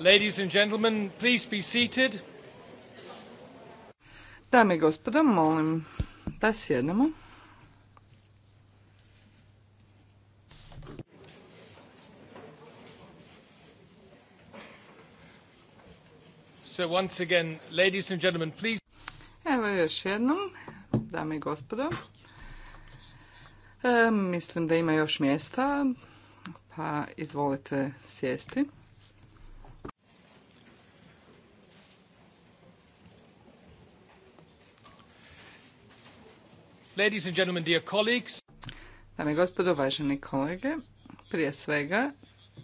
Ladies and gentlemen, please be seated. Dame i gospodo, molim da sjednemo. So once again, ladies and gentlemen, please. Evo još jednom, dame i gospodo. E, mislim da ima još mjesta, pa izvolite sjesti. Ladies and gentlemen, dear colleagues. Dame i gospodo, važeni kolege, prije svega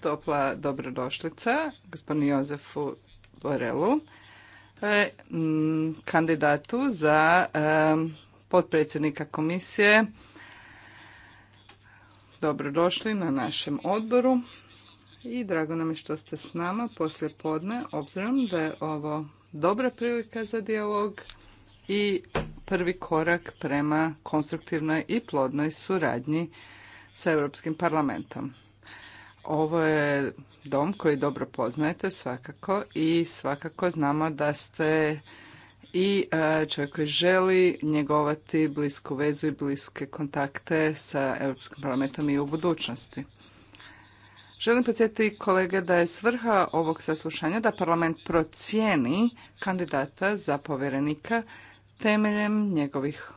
topla dobrodošlica gospodinu Jozefu Borelu, e, kandidatu za e, potpredsjednika komisije. Dobrodošli na našem odboru i drago nam je što ste s nama poslije podne, obzirom da je ovo dobra prilika za dijalog i prvi korak prema konstruktivnoj i plodnoj suradnji sa Europskim parlamentom. Ovo je dom koji dobro poznajete svakako i svakako znamo da ste i e, čovjek koji želi njegovati blisku vezu i bliske kontakte sa Europskim parlamentom i u budućnosti. Želim podsjetiti kolege da je svrha ovog saslušanja da parlament procijeni kandidata za povjerenika temeljem njegovih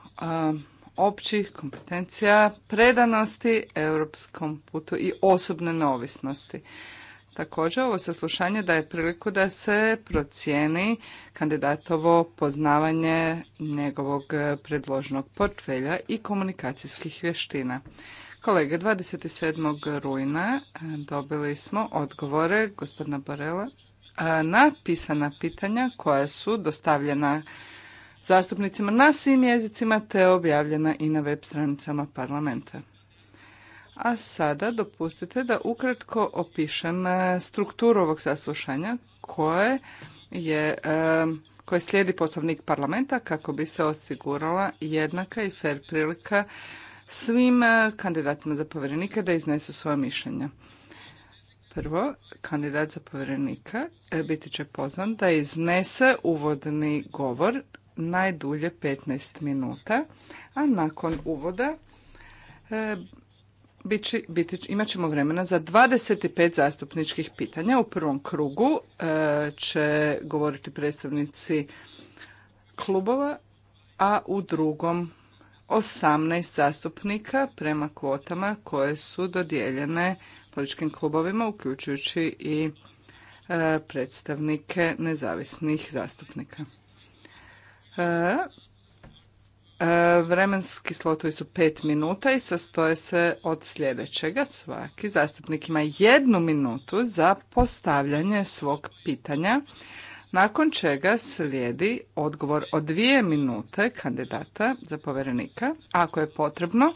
općih kompetencija, predanosti europskom putu i osobne neovisnosti. Također, ovo saslušanje daje priliku da se procijeni kandidatovo poznavanje njegovog predloženog portfelja i komunikacijskih vještina. Kolege, 27. rujna dobili smo odgovore gospodina Borela na pisana pitanja koja su dostavljena zastupnicima na svim jezicima te objavljena i na web stranicama parlamenta. A sada dopustite da ukratko opišem e, strukturu ovog saslušanja koje je e, koje slijedi poslovnik parlamenta kako bi se osigurala jednaka i fer prilika svim e, kandidatima za povjerenika da iznesu svoje mišljenja. Prvo, kandidat za povjerenika biti će pozvan da iznese uvodni govor najdulje 15 minuta, a nakon uvoda e, imat ćemo vremena za 25 zastupničkih pitanja. U prvom krugu e, će govoriti predstavnici klubova, a u drugom 18 zastupnika prema kvotama koje su dodijeljene političkim klubovima, uključujući i e, predstavnike nezavisnih zastupnika. E, e, vremenski slotovi su pet minuta i sastoje se od sljedećega. Svaki zastupnik ima jednu minutu za postavljanje svog pitanja, nakon čega slijedi odgovor od dvije minute kandidata za poverenika. Ako je potrebno, e,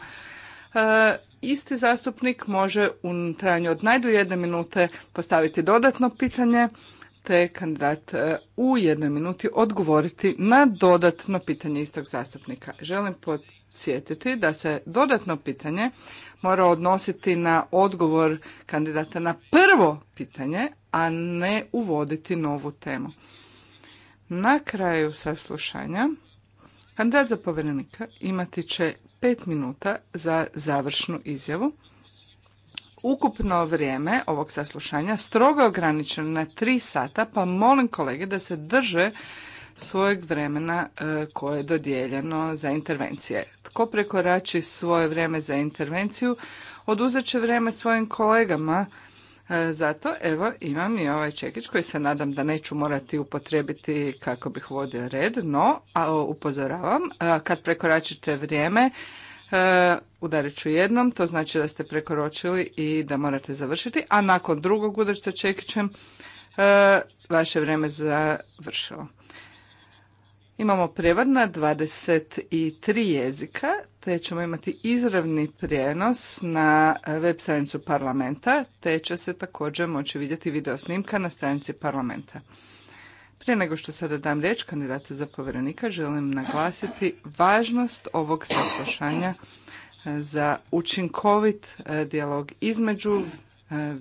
isti zastupnik može u trajanju od najdulje jedne minute postaviti dodatno pitanje te kandidat e, u jednoj minuti odgovoriti na dodatno pitanje istog zastupnika. Želim podsjetiti da se dodatno pitanje mora odnositi na odgovor kandidata na prvo pitanje, a ne uvoditi novu temu. Na kraju saslušanja kandidat za povjerenika imati će pet minuta za završnu izjavu ukupno vrijeme ovog saslušanja strogo ograničeno na tri sata, pa molim kolege da se drže svojeg vremena e, koje je dodijeljeno za intervencije. Tko prekorači svoje vrijeme za intervenciju, oduzet će vrijeme svojim kolegama. E, zato evo imam i ovaj čekić koji se nadam da neću morati upotrijebiti kako bih vodio red, no a upozoravam e, kad prekoračite vrijeme udarit ću jednom, to znači da ste prekoročili i da morate završiti, a nakon drugog udarca čekićem e, vaše vrijeme završilo. Imamo prijevod na 23 jezika, te ćemo imati izravni prijenos na web stranicu parlamenta, te će se također moći vidjeti video snimka na stranici parlamenta. Prije nego što sada dam riječ kandidatu za povjerenika, želim naglasiti važnost ovog saslušanja za učinkovit e, dijalog između e,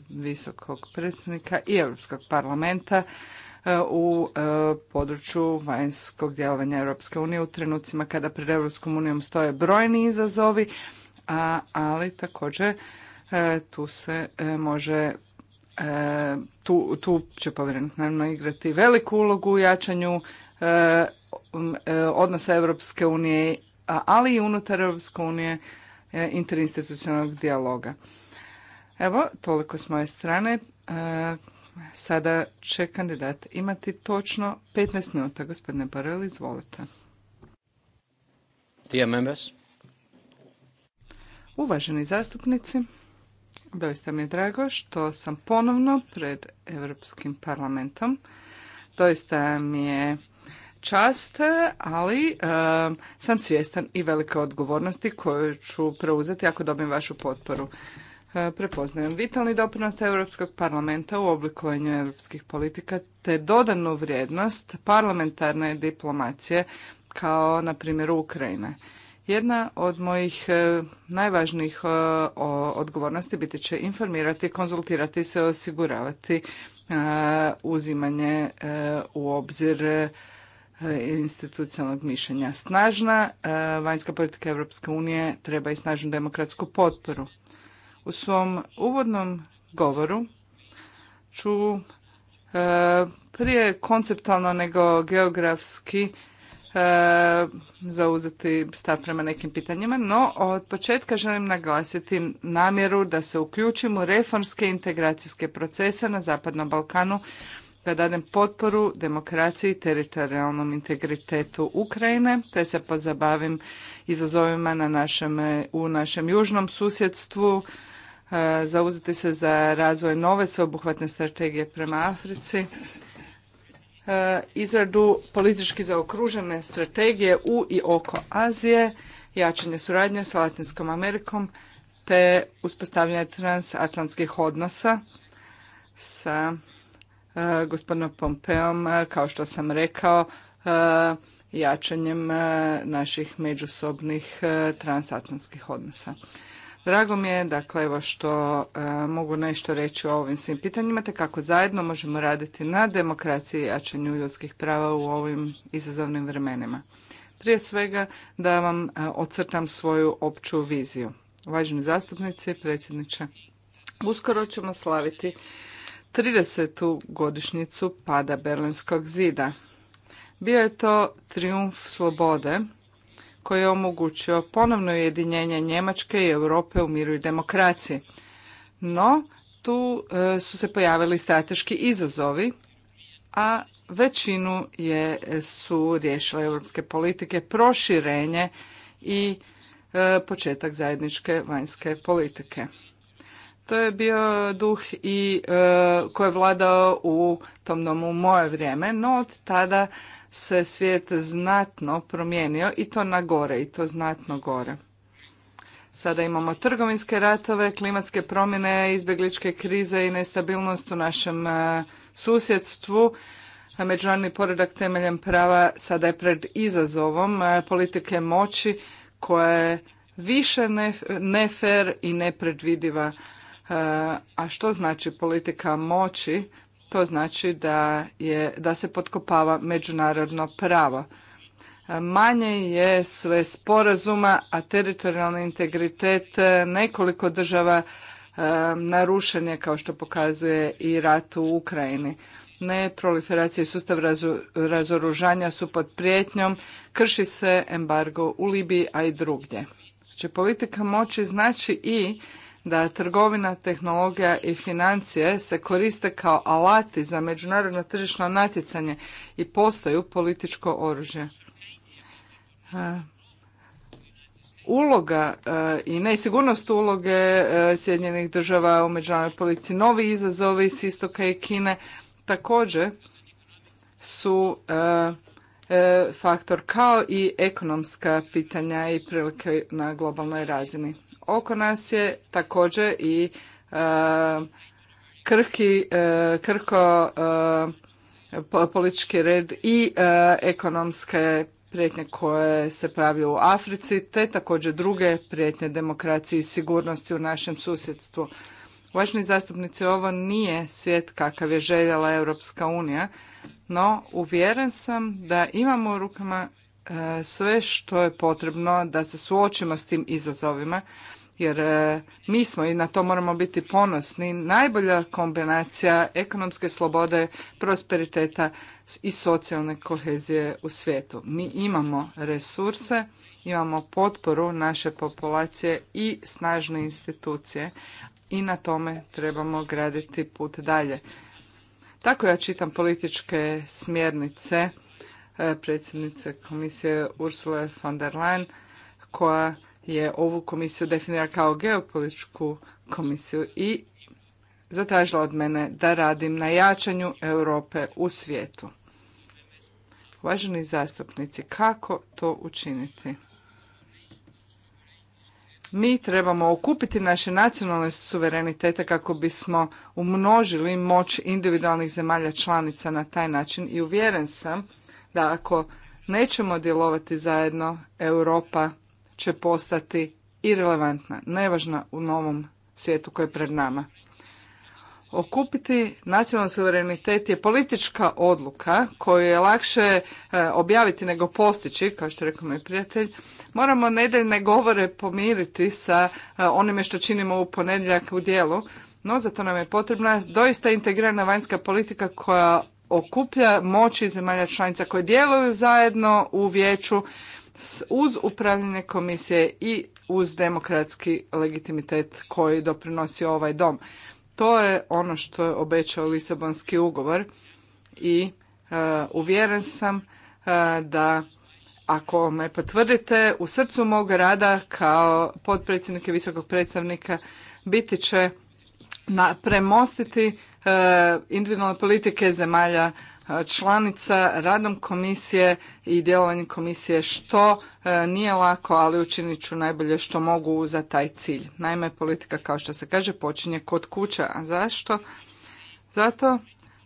visokog predstavnika i Europskog parlamenta e, u području vanjskog djelovanja Europske unije u trenucima kada pred Europskom unijom stoje brojni izazovi, ali također tu se može tu, tu će povjerenik naravno igrati veliku ulogu u jačanju odnosa Europske unije, ali i unutar Europske unije E, interinstitucionalnog dijaloga. Evo, toliko s moje strane. E, sada će kandidat imati točno 15 minuta. Gospodine Borel, izvolite. Uvaženi zastupnici, doista mi je drago što sam ponovno pred Europskim parlamentom. Doista mi je čast, ali sam svjestan i velike odgovornosti koju ću preuzeti ako dobijem vašu potporu. E, prepoznajem vitalni doprinos Europskog parlamenta u oblikovanju europskih politika te dodanu vrijednost parlamentarne diplomacije kao na primjer Ukrajine. Jedna od mojih e, najvažnijih e, odgovornosti biti će informirati, konzultirati se, osiguravati uzimanje u obzir institucionalnog mišljenja. Snažna e, vanjska politika Europske unije treba i snažnu demokratsku potporu. U svom uvodnom govoru ću e, prije konceptualno nego geografski e, zauzeti stav prema nekim pitanjima, no od početka želim naglasiti namjeru da se uključimo u reformske integracijske procese na Zapadnom Balkanu da dadem potporu demokraciji i teritorijalnom integritetu Ukrajine, te se pozabavim izazovima na našem, u našem južnom susjedstvu, e, zauzeti se za razvoj nove sveobuhvatne strategije prema Africi, e, izradu politički zaokružene strategije u i oko Azije, jačanje suradnje sa Latinskom Amerikom, te uspostavljanje transatlantskih odnosa sa E, gospodina Pompeom, e, kao što sam rekao, e, jačanjem naših međusobnih transatlantskih odnosa. Drago mi je, dakle, evo što mogu nešto reći o ovim svim pitanjima, te kako zajedno možemo raditi na demokraciji i jačanju ljudskih prava u ovim izazovnim vremenima. Prije svega da vam ocrtam svoju opću viziju. Važni zastupnici, predsjedniče, uskoro ćemo slaviti 30. godišnjicu pada Berlinskog zida. Bio je to triumf slobode koji je omogućio ponovno ujedinjenje Njemačke i Europe u miru i demokraciji. No, tu e, su se pojavili strateški izazovi, a većinu je, su riješile europske politike proširenje i e, početak zajedničke vanjske politike. To je bio duh i e, koji je vladao u tom domu u moje vrijeme, no od tada se svijet znatno promijenio i to na gore i to znatno gore. Sada imamo trgovinske ratove, klimatske promjene, izbjegličke krize i nestabilnost u našem e, susjedstvu. Međunarodni poredak temeljem prava sada je pred izazovom e, politike moći koja je više nefer i nepredvidiva E, a što znači politika moći? To znači da, je, da se potkopava međunarodno pravo. E, manje je sve sporazuma, a teritorijalni integritet e, nekoliko država narušen je kao što pokazuje i rat u Ukrajini. Ne proliferacija i sustav razoružanja su pod prijetnjom, krši se embargo u Libiji, a i drugdje. Znači politika moći znači i da trgovina, tehnologija i financije se koriste kao alati za međunarodno tržišno natjecanje i postaju političko oružje. E, uloga e, i nesigurnost uloge e, Sjedinjenih država u međunarodnoj politici, novi izazovi s istoka i Kine također su faktor kao i ekonomska pitanja i prilike na globalnoj razini oko nas je također i e, krki, e, krko e, politički red i ekonomske prijetnje koje se pojavljuju u Africi, te također druge prijetnje demokraciji i sigurnosti u našem susjedstvu. Uvaženi zastupnici, ovo nije svijet kakav je željela Europska unija, no uvjeren sam da imamo u rukama sve što je potrebno da se suočimo s tim izazovima jer e, mi smo i na to moramo biti ponosni najbolja kombinacija ekonomske slobode, prosperiteta i socijalne kohezije u svijetu. Mi imamo resurse, imamo potporu naše populacije i snažne institucije i na tome trebamo graditi put dalje. Tako ja čitam političke smjernice e, predsjednice komisije Ursula von der Leyen koja je ovu komisiju definira kao geopolitičku komisiju i zatražila od mene da radim na jačanju Europe u svijetu. Uvaženi zastupnici, kako to učiniti? Mi trebamo okupiti naše nacionalne suverenitete kako bismo umnožili moć individualnih zemalja članica na taj način i uvjeren sam da ako nećemo djelovati zajedno, Europa će postati irelevantna, nevažna u novom svijetu koji je pred nama. Okupiti nacionalni suverenitet je politička odluka koju je lakše e, objaviti nego postići, kao što je rekao moj prijatelj. Moramo nedeljne govore pomiriti sa e, onime što činimo u ponedjeljak u dijelu, no zato nam je potrebna doista integrirana vanjska politika koja okuplja moći zemalja članica koje djeluju zajedno u vijeću uz upravljanje komisije i uz demokratski legitimitet koji doprinosi ovaj dom. To je ono što je obećao Lisabonski ugovor i e, uvjeren sam e, da ako me potvrdite u srcu mog rada kao potpredsjednika visokog predstavnika biti će premostiti e, individualne politike zemalja članica radom komisije i djelovanjem komisije što e, nije lako, ali učinit ću najbolje što mogu za taj cilj. Naime, politika kao što se kaže počinje kod kuća. A zašto? Zato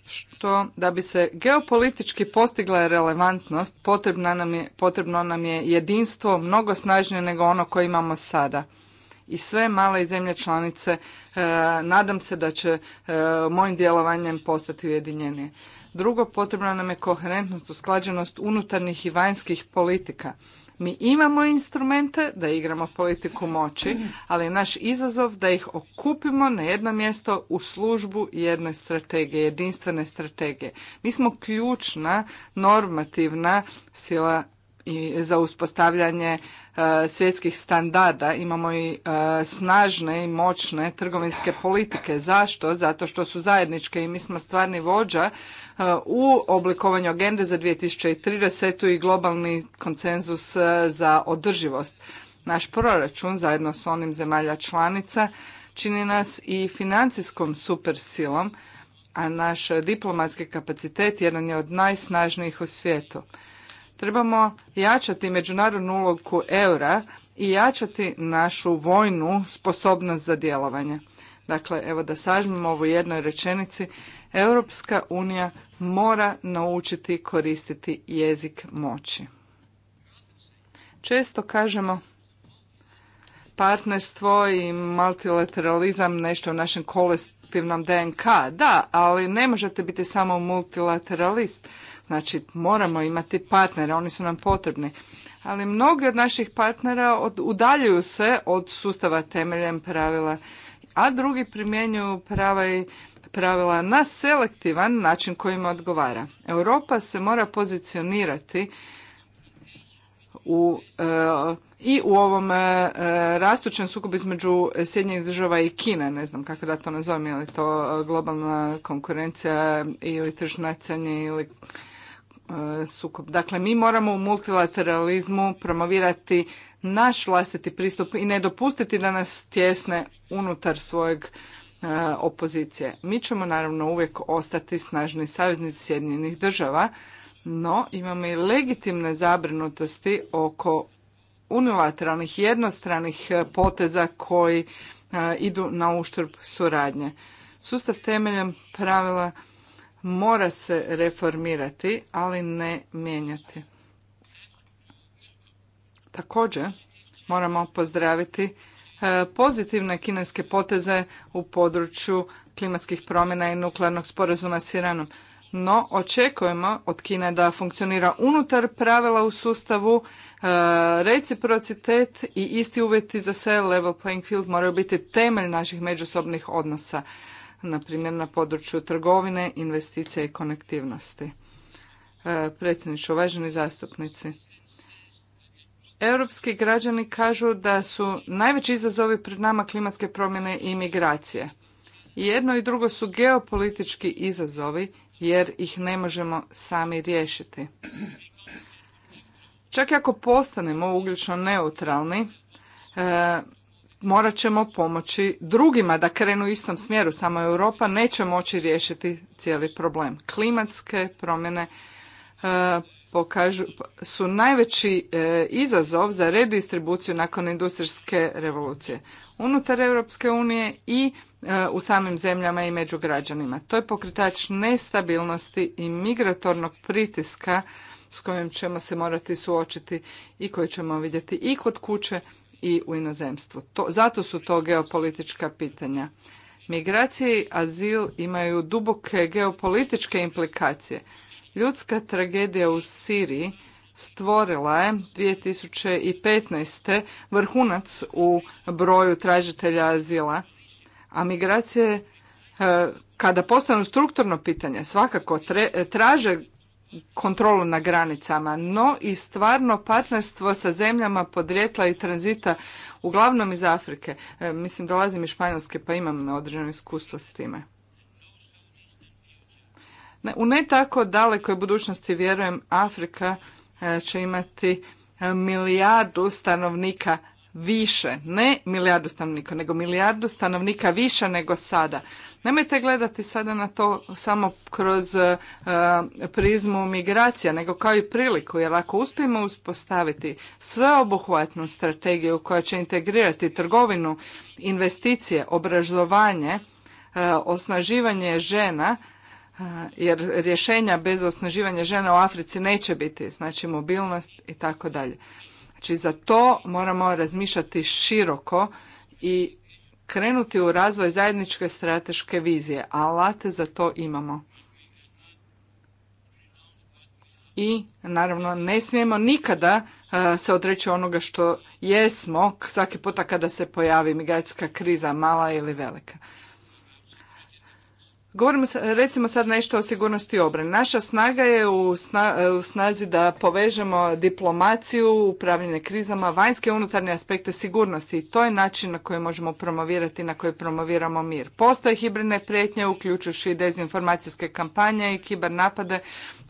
što da bi se geopolitički postigla relevantnost, potrebno nam je, potrebno nam je jedinstvo mnogo snažnije nego ono koje imamo sada i sve male i zemlje članice e, nadam se da će e, mojim djelovanjem postati ujedinjenije. Drugo, potrebna nam je koherentnost, usklađenost unutarnjih i vanjskih politika. Mi imamo instrumente da igramo politiku moći, ali je naš izazov da ih okupimo na jedno mjesto u službu jedne strategije, jedinstvene strategije. Mi smo ključna normativna sila i za uspostavljanje e, svjetskih standarda. Imamo i e, snažne i moćne trgovinske politike. Zašto? Zato što su zajedničke i mi smo stvarni vođa e, u oblikovanju agende za 2030. i globalni konsenzus za održivost. Naš proračun zajedno s onim zemalja članica čini nas i financijskom supersilom, a naš diplomatski kapacitet jedan je od najsnažnijih u svijetu. Trebamo jačati međunarodnu ulogu eura i jačati našu vojnu sposobnost za djelovanje. Dakle, evo da sažmemo ovu jednoj rečenici, Europska unija mora naučiti koristiti jezik moći. Često kažemo partnerstvo i multilateralizam nešto u našem kolestivnom DNK. Da, ali ne možete biti samo multilateralist. Znači moramo imati partnere, oni su nam potrebni. Ali mnogi od naših partnera od, udaljuju se od sustava temeljem pravila, a drugi primjenjuju prava i pravila na selektivan način kojima odgovara. Europa se mora pozicionirati u e, i u ovom e, rastućem sukobu između Sjedinjenih država i Kine, ne znam kako da to nazovem, je li to globalna konkurencija ili tržnacanje ili E, sukob. Dakle, mi moramo u multilateralizmu promovirati naš vlastiti pristup i ne dopustiti da nas tjesne unutar svojeg e, opozicije. Mi ćemo naravno uvijek ostati snažni saveznici Sjedinjenih država, no imamo i legitimne zabrinutosti oko unilateralnih jednostranih e, poteza koji idu na uštrb suradnje. Sustav temeljem pravila mora se reformirati, ali ne mijenjati. Također moramo pozdraviti e, pozitivne kineske poteze u području klimatskih promjena i nuklearnog sporazuma s Iranom. No, očekujemo od Kine da funkcionira unutar pravila u sustavu, e, reciprocitet i isti uvjeti za sve level playing field moraju biti temelj naših međusobnih odnosa na primjer na području trgovine, investicija i konektivnosti. E, predsjedniče, uvaženi zastupnici, europski građani kažu da su najveći izazovi pred nama klimatske promjene i migracije. Jedno i drugo su geopolitički izazovi jer ih ne možemo sami riješiti. Čak i ako postanemo ugljično neutralni, e, morat ćemo pomoći drugima da krenu u istom smjeru. Samo Europa neće moći riješiti cijeli problem. Klimatske promjene e, pokažu, su najveći e, izazov za redistribuciju nakon industrijske revolucije unutar Europske unije i e, u samim zemljama i među građanima. To je pokretač nestabilnosti i migratornog pritiska s kojim ćemo se morati suočiti i koji ćemo vidjeti i kod kuće i u inozemstvu. To, zato su to geopolitička pitanja. Migracije i azil imaju duboke geopolitičke implikacije. Ljudska tragedija u Siriji stvorila je 2015. vrhunac u broju tražitelja azila, a migracije e, kada postanu strukturno pitanje svakako traže kontrolu na granicama, no i stvarno partnerstvo sa zemljama podrijetla i tranzita, uglavnom iz Afrike. E, mislim, dolazim iz Španjolske pa imam određeno iskustvo s time. Ne, u ne tako dalekoj budućnosti, vjerujem, Afrika e, će imati e, milijardu stanovnika više. Ne milijardu stanovnika, nego milijardu stanovnika više nego sada. Nemojte gledati sada na to samo kroz e, prizmu migracija, nego kao i priliku, jer ako uspijemo uspostaviti sveobuhvatnu strategiju koja će integrirati trgovinu, investicije, obrazovanje, e, osnaživanje žena, e, jer rješenja bez osnaživanja žena u Africi neće biti, znači mobilnost i tako dalje. Znači za to moramo razmišljati široko i krenuti u razvoj zajedničke strateške vizije, alate za to imamo. I naravno ne smijemo nikada e, se odreći onoga što jesmo svaki puta kada se pojavi migracijska kriza, mala ili velika. Govorimo, recimo sad nešto o sigurnosti obrane. Naša snaga je u, snazi da povežemo diplomaciju, upravljanje krizama, vanjske i unutarnje aspekte sigurnosti i to je način na koji možemo promovirati, na koji promoviramo mir. Postoje hibridne prijetnje, uključujući i dezinformacijske kampanje i napade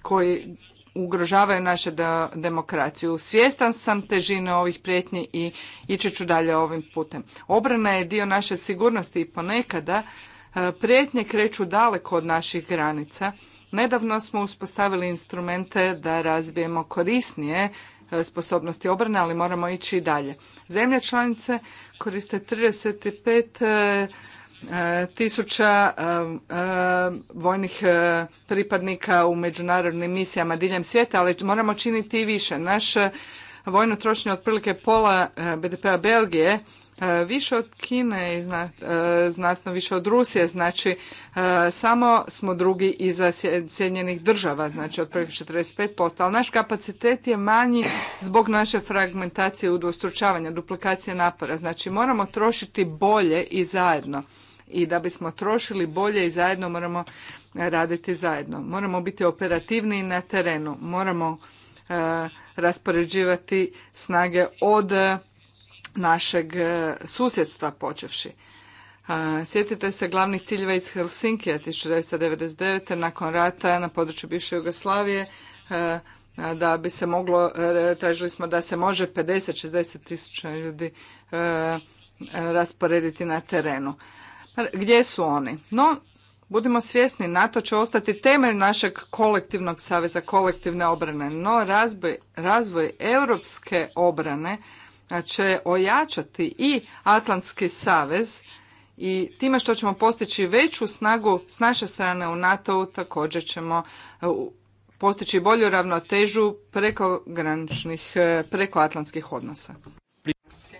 koji ugrožavaju našu demokraciju. Svjestan sam težine ovih prijetnji i ići ću dalje ovim putem. Obrana je dio naše sigurnosti i ponekada E, prijetnje kreću daleko od naših granica. Nedavno smo uspostavili instrumente da razbijemo korisnije e, sposobnosti obrane, ali moramo ići i dalje. Zemlje članice koriste 35 e, tisuća vojnih pripadnika u međunarodnim misijama diljem svijeta, ali moramo činiti i više. Naš vojno trošnje otprilike pola BDP-a Belgije E, više od Kine i e, znatno više od Rusije, znači e, samo smo drugi iza Sjedinjenih država, znači od prvih 45%, ali naš kapacitet je manji zbog naše fragmentacije udvostručavanja, duplikacije napora, znači moramo trošiti bolje i zajedno i da bismo trošili bolje i zajedno moramo raditi zajedno. Moramo biti operativni na terenu, moramo raspoređivati snage od našeg e, susjedstva počevši. E, sjetite se glavnih ciljeva iz Helsinkija 1999. nakon rata na području bivše Jugoslavije e, da bi se moglo, tražili smo da se može 50-60 tisuća ljudi rasporediti na terenu. Gdje su oni? No, budimo svjesni, NATO će ostati temelj našeg kolektivnog saveza, kolektivne obrane, no razvoj, razvoj europske obrane će ojačati i Atlantski savez i time što ćemo postići veću snagu s naše strane u NATO-u također ćemo e, postići bolju ravnotežu preko e, prekoatlantskih odnosa.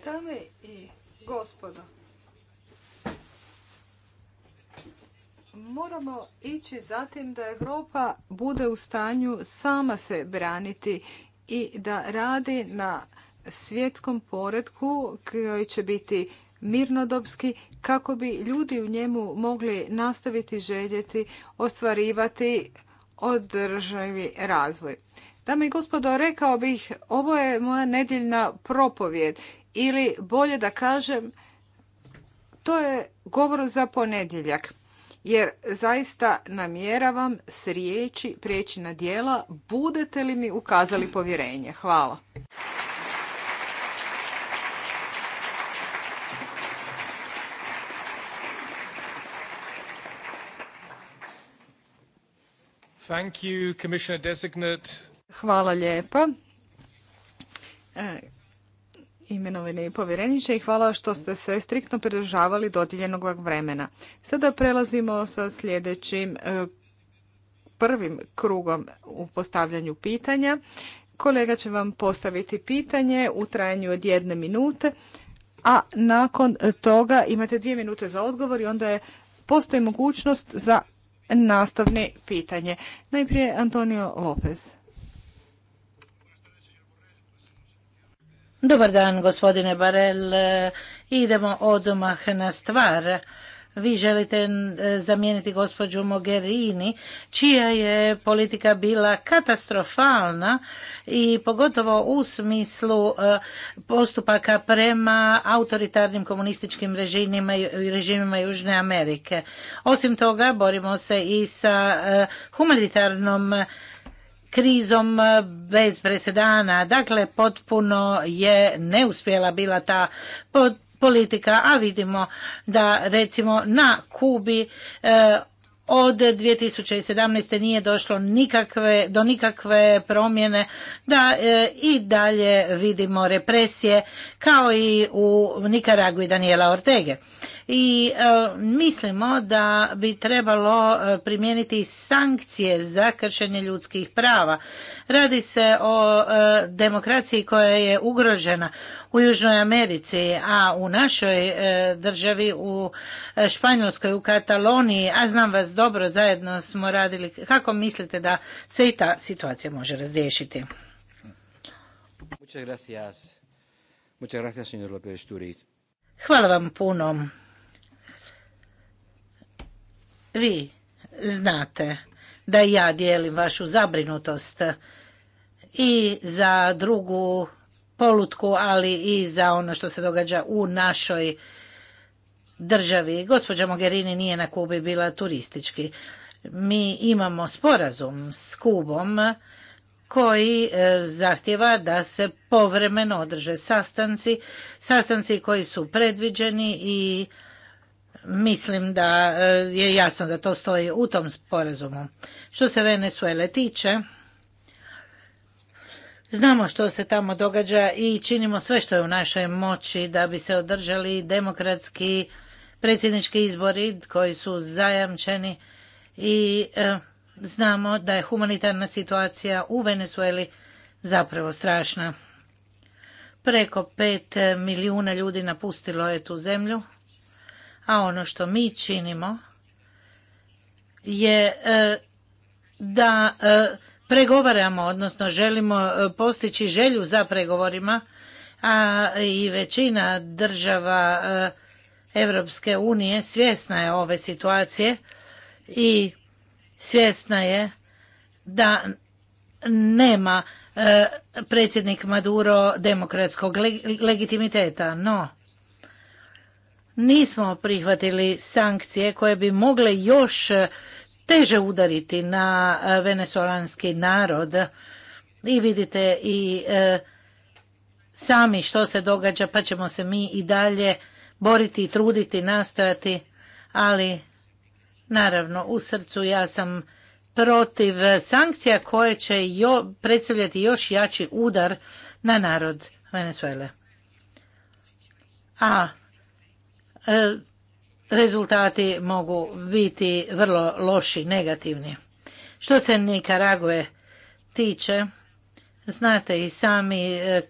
Dame i gospodo, moramo ići zatim da Europa bude u stanju sama se braniti i da radi na svjetskom poredku koji će biti mirnodopski kako bi ljudi u njemu mogli nastaviti željeti ostvarivati održavi razvoj. Dame i gospodo, rekao bih ovo je moja nedjeljna propovjed ili bolje da kažem to je govor za ponedjeljak jer zaista namjeravam s riječi prijeći na dijela budete li mi ukazali povjerenje. Hvala. Hvala lijepa. E, imenovani povjereniče i hvala što ste se striktno pridržavali dodijeljenog vremena. Sada prelazimo sa sljedećim e, prvim krugom u postavljanju pitanja. Kolega će vam postaviti pitanje u trajanju od jedne minute, a nakon toga imate dvije minute za odgovor i onda je, postoji mogućnost za nastavni pitanje. Najprije Antonio Lopez. Dobar dan, gospodine Barel. Idemo odmah na stvar vi želite e, zamijeniti gospođu Mogherini, čija je politika bila katastrofalna i pogotovo u smislu e, postupaka prema autoritarnim komunističkim režimima, režimima Južne Amerike. Osim toga, borimo se i sa e, humanitarnom krizom bez presedana. Dakle, potpuno je neuspjela bila ta pod politika, a vidimo da recimo na Kubi e, od 2017. nije došlo nikakve, do nikakve promjene da e, i dalje vidimo represije kao i u Nikaragu i Daniela Ortege i e, mislimo da bi trebalo e, primijeniti sankcije za kršenje ljudskih prava. Radi se o e, demokraciji koja je ugrožena u Južnoj Americi, a u našoj državi u Španjolskoj, u Kataloniji, a znam vas dobro, zajedno smo radili. Kako mislite da se i ta situacija može razriješiti? Hvala vam puno. Vi znate da ja dijelim vašu zabrinutost i za drugu polutku, ali i za ono što se događa u našoj državi. Gospođa Mogherini nije na Kubi bila turistički. Mi imamo sporazum s Kubom koji e, zahtjeva da se povremeno održe sastanci, sastanci koji su predviđeni i Mislim da e, je jasno da to stoji u tom sporazumu. Što se Venezuele tiče, Znamo što se tamo događa i činimo sve što je u našoj moći da bi se održali demokratski predsjednički izbori koji su zajamčeni i e, znamo da je humanitarna situacija u Venezueli zapravo strašna. Preko pet milijuna ljudi napustilo je tu zemlju a ono što mi činimo je e, da e, pregovaramo, odnosno želimo e, postići želju za pregovorima, a i većina država Evropske unije svjesna je ove situacije i svjesna je da nema predsjednik Maduro demokratskog legitimiteta, no nismo prihvatili sankcije koje bi mogle još teže udariti na venezuelanski narod. I vidite i e, sami što se događa, pa ćemo se mi i dalje boriti i truditi, nastojati, ali naravno u srcu ja sam protiv sankcija koje će jo, predstavljati još jači udar na narod Venezuele. A E, rezultati mogu biti vrlo loši, negativni. Što se Nikarague tiče, znate i sami e,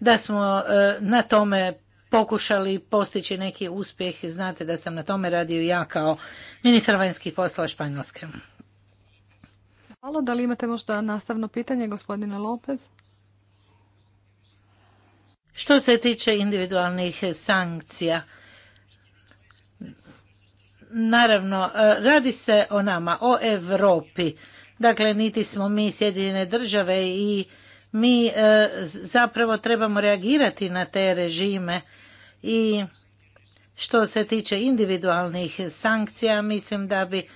da smo e, na tome pokušali postići neki uspjeh. Znate da sam na tome radio ja kao ministar vanjskih poslova Španjolske. Hvala, da li imate možda nastavno pitanje, gospodine Lopez? Što se tiče individualnih sankcija, Naravno, e, radi se o nama, o Europi. Dakle, niti smo mi Sjedinjene države i mi e, zapravo trebamo reagirati na te režime i što se tiče individualnih sankcija, mislim da bi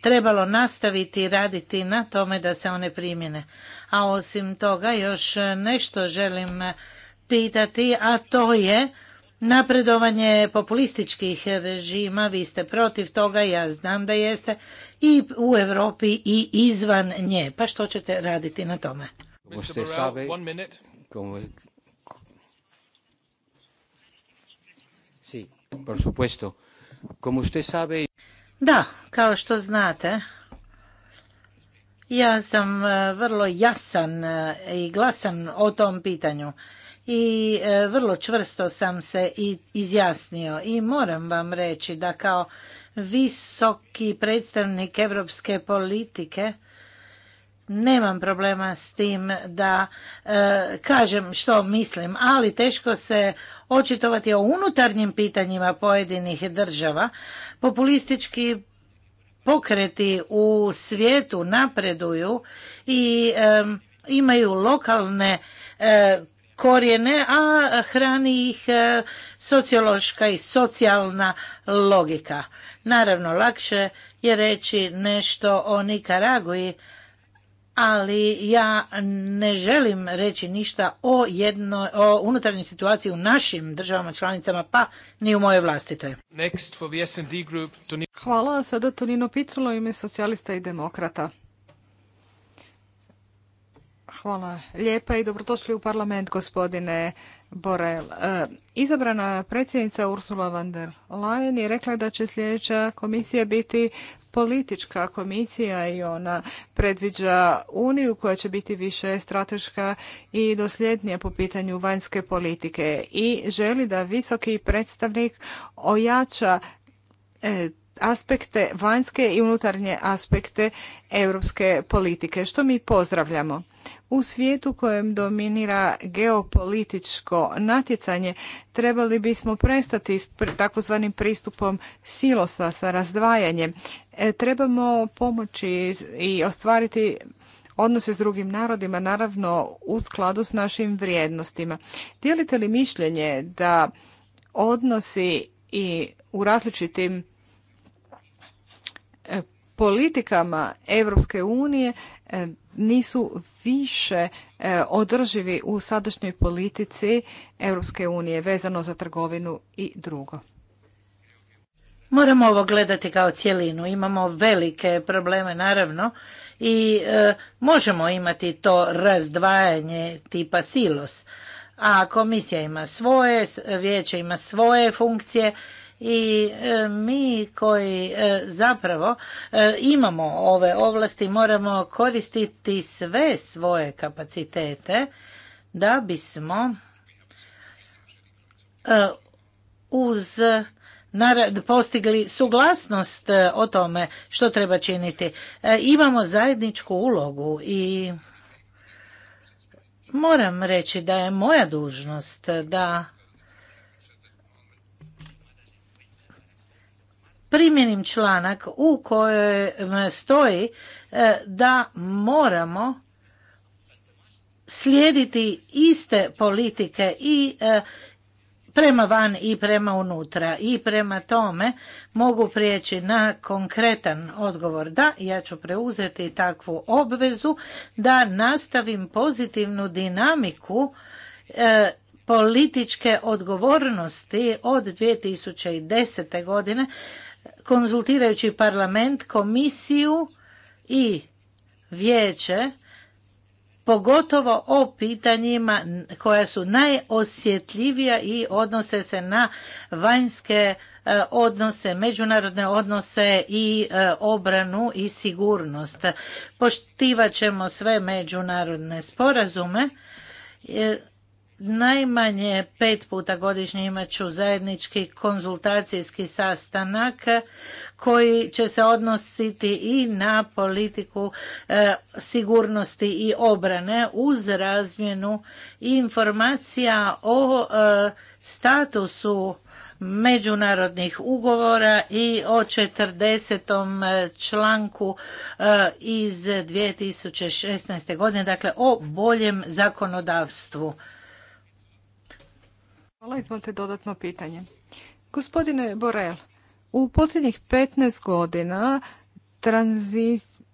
trebalo nastaviti raditi na tome da se one primjene. A osim toga još nešto želim pitati, a to je napredovanje populističkih režima, vi ste protiv toga, ja znam da jeste, i u Europi i izvan nje. Pa što ćete raditi na tome? Da, kao što znate, ja sam eh, vrlo jasan eh, i glasan o tom pitanju i e, vrlo čvrsto sam se izjasnio i moram vam reći da kao visoki predstavnik europske politike nemam problema s tim da e, kažem što mislim ali teško se očitovati o unutarnjim pitanjima pojedinih država populistički pokreti u svijetu napreduju i e, imaju lokalne korijene, a hrani ih e, sociološka i socijalna logika. Naravno, lakše je reći nešto o Nikaragui, ali ja ne želim reći ništa o, jedno, o unutarnjoj situaciji u našim državama članicama, pa ni u moje vlastitoj. Hvala, sada Tonino Piculo ime socijalista i demokrata. Hvala lijepa i dobrodošli u parlament, gospodine Borel. E, izabrana predsjednica Ursula von der Leyen je rekla da će sljedeća komisija biti politička komisija i ona predviđa Uniju koja će biti više strateška i dosljednija po pitanju vanjske politike i želi da visoki predstavnik ojača e, aspekte, vanjske i unutarnje aspekte europske politike, što mi pozdravljamo. U svijetu kojem dominira geopolitičko natjecanje, trebali bismo prestati s takozvanim pristupom silosa sa razdvajanjem. E, trebamo pomoći i ostvariti odnose s drugim narodima, naravno u skladu s našim vrijednostima. Dijelite li mišljenje da odnosi i u različitim politikama Evropske unije e, nisu više e, održivi u sadašnjoj politici Evropske unije vezano za trgovinu i drugo. Moramo ovo gledati kao cjelinu. Imamo velike probleme naravno i e, možemo imati to razdvajanje tipa silos. A komisija ima svoje, vijeće ima svoje funkcije i e, mi koji e, zapravo e, imamo ove ovlasti moramo koristiti sve svoje kapacitete da bismo uz narad, postigli suglasnost o tome što treba činiti. Imamo zajedničku ulogu i moram reći da je moja dužnost da primjenim članak u kojoj stoji e, da moramo slijediti iste politike i e, prema van i prema unutra i prema tome mogu prijeći na konkretan odgovor da ja ću preuzeti takvu obvezu da nastavim pozitivnu dinamiku e, političke odgovornosti od 2010. godine konzultirajući parlament, komisiju i vijeće, pogotovo o pitanjima koja su najosjetljivija i odnose se na vanjske e, odnose, međunarodne odnose i e, obranu i sigurnost. Poštivat ćemo sve međunarodne sporazume e, najmanje pet puta godišnje imat ću zajednički konzultacijski sastanak koji će se odnositi i na politiku e, sigurnosti i obrane uz razmjenu informacija o e, statusu međunarodnih ugovora i o 40. članku e, iz 2016. godine, dakle o boljem zakonodavstvu. Hvala, izvolite dodatno pitanje. Gospodine Borel, u posljednjih 15 godina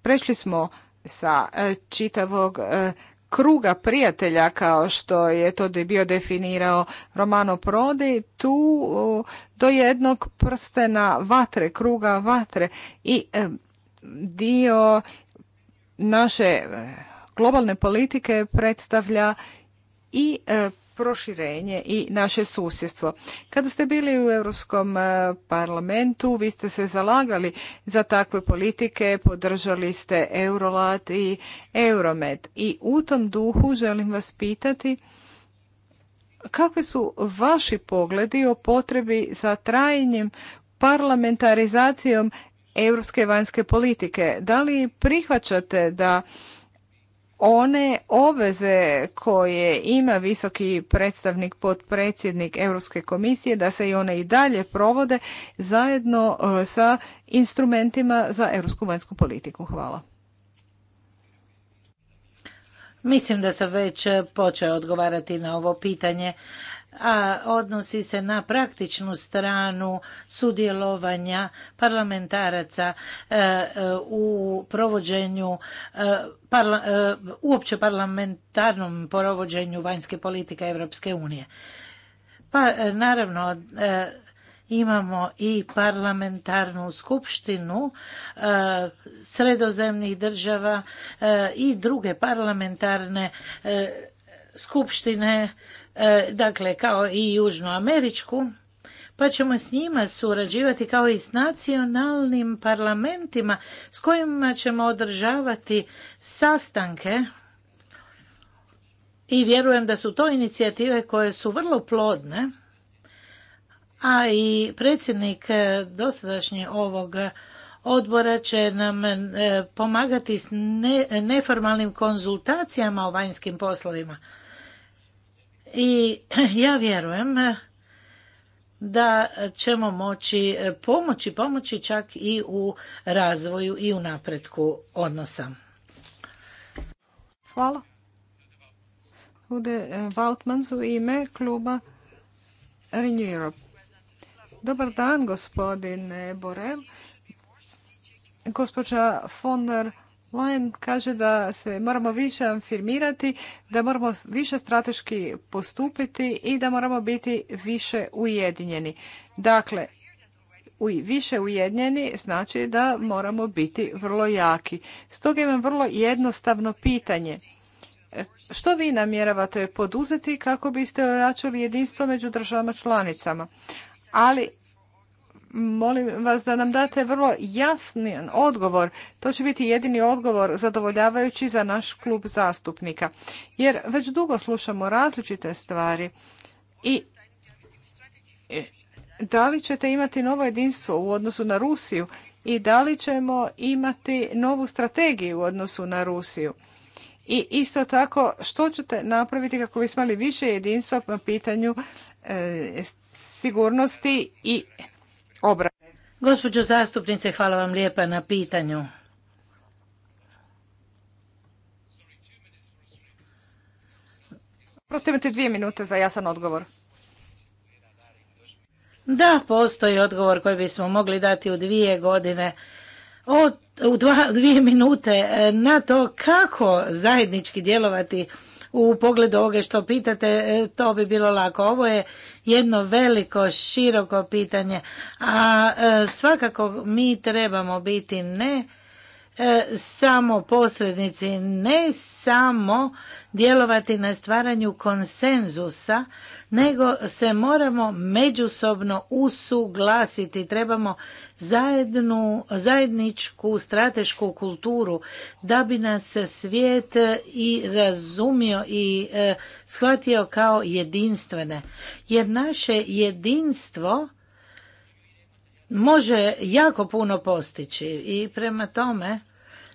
prešli smo sa e, čitavog e, kruga prijatelja kao što je to bio definirao Romano Prodi tu do jednog prstena vatre, kruga vatre i e, dio naše globalne politike predstavlja i proširenje i naše susjedstvo. Kada ste bili u Europskom e, parlamentu, vi ste se zalagali za takve politike, podržali ste Eurolat i Euromed. I u tom duhu želim vas pitati kakvi su vaši pogledi o potrebi za trajanjem parlamentarizacijom europske vanjske politike. Da li prihvaćate da one obveze koje ima visoki predstavnik potpredsjednik Europske komisije da se i one i dalje provode zajedno e, sa instrumentima za europsku vanjsku politiku. Hvala. Mislim da sam već počeo odgovarati na ovo pitanje a odnosi se na praktičnu stranu sudjelovanja parlamentaraca e, e, u provođenju e, uopće parlamentarnom provođenju vanjske politike Europske unije. Pa naravno imamo i parlamentarnu skupštinu sredozemnih država i druge parlamentarne skupštine E, dakle kao i južnoameričku, pa ćemo s njima surađivati kao i s nacionalnim parlamentima s kojima ćemo održavati sastanke i vjerujem da su to inicijative koje su vrlo plodne, a i predsjednik e, dosadašnji ovog odbora će nam e, pomagati s neformalnim konzultacijama o vanjskim poslovima. I ja vjerujem da ćemo moći pomoći, pomoći čak i u razvoju i u napretku odnosa. Hvala. Ude e, ime kluba Renew Europe. Dobar dan, gospodine Borel. Gospođa Fonder Lajen kaže da se moramo više afirmirati, da moramo više strateški postupiti i da moramo biti više ujedinjeni. Dakle, više ujedinjeni znači da moramo biti vrlo jaki. Stoga imam vrlo jednostavno pitanje. Što vi namjeravate poduzeti kako biste ojačali jedinstvo među državama članicama? Ali molim vas da nam date vrlo jasni odgovor. To će biti jedini odgovor zadovoljavajući za naš klub zastupnika. Jer već dugo slušamo različite stvari i da li ćete imati novo jedinstvo u odnosu na Rusiju i da li ćemo imati novu strategiju u odnosu na Rusiju. I isto tako, što ćete napraviti kako bismo imali više jedinstva po pitanju e, sigurnosti i obrane. Gospođo zastupnice, hvala vam lijepa na pitanju. Prosto imate dvije minute za jasan odgovor. Da, postoji odgovor koji bismo mogli dati u dvije godine, u dvije minute e, na to kako zajednički djelovati u pogledu ovoga što pitate, e, to bi bilo lako. Ovo je jedno veliko, široko pitanje, a e, svakako mi trebamo biti ne E, samo posrednici, ne samo djelovati na stvaranju konsenzusa, nego se moramo međusobno usuglasiti. Trebamo zajednu, zajedničku stratešku kulturu da bi nas svijet i razumio i e, shvatio kao jedinstvene. Jer naše jedinstvo može jako puno postići i prema tome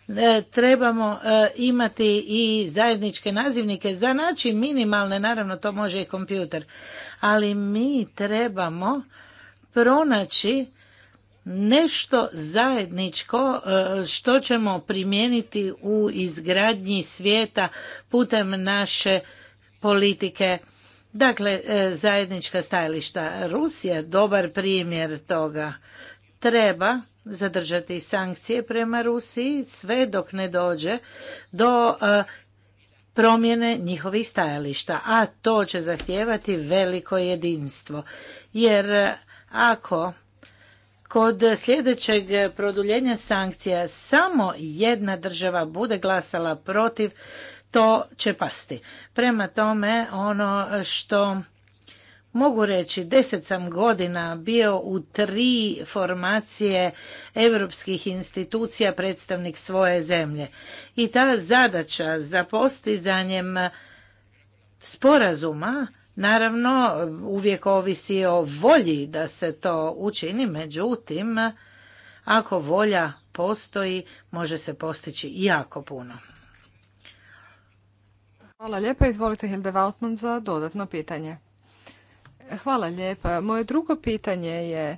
e, trebamo e, imati i zajedničke nazivnike za način minimalne, naravno to može i kompjuter, ali mi trebamo pronaći nešto zajedničko e, što ćemo primijeniti u izgradnji svijeta putem naše politike Dakle, e, zajednička stajališta. Rusija, dobar primjer toga, treba zadržati sankcije prema Rusiji sve dok ne dođe do e, promjene njihovih stajališta, a to će zahtijevati veliko jedinstvo. Jer e, ako kod sljedećeg produljenja sankcija samo jedna država bude glasala protiv, to će pasti. Prema tome, ono što mogu reći, deset sam godina bio u tri formacije europskih institucija predstavnik svoje zemlje. I ta zadaća za postizanjem sporazuma Naravno, uvijek ovisi o volji da se to učini, međutim, ako volja postoji, može se postići jako puno. Hvala lijepa. Izvolite Hilde Valtman za dodatno pitanje. Hvala lijepa. Moje drugo pitanje je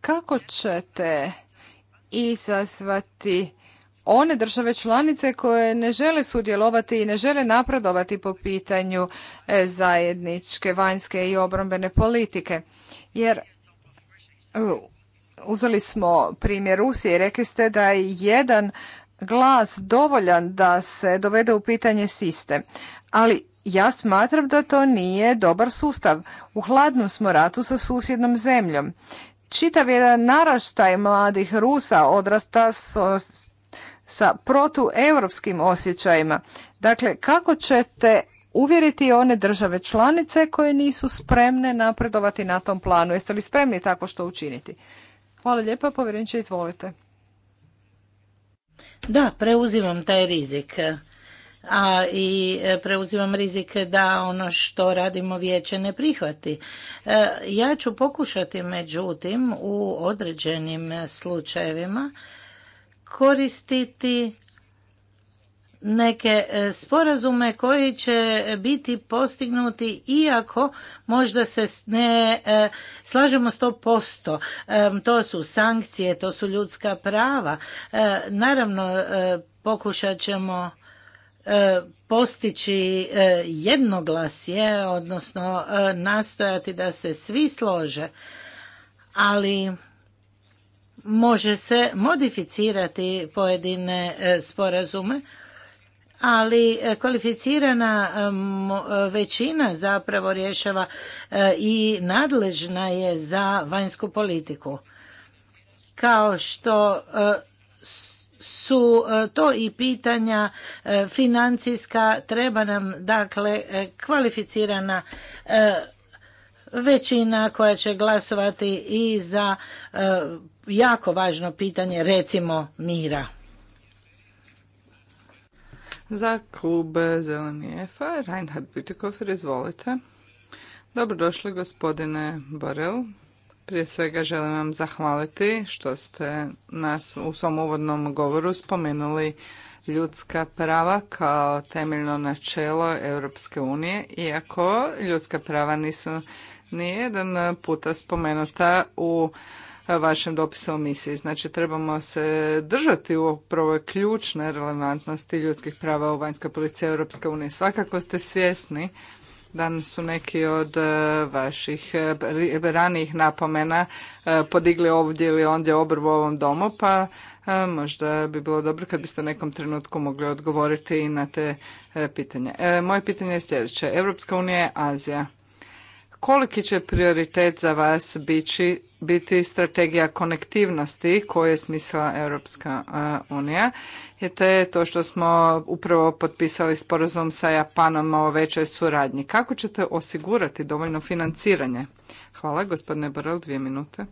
kako ćete izazvati one države članice koje ne žele sudjelovati i ne žele napredovati po pitanju e, zajedničke vanjske i obrambene politike. Jer e, uzeli smo primjer Rusije i rekli ste da jedan glas dovoljan da se dovede u pitanje sistem. Ali ja smatram da to nije dobar sustav. U hladnom smo ratu sa susjednom zemljom. Čitav jedan naraštaj mladih Rusa odrasta sa protueuropskim osjećajima. Dakle, kako ćete uvjeriti one države članice koje nisu spremne napredovati na tom planu? Jeste li spremni tako što učiniti? Hvala lijepa, povjerenče, izvolite. Da, preuzimam taj rizik. A i e, preuzimam rizik da ono što radimo vijeće ne prihvati. E, ja ću pokušati međutim u određenim slučajevima koristiti neke e, sporazume koji će biti postignuti iako možda se ne e, slažemo 100%. E, to su sankcije, to su ljudska prava. Naravno pokušat ćemo postići jednoglasje, odnosno nastojati da se svi slože, ali može se modificirati pojedine sporazume ali e, kvalificirana e, e, većina zapravo rješava i nadležna je za vanjsku politiku. Kao što su to i pitanja financijska, treba nam dakle kvalificirana većina koja će glasovati i za jako važno pitanje recimo mira. Za klub Zeleni EFA, Reinhard Bütikofer, izvolite. Dobrodošli gospodine Borel. Prije svega želim vam zahvaliti što ste nas u svom uvodnom govoru spomenuli ljudska prava kao temeljno načelo Europske unije, iako ljudska prava nisu ni jedan puta spomenuta u vašem dopisu o misiji. Znači trebamo se držati upravo ključne relevantnosti ljudskih prava u vanjskoj policiji Europske unije. Svakako ste svjesni da su neki od e, vaših e, ranijih napomena e, podigli ovdje ili ondje obrvu u ovom domu, pa možda bi bilo dobro kad biste u nekom trenutku mogli odgovoriti i na te pitanje. Moje pitanje je sljedeće. Europska unija je Azija koliki će prioritet za vas biti, biti strategija konektivnosti koju je smisla Europska unija? I to je to što smo upravo potpisali sporazum sa Japanom o većoj suradnji. Kako ćete osigurati dovoljno financiranje? Hvala, gospodine Borel, dvije minute.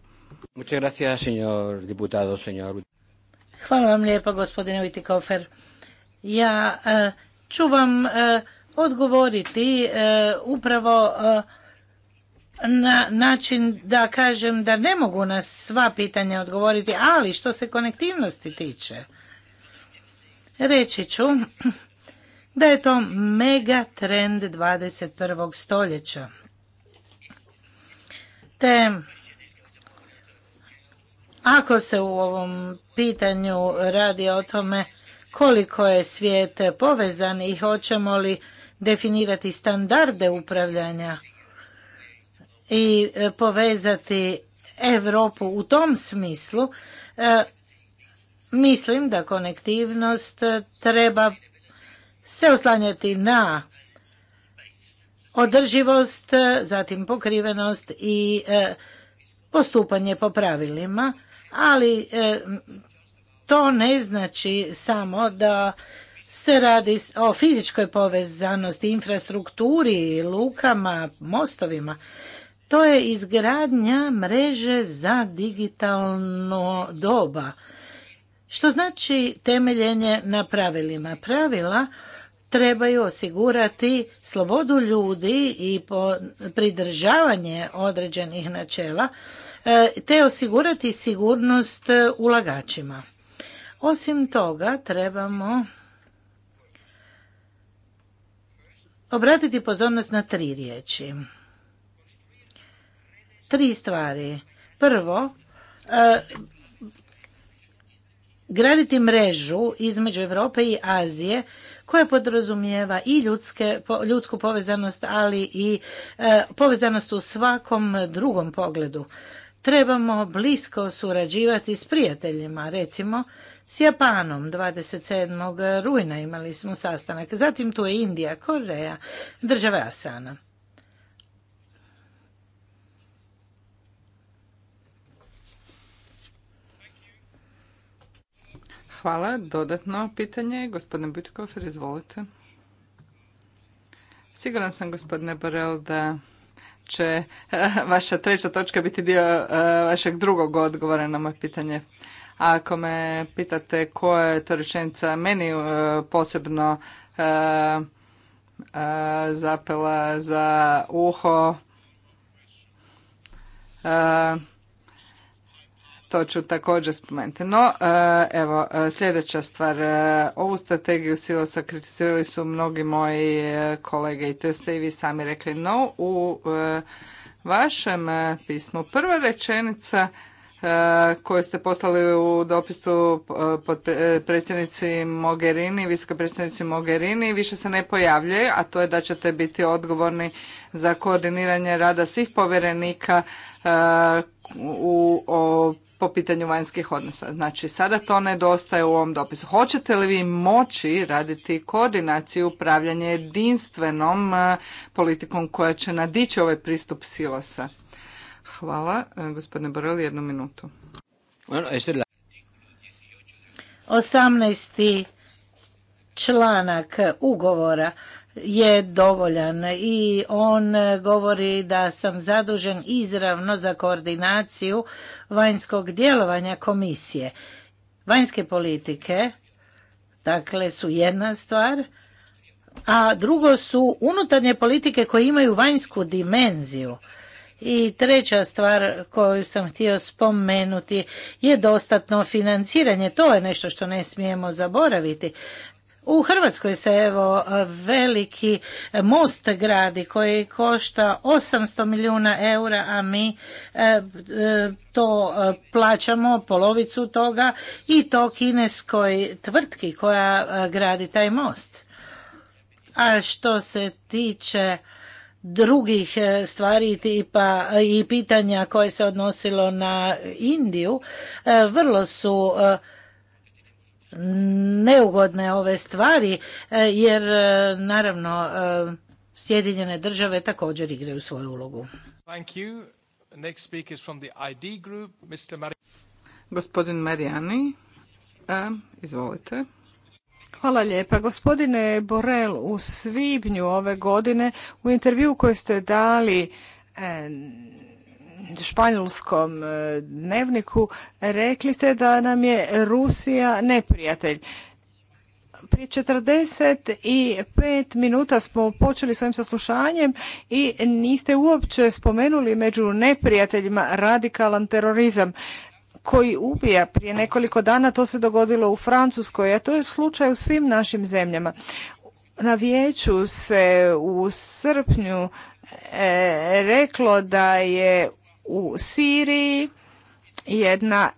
Hvala vam lijepa, gospodine Vitikofer. Ja e, ću vam e, odgovoriti e, upravo na način da kažem da ne mogu na sva pitanja odgovoriti, ali što se konektivnosti tiče, reći ću da je to mega trend 21. stoljeća. Te ako se u ovom pitanju radi o tome koliko je svijet povezan i hoćemo li definirati standarde upravljanja i e, povezati Europu u tom smislu, e, mislim da konektivnost e, treba se oslanjati na održivost, zatim pokrivenost i postupanje po pravilima, ali to ne znači samo da se radi o fizičkoj povezanosti, infrastrukturi, lukama, mostovima to je izgradnja mreže za digitalno doba. Što znači temeljenje na pravilima? Pravila trebaju osigurati slobodu ljudi i pridržavanje određenih načela, e, te osigurati sigurnost e, ulagačima. Osim toga, trebamo obratiti pozornost na tri riječi tri stvari. Prvo, eh, graditi mrežu između Europe i Azije koja podrazumijeva i ljudske, ljudsku povezanost, ali i eh, povezanost u svakom drugom pogledu. Trebamo blisko surađivati s prijateljima, recimo s Japanom 27. rujna imali smo sastanak. Zatim tu je Indija, Koreja, država Asana. Hvala. Dodatno pitanje, gospodin Butikofer, izvolite. Siguran sam, gospodine Borel, da će eh, vaša treća točka biti dio eh, vašeg drugog odgovora na moje pitanje. A ako me pitate koja je to rečenica meni eh, posebno zapela za uho, to ću također spomenuti. No, e, evo, e, sljedeća stvar. E, ovu strategiju silosa kritizirali su mnogi moji kolege i to ste i vi sami rekli. No, u vašem pismu prva rečenica koju ste poslali u dopistu pod predsjednici Mogherini, visokoj predsjednici Mogherini, više se ne pojavljuje, a to je da ćete biti odgovorni za koordiniranje rada svih povjerenika u po pitanju vanjskih odnosa. Znači, sada to nedostaje u ovom dopisu. Hoćete li vi moći raditi koordinaciju upravljanja jedinstvenom e, politikom koja će nadići ovaj pristup silasa? Hvala. E, gospodine Borel, jednu minutu. 18. članak ugovora je dovoljan i on govori da sam zadužen izravno za koordinaciju vanjskog djelovanja komisije. Vanjske politike dakle su jedna stvar, a drugo su unutarnje politike koje imaju vanjsku dimenziju. I treća stvar koju sam htio spomenuti je dostatno financiranje. To je nešto što ne smijemo zaboraviti. U Hrvatskoj se evo veliki most gradi koji košta 800 milijuna eura, a mi e, e, to e, plaćamo polovicu toga i to kineskoj tvrtki koja gradi taj most. A što se tiče drugih stvari tipa i pitanja koje se odnosilo na Indiju, vrlo su neugodne ove stvari e, jer e, naravno e, Sjedinjene države također igraju svoju ulogu. Thank you. Next speaker is from the ID group, Mr. Gospodin Marijani, izvolite. Hvala lijepa. Gospodine Borel, u svibnju ove godine u intervju koji ste dali španjolskom e, dnevniku rekli ste da nam je Rusija neprijatelj. Prije 45 minuta smo počeli svojim saslušanjem i niste uopće spomenuli među neprijateljima radikalan terorizam koji ubija prije nekoliko dana, to se dogodilo u Francuskoj, a to je slučaj u svim našim zemljama. Na vijeću se u srpnju e, reklo da je u Siriji, jedna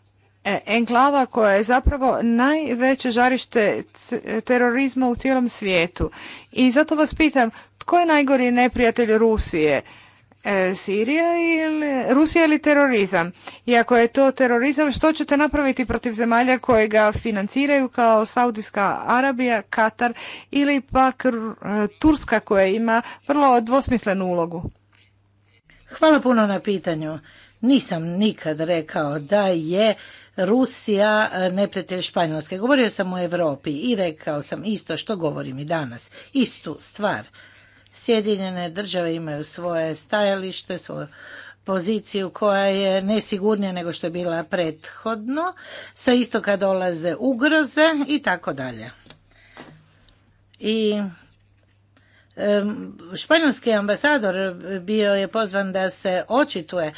e, enklava koja je zapravo najveće žarište terorizma u cijelom svijetu. I zato vas pitam, tko je najgori neprijatelj Rusije? E, Sirija ili Rusija ili terorizam? I ako je to terorizam, što ćete napraviti protiv zemalja koje ga financiraju kao Saudijska Arabija, Katar ili pak Turska koja ima vrlo dvosmislenu ulogu? Hvala puno na pitanju. Nisam nikad rekao da je Rusija e, neprijatelj Španjolske. Govorio sam o Europi i rekao sam isto što govorim i danas. Istu stvar. Sjedinjene države imaju svoje stajalište, svoju poziciju koja je nesigurnija nego što je bila prethodno. Sa istoka dolaze ugroze i tako dalje. I Španjolski ambasador bio je pozvan da se očituje, e,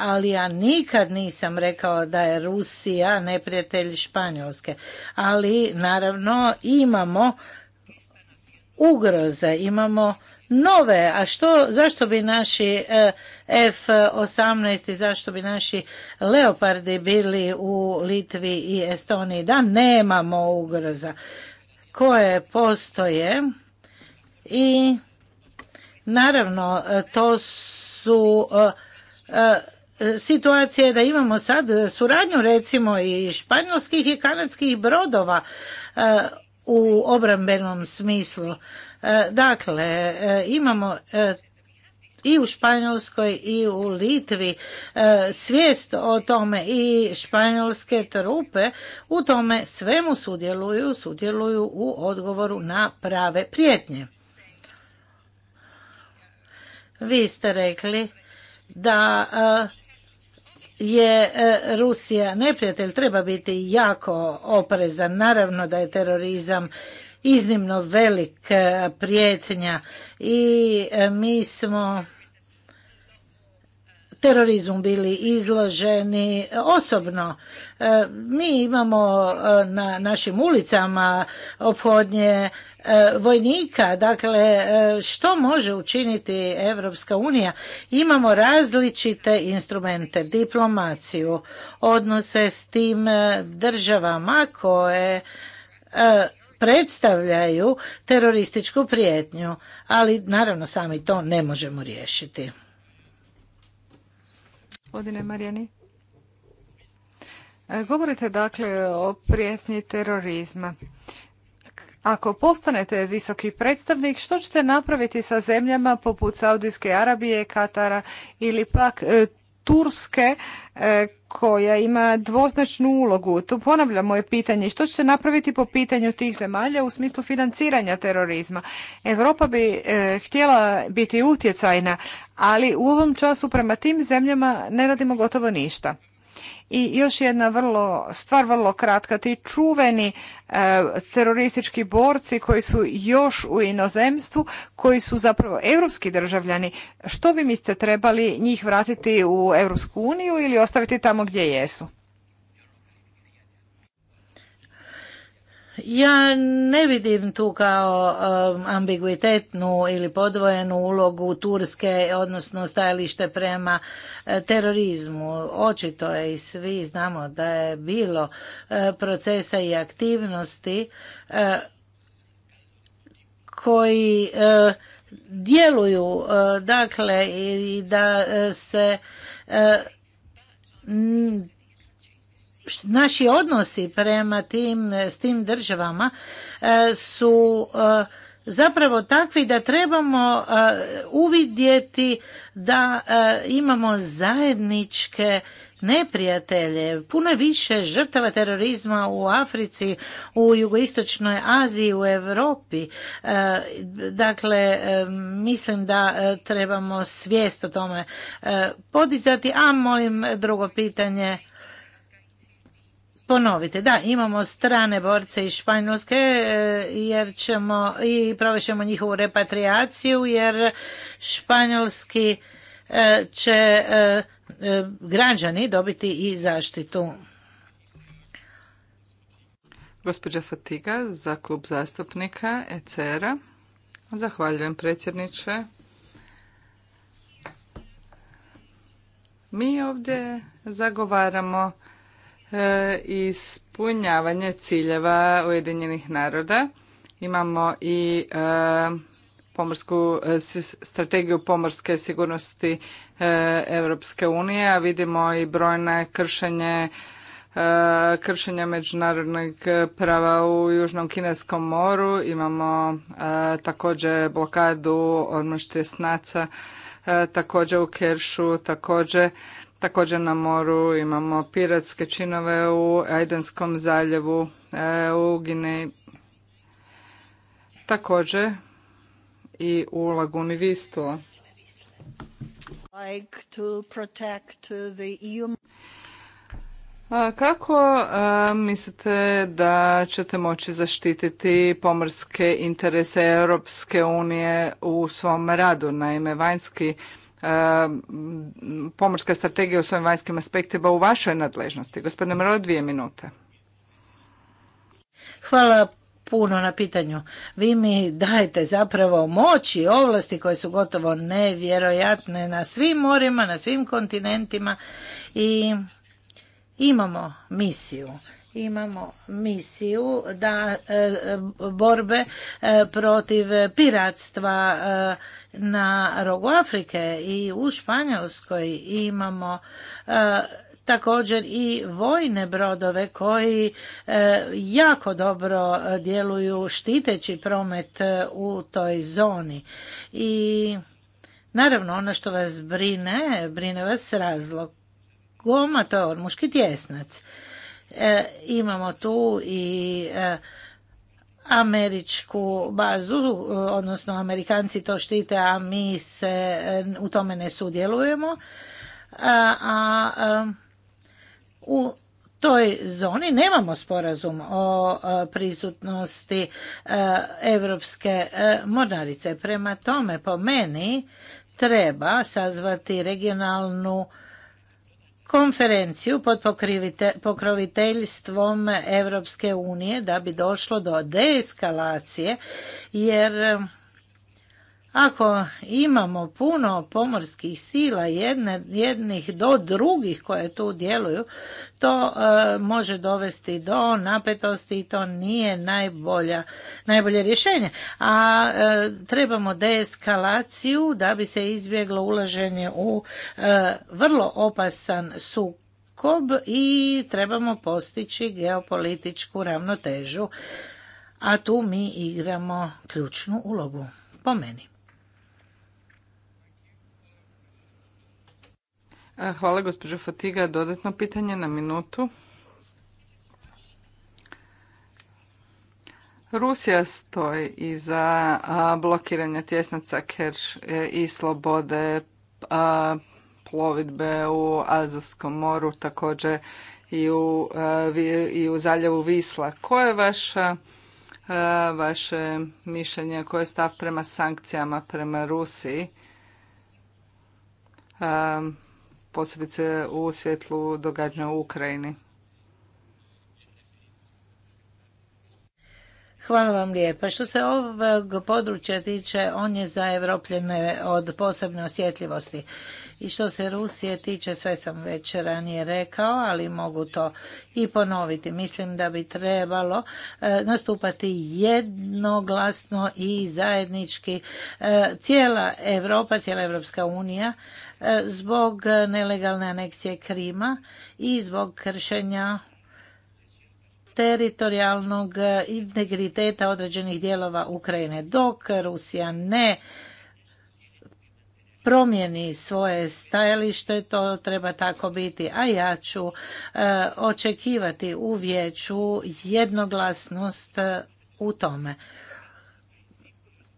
ali ja nikad nisam rekao da je Rusija neprijatelj Španjolske. Ali naravno imamo ugroze, imamo nove, a što, zašto bi naši e, F-18 i zašto bi naši Leopardi bili u Litvi i Estoniji? Da, nemamo ugroza koje postoje i naravno e, to su e, e, situacije da imamo sad suradnju recimo i španjolskih i kanadskih brodova u obrambenom smislu. Dakle, imamo i u Španjolskoj i u Litvi svijest o tome i španjolske trupe u tome svemu sudjeluju, sudjeluju u odgovoru na prave prijetnje. Vi ste rekli da e, je e, Rusija neprijatelj, treba biti jako oprezan. Naravno da je terorizam iznimno velik e, prijetnja i mi smo terorizmu bili izloženi osobno. E, mi imamo e, na našim ulicama ophodnje e, vojnika, dakle što može učiniti Evropska unija? Imamo različite instrumente, diplomaciju, odnose s tim državama koje predstavljaju terorističku prijetnju, ali naravno sami to ne možemo riješiti gospodine Marijani. E, govorite dakle o prijetnji terorizma. Ako postanete visoki predstavnik, što ćete napraviti sa zemljama poput Saudijske Arabije, Katara ili pak e, Turske e, koja ima dvoznačnu ulogu. Tu ponavljam moje pitanje. Što će se napraviti po pitanju tih zemalja u smislu financiranja terorizma? Europa bi e, htjela biti utjecajna, ali u ovom času prema tim zemljama ne radimo gotovo ništa. I još jedna vrlo, stvar vrlo kratka, ti čuveni e, teroristički borci koji su još u inozemstvu, koji su zapravo europski državljani, što bi mi ste trebali njih vratiti u Europsku uniju ili ostaviti tamo gdje jesu? ja ne vidim tu kao um, ambiguitetnu ili podvojenu ulogu Turske, odnosno stajalište prema e, terorizmu. Očito je i svi znamo da je bilo e, procesa i aktivnosti e, koji djeluju, dakle, i da se naši odnosi prema tim s tim državama e, su e, zapravo takvi da trebamo e, uvidjeti da imamo zajedničke neprijatelje. Puno više žrtava terorizma u Africi, u jugoistočnoj Aziji, u Europi. Dakle, mislim da trebamo svijest o tome podizati. A molim drugo pitanje ponoviti. Da, imamo strane borce iz Španjolske e, jer ćemo i provešemo njihovu repatriaciju jer španjolski e, će e, građani dobiti i zaštitu. Gospođa Fatiga za klub zastupnika ECR-a. Zahvaljujem predsjedniče. Mi ovdje zagovaramo E, ispunjavanje ciljeva Ujedinjenih naroda. Imamo i e, pomorsku e, strategiju pomorske sigurnosti Europske unije, a vidimo i brojne kršenje kršenja međunarodnog prava u Južnom Kineskom moru. Imamo također blokadu odmoštrje snaca također u Keršu, također Također na moru imamo piratske činove u Ajdenskom zaljevu, e, u Gineji. Također i u Laguni Vistula. E kako e, mislite da ćete moći zaštititi pomorske interese Europske unije u svom radu? Naime, vanjski E, pomorska strategija u svojim vanjskim aspektima u vašoj nadležnosti? Gospodine Mrlo, dvije minute. Hvala puno na pitanju. Vi mi dajete zapravo moći i ovlasti koje su gotovo nevjerojatne na svim morima, na svim kontinentima i imamo misiju imamo misiju da e, borbe e, protiv piratstva e, na rogu Afrike i u Španjolskoj imamo također i vojne brodove koji jako dobro djeluju štiteći promet u toj zoni i naravno ono što vas brine brine vas razlog goma to je ormuški tjesnac E, imamo tu i e, američku bazu, e, odnosno amerikanci to štite, a mi se u tome ne sudjelujemo. A, a u toj zoni nemamo sporazum o prisutnosti evropske mornarice. Prema tome, po meni, treba sazvati regionalnu konferenciju pod pokroviteljstvom Europske unije da bi došlo do deeskalacije jer ako imamo puno pomorskih sila jednih do drugih koje tu djeluju, to e, može dovesti do napetosti i to nije najbolja, najbolje rješenje. A e, trebamo deeskalaciju da bi se izbjeglo ulaženje u e, vrlo opasan sukob sukob i trebamo postići geopolitičku ravnotežu, a tu mi igramo ključnu ulogu, po meni. E, hvala gospođo Fatiga. Dodatno pitanje na minutu. Rusija stoji iza blokiranja tjesnaca Kerš e, i slobode plovidbe u Azovskom moru, također i u, zaljevu Visla. Koje je vaša, vaše mišljenje, koje je stav prema sankcijama prema Rusiji? Um, posebice u svjetlu događanja u Ukrajini. Hvala vam lijepa. Što se ovog područja tiče, on je za Evropljene od posebne osjetljivosti. I što se Rusije tiče, sve sam već ranije rekao, ali mogu to i ponoviti. Mislim da bi trebalo e, nastupati jednoglasno i zajednički e, cijela Europa, cijela Evropska unija e, zbog nelegalne aneksije Krima i zbog kršenja teritorijalnog e, integriteta određenih dijelova Ukrajine. Dok Rusija ne promijeni svoje stajalište, to treba tako biti. A ja ću e, očekivati u vijeću jednoglasnost e, u tome.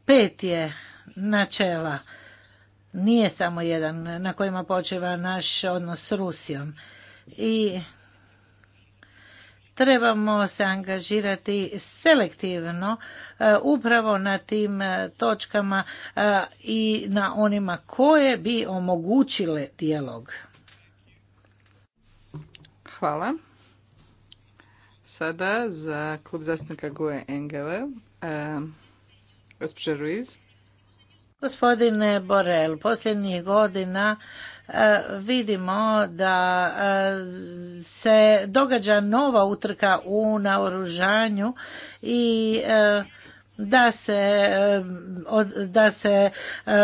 Pet je načela, nije samo jedan na kojima počeva naš odnos s Rusijom. I trebamo se angažirati selektivno e, upravo na tim e, točkama e, i na onima koje bi omogućile dijalog. Hvala. Sada za klub zastupnika GUE Engele, gospođa Ruiz. Gospodine Borel, posljednjih godina E, vidimo da e, se događa nova utrka u naoružanju i e, da se, da se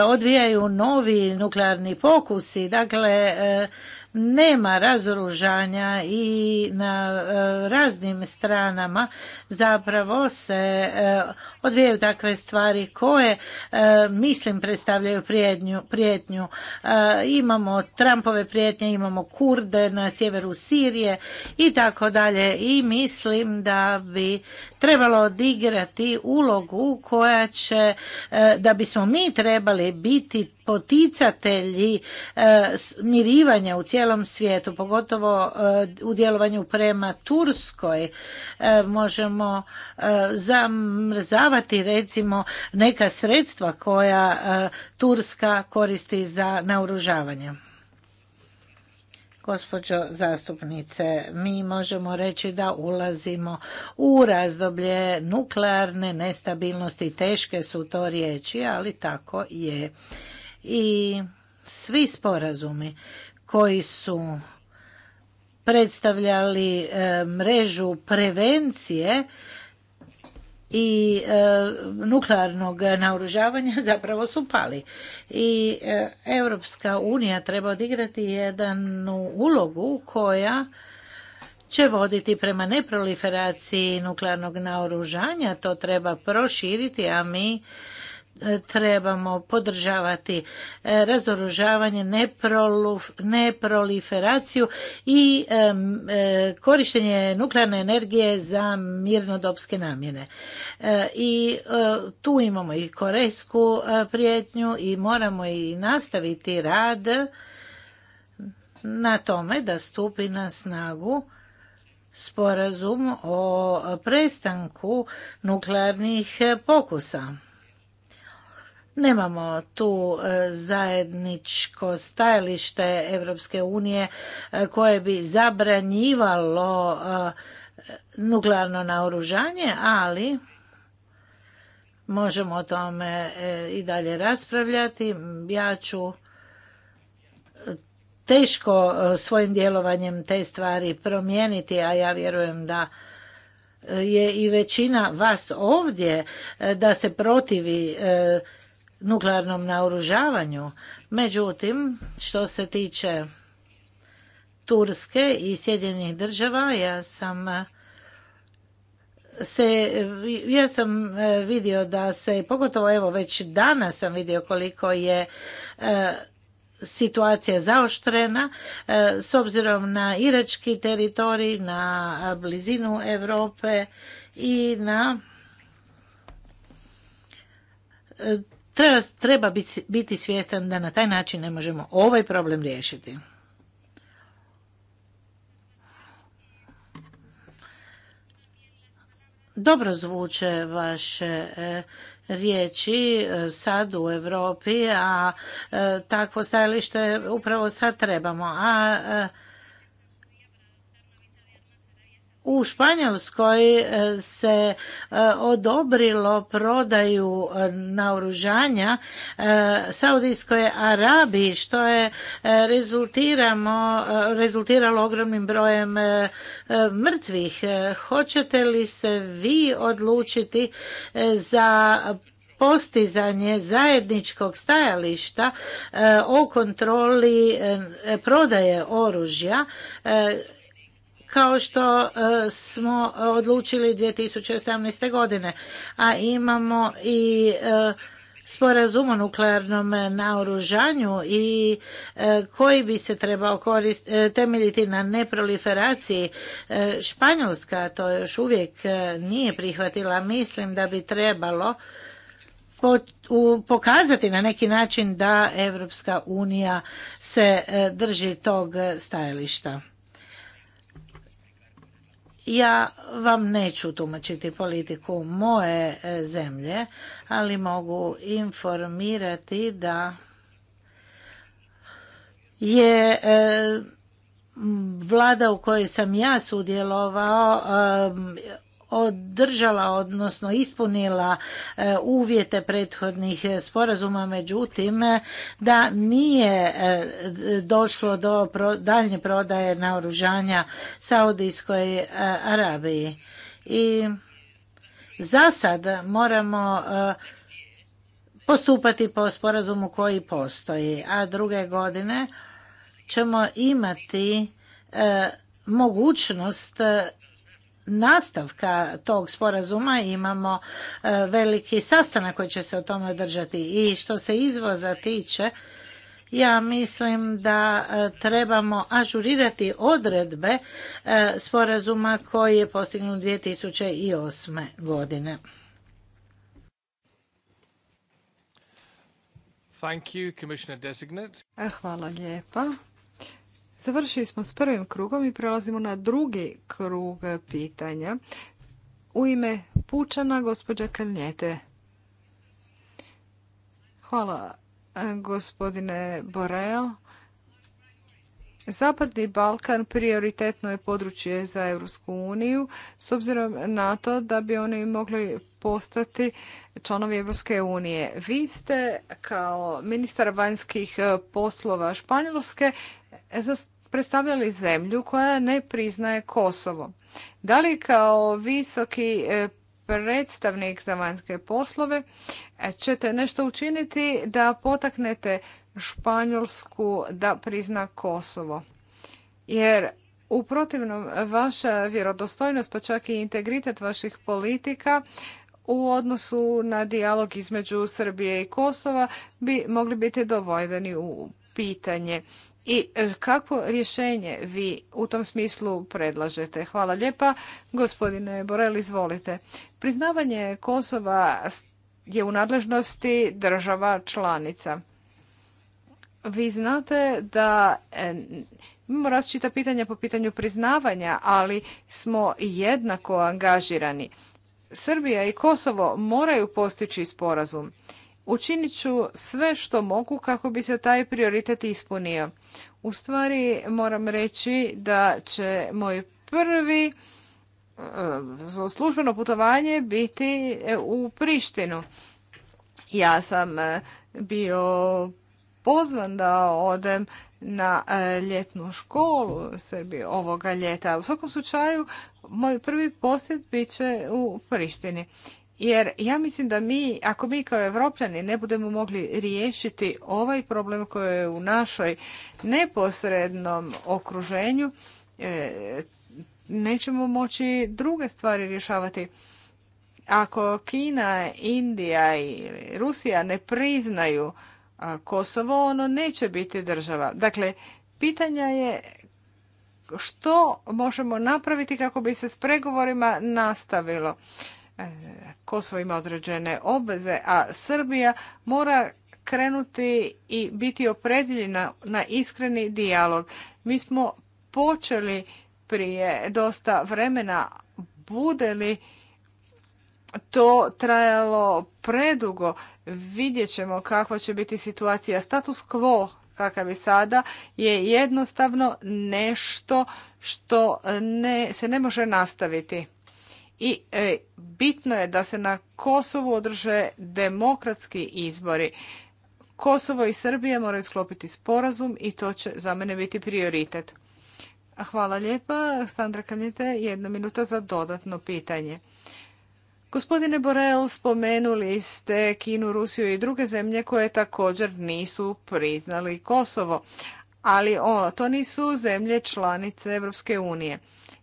odvijaju novi nuklearni pokusi. Dakle, nema razoružanja i na e, raznim stranama zapravo se e, odvijaju takve stvari koje e, mislim predstavljaju prijetnju, prijetnju. Imamo Trumpove prijetnje, imamo Kurde na sjeveru Sirije i tako dalje i mislim da bi trebalo odigrati ulogu koja će da bismo mi trebali biti poticatelji e, mirivanja u cijelom svijetu, pogotovo e, u djelovanju prema Turskoj. E, možemo zamrzavati recimo neka sredstva koja Turska koristi za naoružavanje. Gospođo zastupnice, mi možemo reći da ulazimo u razdoblje nuklearne nestabilnosti. Teške su to riječi, ali tako je i svi sporazumi koji su predstavljali e, mrežu prevencije i e, nuklearnog naoružavanja zapravo su pali. I e, Europska unija treba odigrati jednu ulogu koja će voditi prema neproliferaciji nuklearnog naoružanja, to treba proširiti, a mi trebamo podržavati e, razoružavanje, neproliferaciju i e, e, korištenje nuklearne energije za mirnodopske namjene. I tu imamo i korejsku prijetnju i moramo i nastaviti rad na tome da stupi na snagu sporazum o prestanku nuklearnih pokusa Nemamo tu e, zajedničko stajalište Europske unije e, koje bi zabranjivalo e, nuklearno naoružanje, ali možemo o tome i dalje raspravljati. Ja ću teško svojim djelovanjem te stvari promijeniti, a ja vjerujem da je i većina vas ovdje da se protivi nuklearnom naoružavanju. Međutim, što se tiče Turske i Sjedinjenih država, ja sam se, ja sam e, vidio da se, pogotovo evo već danas sam vidio koliko je e, situacija zaoštrena e, s obzirom na irački teritorij, na blizinu Europe i na treba biti svjestan da na taj način ne možemo ovaj problem riješiti. Dobro zvuče vaše e, riječi e, sad u Europi, a e, takvo stajalište upravo sad trebamo. A u Španjolskoj e, se e, odobrilo prodaju e, naoružanja Saudijskoj Arabiji što je rezultiralo ogromnim brojem mrtvih. Hoćete li se vi odlučiti za postizanje zajedničkog stajališta o kontroli prodaje oružja kao što e, smo odlučili 2018. godine. A imamo i e, sporazum o nuklearnom naoružanju i e, koji bi se trebao temeljiti na neproliferaciji. Španjolska to još uvijek nije prihvatila. Mislim da bi trebalo pokazati na neki način da Evropska unija se drži tog stajališta ja vam neću tumačiti politiku moje e, zemlje, ali mogu informirati da je e, vlada u kojoj sam ja sudjelovao e, održala, odnosno ispunila e, uvjete prethodnih sporazuma, međutim da nije e, došlo do daljnje prodaje naoružanja Saudijskoj e, Arabiji. I za sad moramo postupati po sporazumu koji postoji, a druge godine ćemo imati mogućnost nastavka tog sporazuma imamo e, veliki sastanak koji će se o tome održati. I što se izvoza tiče, ja mislim da e, trebamo ažurirati odredbe e, sporazuma koji je postignut 2008. godine. Thank you, Hvala lijepa, Završili smo s prvim krugom i prelazimo na drugi krug pitanja. U ime Pučana, gospođa Kalnjete. Hvala, e, gospodine Borel. Zapadni Balkan prioritetno je područje za Europsku uniju s obzirom na to da bi oni mogli postati članovi Europske unije. Vi ste kao ministar vanjskih e, poslova Španjolske e, predstavljali zemlju koja ne priznaje Kosovo. Da li kao visoki e, predstavnik za vanjske poslove e, ćete nešto učiniti da potaknete Španjolsku da prizna Kosovo? Jer u protivnom vaša vjerodostojnost pa čak i integritet vaših politika u odnosu na dijalog između Srbije i Kosova bi mogli biti dovojdeni u pitanje i e, kakvo rješenje vi u tom smislu predlažete? Hvala lijepa. Gospodine Borel, izvolite. Priznavanje Kosova je u nadležnosti država članica. Vi znate da e, imamo različita pitanja po pitanju priznavanja, ali smo jednako angažirani. Srbija i Kosovo moraju postići sporazum. Učinit ću sve što mogu kako bi se taj prioritet ispunio. U stvari moram reći da će moj prvi e, službeno putovanje biti e, u Prištinu. Ja sam e, bio pozvan da odem na ljetnu školu u ovoga ljeta. U svakom slučaju, moj prvi posjet bit će u Prištini. Jer ja mislim da mi, ako mi kao evropljani ne budemo mogli riješiti ovaj problem koji je u našoj neposrednom okruženju, e, nećemo moći druge stvari rješavati. Ako Kina, Indija i Rusija ne priznaju Kosovo, ono neće biti država. Dakle, pitanja je što možemo napraviti kako bi se s pregovorima nastavilo. E, Kosovo ima određene obveze, a Srbija mora krenuti i biti opredjeljena na iskreni dijalog. Mi smo počeli prije dosta vremena, bude li to trajalo predugo, vidjet ćemo kakva će biti situacija. Status quo kakav je sada je jednostavno nešto što ne, se ne može nastaviti i e, bitno je da se na Kosovu održe demokratski izbori. Kosovo i Srbije moraju sklopiti sporazum i to će za mene biti prioritet. Hvala lijepa. Sandra Kanjete, jedna minuta za dodatno pitanje. Gospodine Borel, spomenuli ste Kinu, Rusiju i druge zemlje koje također nisu priznali Kosovo, ali o, to nisu zemlje članice Europske unije.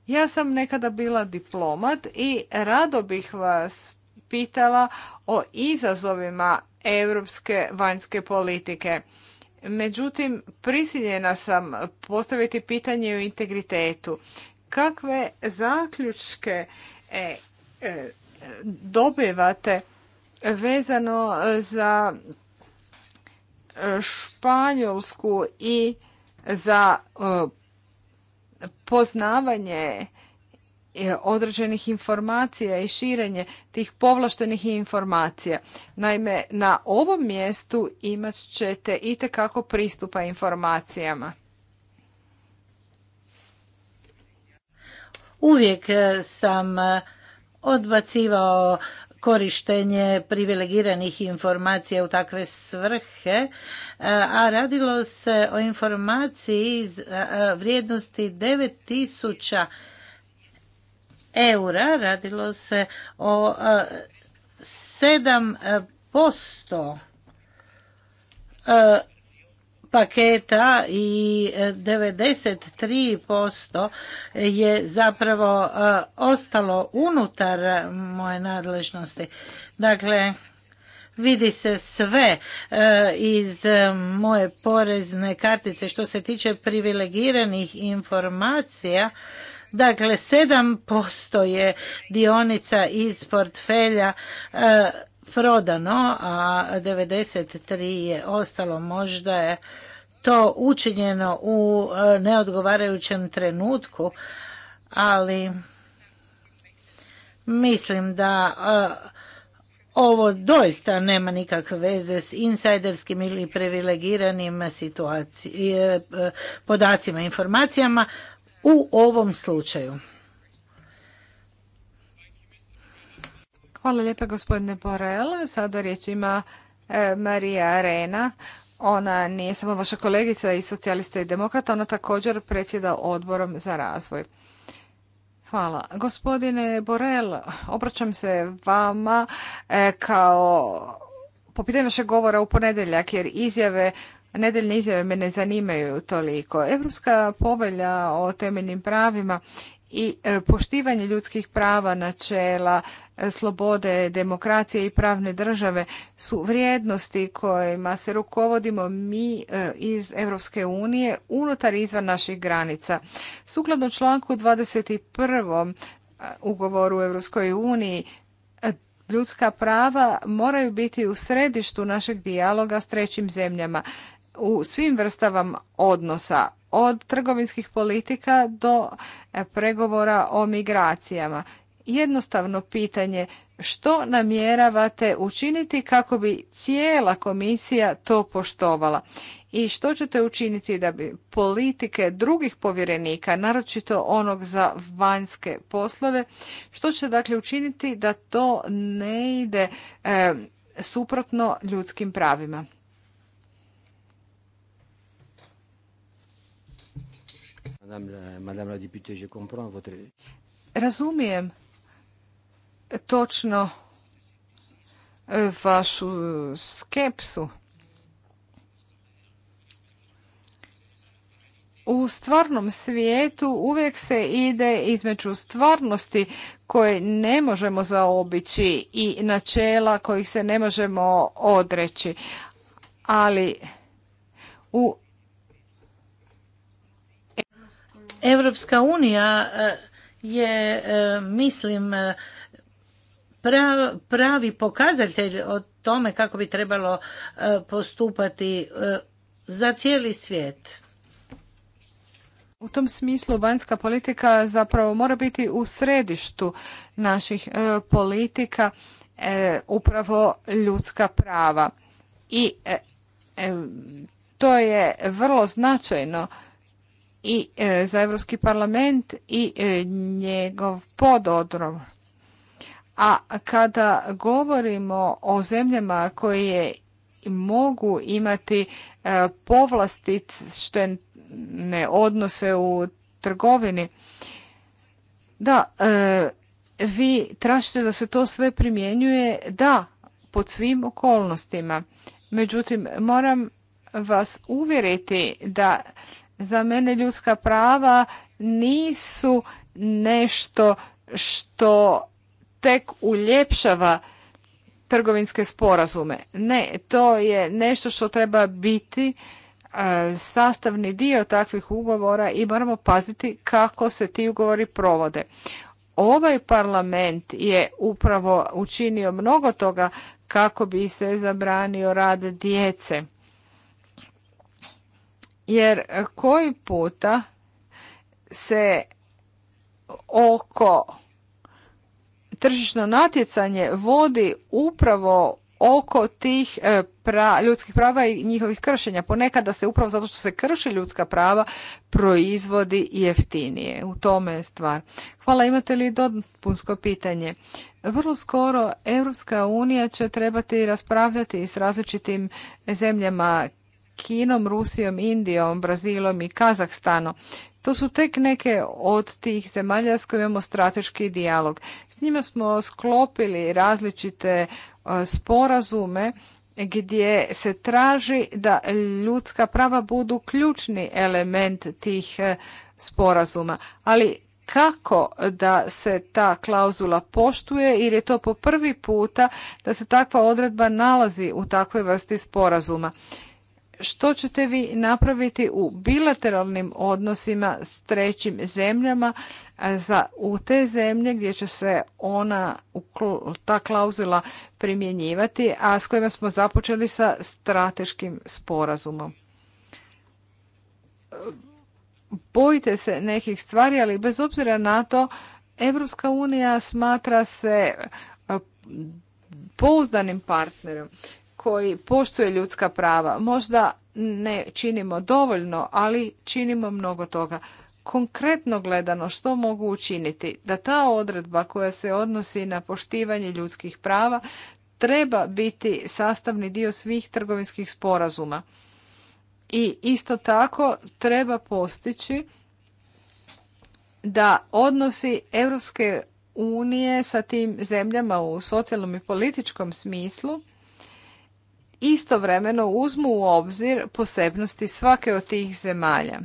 Ja sam nekada bila diplomat i rado bih vas pitala o izazovima europske vanjske politike. Međutim, prisiljena sam postaviti pitanje o integritetu. Kakve zaključke e, e, dobivate vezano za Španjolsku i za e, poznavanje e, određenih informacija i širenje tih povlaštenih informacija. Naime, na ovom mjestu imat ćete itekako pristupa informacijama. Uvijek e, sam e, odbacivao korištenje privilegiranih informacija u takve svrhe, e, a radilo se o informaciji iz e, e, vrijednosti 9000 eura, radilo se o 7% paketa i 93% e, je zapravo e, ostalo unutar moje nadležnosti. Dakle, vidi se sve e, iz moje porezne kartice što se tiče privilegiranih informacija. Dakle, 7% je dionica iz portfelja prodano, a 93 je ostalo. Možda je to učinjeno u e, neodgovarajućem trenutku, ali mislim da e, ovo doista nema nikakve veze s insajderskim ili privilegiranim e, podacima, informacijama u ovom slučaju. Hvala lijepa gospodine Borel. Sada riječ ima e, Marija Arena. Ona nije samo vaša kolegica iz socijalista i demokrata, ona također predsjeda odborom za razvoj. Hvala. Gospodine Borel, obraćam se vama e, kao po pitanju vašeg govora u ponedjeljak, jer izjave Nedeljne izjave me ne zanimaju toliko. Europska povelja o temeljnim pravima i e, poštivanje ljudskih prava, načela slobode, demokracije i pravne države su vrijednosti kojima se rukovodimo mi e, iz Europske unije unutar i izvan naših granica. Sukladno članku 21. E, ugovoru u Europskoj uniji e, ljudska prava moraju biti u središtu našeg dijaloga s trećim zemljama u svim vrstama odnosa od trgovinskih politika do pregovora o migracijama jednostavno pitanje što namjeravate učiniti kako bi cijela komisija to poštovala i što ćete učiniti da bi politike drugih povjerenika, naročito onog za vanjske poslove, što ćete dakle učiniti da to ne ide e, suprotno ljudskim pravima. Madame la, je votre... Razumijem točno e, vašu skepsu. U stvarnom svijetu uvijek se ide između stvarnosti koje ne možemo zaobići i načela kojih se ne možemo odreći. Ali u Europska unija e, je, e, mislim, pravi pokazatelj o tome kako bi trebalo e, postupati e, za cijeli svijet. U tom smislu vanjska politika zapravo mora biti u središtu naših e, politika upravo ljudska prava. I to je vrlo značajno i za Europski parlament i njegov pododrom. A kada govorimo o zemljama koje mogu imati e, povlastične odnose u trgovini, da, e, vi tražite da se to sve primjenjuje, da, pod svim okolnostima. Međutim, moram vas uvjeriti da za mene ljudska prava nisu nešto što tek uljepšava trgovinske sporazume. Ne, to je nešto što treba biti e, sastavni dio takvih ugovora i moramo paziti kako se ti ugovori provode. Ovaj parlament je upravo učinio mnogo toga kako bi se zabranio rad djece. Jer koji puta se oko tržišno natjecanje vodi upravo oko tih e, ljudskih prava i njihovih kršenja. Ponekada se upravo zato što se krši ljudska prava proizvodi jeftinije. U tome je stvar. Hvala, imate li dopunsko pitanje? Vrlo skoro Europska unija će trebati raspravljati s različitim zemljama Kinom, Rusijom, Indijom, Brazilom i Kazahstanom. To su tek neke od tih zemalja s kojima imamo strateški dijalog. S njima smo sklopili različite e, sporazume gdje se traži da ljudska prava budu ključni element tih e, sporazuma. Ali kako da se ta klauzula poštuje jer je to po prvi puta da se takva odredba nalazi u takvoj vrsti sporazuma što ćete vi napraviti u bilateralnim odnosima s trećim zemljama za u te zemlje gdje će se ona ta klauzula primjenjivati, a s kojima smo započeli sa strateškim sporazumom. Bojite se nekih stvari, ali bez obzira na to Evropska unija smatra se pouzdanim partnerom koji poštuje ljudska prava. Možda ne činimo dovoljno, ali činimo mnogo toga. Konkretno gledano što mogu učiniti? Da ta odredba koja se odnosi na poštivanje ljudskih prava treba biti sastavni dio svih trgovinskih sporazuma. I isto tako treba postići da odnosi Europske unije sa tim zemljama u socijalnom i političkom smislu istovremeno uzmu u obzir posebnosti svake od tih zemalja.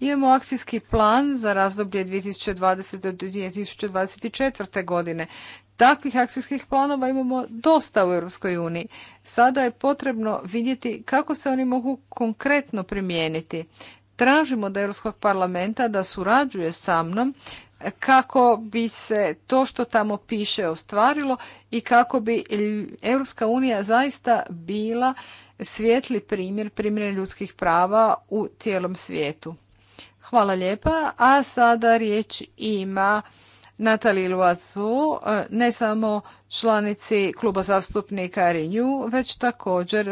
Imamo akcijski plan za razdoblje 2020. do 2024. godine. Takvih akcijskih planova imamo dosta u Europskoj uniji. Sada je potrebno vidjeti kako se oni mogu konkretno primijeniti. Tražimo od Europskog parlamenta da surađuje sa mnom kako bi se to što tamo piše ostvarilo i kako bi Europska unija zaista bila svijetli primjer primjene ljudskih prava u cijelom svijetu. Hvala lijepa, a sada riječ ima Natali Luazu, ne samo članici kluba zastupnika Renew, već također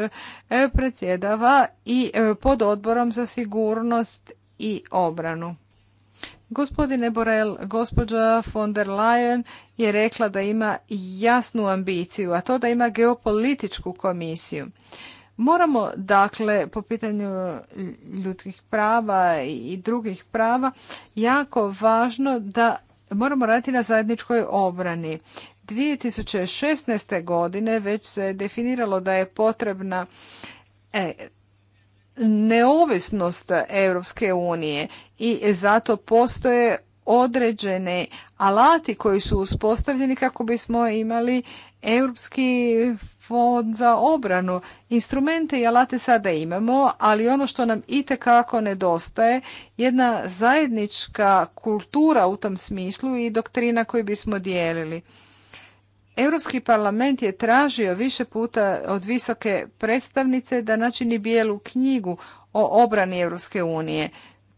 e, predsjedava i e, pod odborom za sigurnost i obranu. Gospodine Borel, gospođa von der Leyen je rekla da ima jasnu ambiciju, a to da ima geopolitičku komisiju. Moramo dakle po pitanju ljudskih prava i drugih prava jako važno da moramo raditi na zajedničkoj obrani. 2016. godine već se definiralo da je potrebna e, neovisnost Europske unije i zato postoje određene alati koji su uspostavljeni kako bismo imali Europski fond za obranu. Instrumente i alate sada imamo, ali ono što nam itekako nedostaje, jedna zajednička kultura u tom smislu i doktrina koju bismo dijelili. Europski parlament je tražio više puta od visoke predstavnice da načini bijelu knjigu o obrani Europske unije.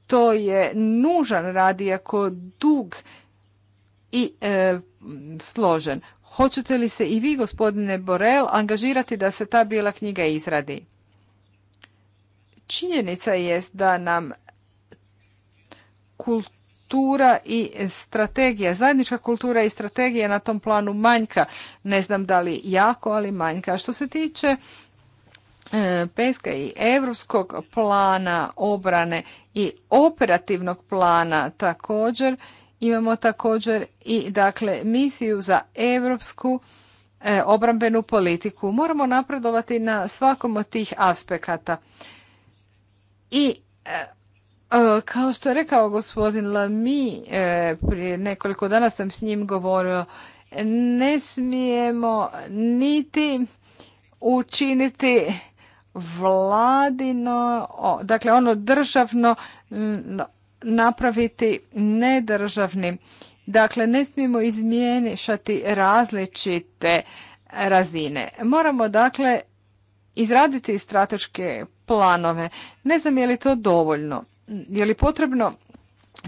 To je nužan radi, iako dug i e, složen. Hoćete li se i vi, gospodine Borel, angažirati da se ta bijela knjiga izradi? Činjenica jest da nam kultura kultura i strategija. Zajednička kultura i strategija na tom planu manjka. Ne znam da li jako, ali manjka. Što se tiče e, PESKA i Europskog plana obrane i operativnog plana također, imamo također i dakle misiju za europsku e, obrambenu politiku. Moramo napredovati na svakom od tih aspekata. I e, E, kao što je rekao gospodin Lami, e, prije nekoliko dana sam s njim govorio, ne smijemo niti učiniti vladino, dakle ono državno napraviti nedržavnim. Dakle, ne smijemo izmiješati različite razine. Moramo dakle izraditi strateške planove. Ne znam je li to dovoljno je li potrebno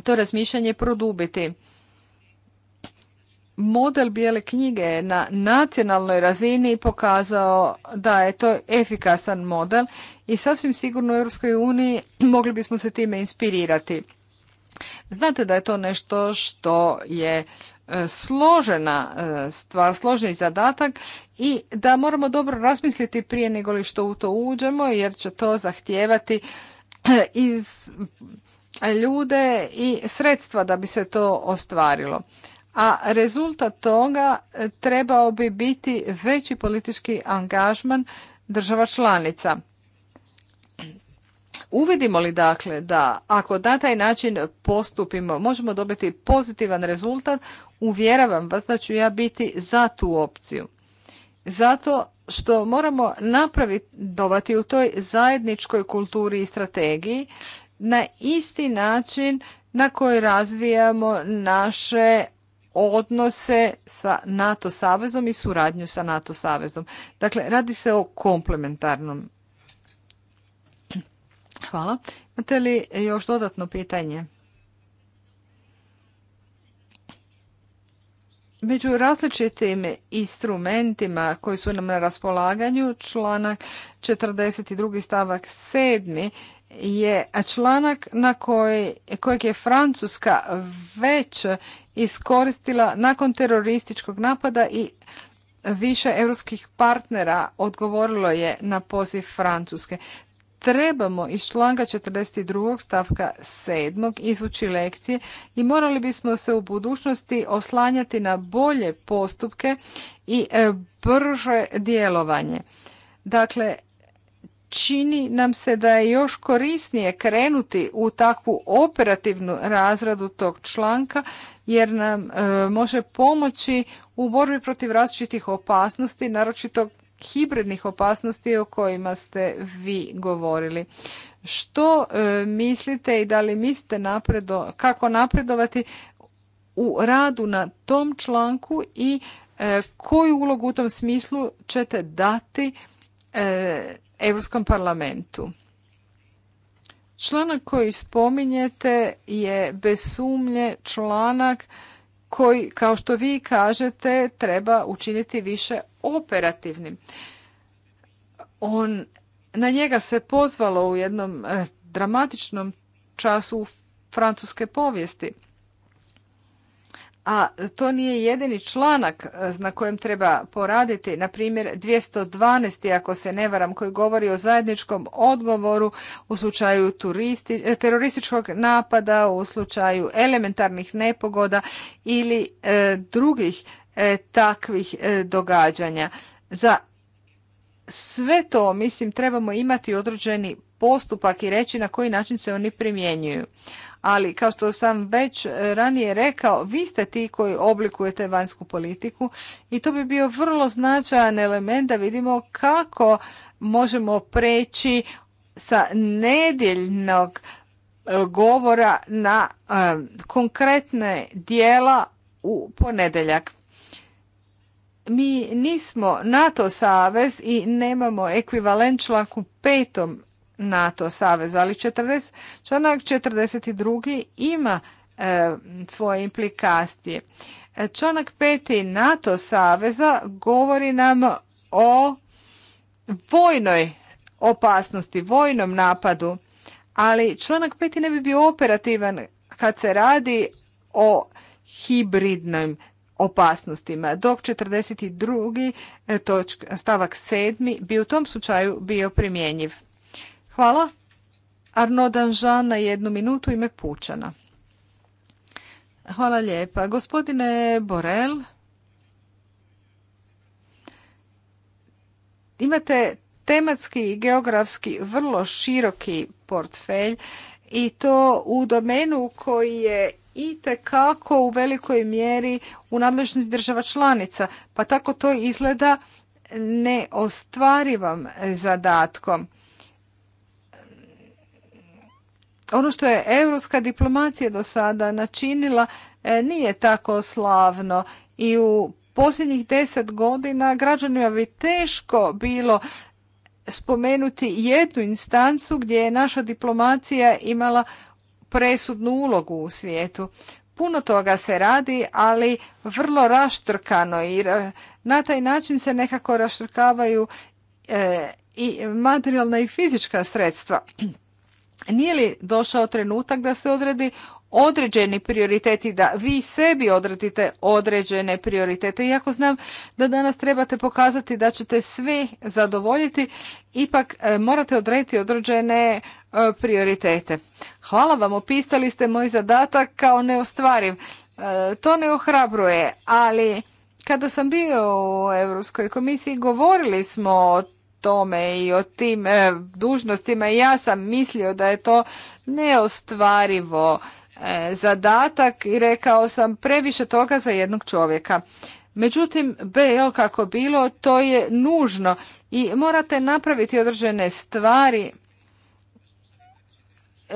to razmišljanje produbiti? Model bijele knjige na nacionalnoj razini pokazao da je to efikasan model i sasvim sigurno u Europskoj uniji mogli bismo se time inspirirati. Znate da je to nešto što je e, složena e, stvar, složeni zadatak i da moramo dobro razmisliti prije nego li što u to uđemo jer će to zahtijevati iz ljude i sredstva da bi se to ostvarilo. A rezultat toga e, trebao bi biti veći politički angažman država članica. Uvidimo li dakle da ako na taj način postupimo možemo dobiti pozitivan rezultat, uvjeravam vas da ću ja biti za tu opciju. Zato što moramo napraviti u toj zajedničkoj kulturi i strategiji na isti način na koji razvijamo naše odnose sa NATO savezom i suradnju sa NATO savezom. Dakle, radi se o komplementarnom. Hvala. Imate li još dodatno pitanje? Među različitim instrumentima koji su nam na raspolaganju, članak 42. stavak 7. je članak na koji, kojeg je Francuska već iskoristila nakon terorističkog napada i više europskih partnera odgovorilo je na poziv Francuske trebamo iz članka 42. stavka 7. izvući lekcije i morali bismo se u budućnosti oslanjati na bolje postupke i e, brže djelovanje. Dakle, čini nam se da je još korisnije krenuti u takvu operativnu razradu tog članka jer nam e, može pomoći u borbi protiv različitih opasnosti, naročito hibridnih opasnosti o kojima ste vi govorili. Što e, mislite i da li mislite napredo, kako napredovati u radu na tom članku i e, koju ulogu u tom smislu ćete dati e, Europskom parlamentu? Članak koji spominjete je bez sumnje članak koji, kao što vi kažete, treba učiniti više operativnim. On, na njega se pozvalo u jednom eh, dramatičnom času francuske povijesti a to nije jedini članak e, na kojem treba poraditi, na primjer 212. ako se ne varam, koji govori o zajedničkom odgovoru u slučaju e, terorističkog napada, u slučaju elementarnih nepogoda ili e, drugih takvih događanja. Za sve to, mislim, trebamo imati određeni postupak i reći na koji način se oni primjenjuju ali kao što sam već e, ranije rekao, vi ste ti koji oblikujete vanjsku politiku i to bi bio vrlo značajan element da vidimo kako možemo preći sa nedjeljnog e, govora na e, konkretne dijela u ponedeljak. Mi nismo NATO savez i nemamo ekvivalent članku petom NATO saveza, ali 40, članak 42. ima e, svoje implikacije. E, članak 5. NATO saveza govori nam o vojnoj opasnosti, vojnom napadu, ali članak 5. ne bi bio operativan kad se radi o hibridnim opasnostima, dok 42. E, točka, stavak 7. bi u tom slučaju bio primjenjiv. Hvala. Arno Danžan na jednu minutu ime Pučana. Hvala lijepa. Gospodine Borel, imate tematski i geografski vrlo široki portfelj i to u domenu koji je i kako u velikoj mjeri u nadležnosti država članica, pa tako to izgleda neostvarivam zadatkom. ono što je europska diplomacija do sada načinila e, nije tako slavno i u posljednjih deset godina građanima bi teško bilo spomenuti jednu instancu gdje je naša diplomacija imala presudnu ulogu u svijetu. Puno toga se radi, ali vrlo raštrkano i e, na taj način se nekako raštrkavaju e, i materijalna i fizička sredstva. Nije li došao trenutak da se odredi određeni prioriteti, da vi sebi odredite određene prioritete. Iako znam da danas trebate pokazati da ćete sve zadovoljiti, ipak e, morate odrediti određene e, prioritete. Hvala vam, opisali ste moj zadatak kao neostvariv. E, to ne ohrabruje, ali kada sam bio u Europskoj komisiji govorili smo o tome i o tim e, dužnostima i ja sam mislio da je to neostvarivo e, zadatak i rekao sam previše toga za jednog čovjeka. Međutim, bilo kako bilo, to je nužno i morate napraviti određene stvari e,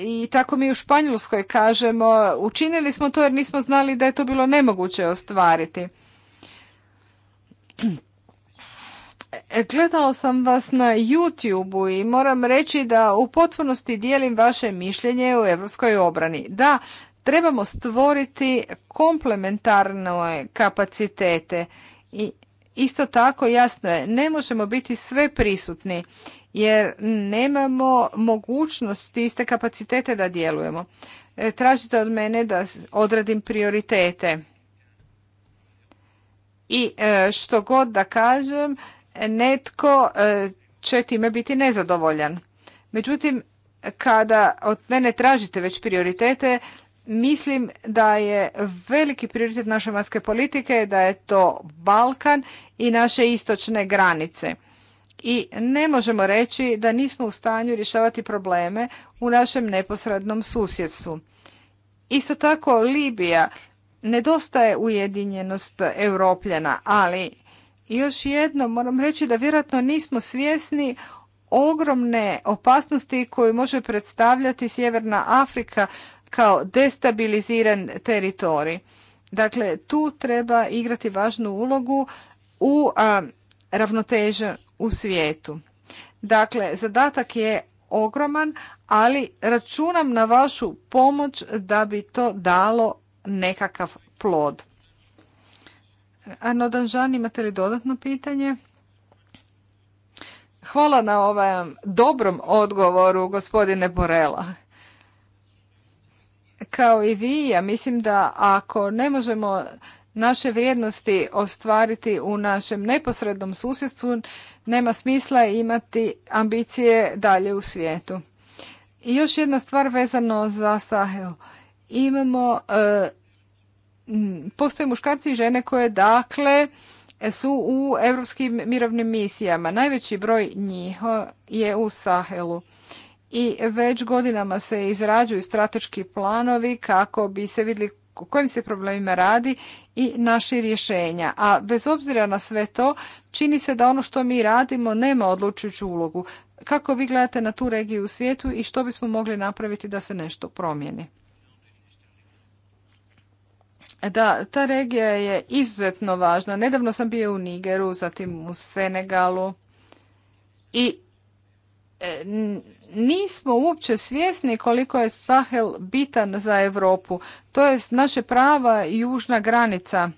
i tako mi u Španjolskoj kažemo učinili smo to jer nismo znali da je to bilo nemoguće ostvariti. E, Gledao sam vas na YouTube-u i moram reći da u potpunosti dijelim vaše mišljenje o europskoj obrani. Da, trebamo stvoriti komplementarne kapacitete i isto tako jasno je, ne možemo biti sve prisutni jer nemamo mogućnosti iste kapacitete da djelujemo. E, tražite od mene da odradim prioritete. I e, što god da kažem, netko e, će time biti nezadovoljan. Međutim, kada od mene tražite već prioritete, mislim da je veliki prioritet naše vanjske politike da je to Balkan i naše istočne granice. I ne možemo reći da nismo u stanju rješavati probleme u našem neposrednom susjedstvu. Isto tako Libija nedostaje ujedinjenost Europljana, ali još jedno, moram reći da vjerojatno nismo svjesni ogromne opasnosti koju može predstavljati Sjeverna Afrika kao destabiliziran teritorij. Dakle, tu treba igrati važnu ulogu u a, ravnoteže u svijetu. Dakle, zadatak je ogroman, ali računam na vašu pomoć da bi to dalo nekakav plod. Ano, Danžan, imate li dodatno pitanje? Hvala na ovom dobrom odgovoru, gospodine Borela. Kao i vi, ja mislim da ako ne možemo naše vrijednosti ostvariti u našem neposrednom susjedstvu, nema smisla imati ambicije dalje u svijetu. I još jedna stvar vezano za Sahel. Imamo e, Mm, postoje muškarci i žene koje dakle su u europskim mirovnim misijama. Najveći broj njih je u Sahelu. I već godinama se izrađuju strateški planovi kako bi se vidjeli kojim se problemima radi i naši rješenja. A bez obzira na sve to, čini se da ono što mi radimo nema odlučujuću ulogu. Kako vi gledate na tu regiju u svijetu i što bismo mogli napraviti da se nešto promijeni? da ta regija je izuzetno važna. Nedavno sam bio u Nigeru, zatim u Senegalu i e, nismo uopće svjesni koliko je Sahel bitan za Europu. To je naše prava južna granica.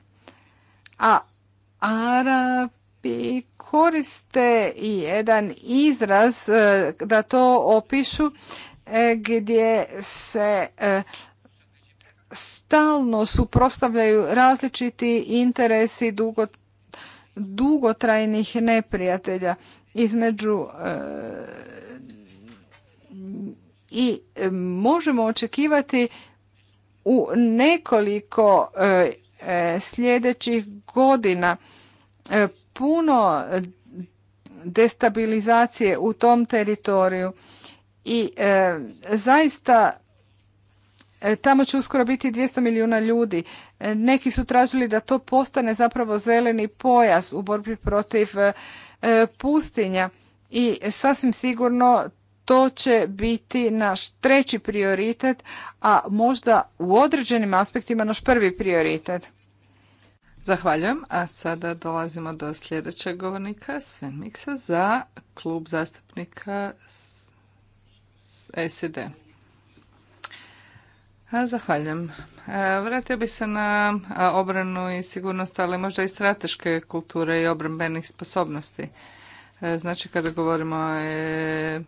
A Arabi koriste i jedan izraz e, da to opišu e, gdje se stalno suprostavljaju različiti interesi dugotrajnih neprijatelja između e, i e, možemo očekivati u nekoliko e, sljedećih godina puno destabilizacije u tom teritoriju i zaista E, tamo će uskoro biti 200 milijuna ljudi. E, neki su tražili da to postane zapravo zeleni pojas u borbi protiv e, pustinja i sasvim sigurno to će biti naš treći prioritet, a možda u određenim aspektima naš prvi prioritet. Zahvaljujem, a sada dolazimo do sljedećeg govornika, Sven Miksa, za klub zastupnika SED. Zahvaljujem. E, vratio bih se na obranu i sigurnost, ali možda i strateške kulture i obrambenih sposobnosti. E, znači kada govorimo e,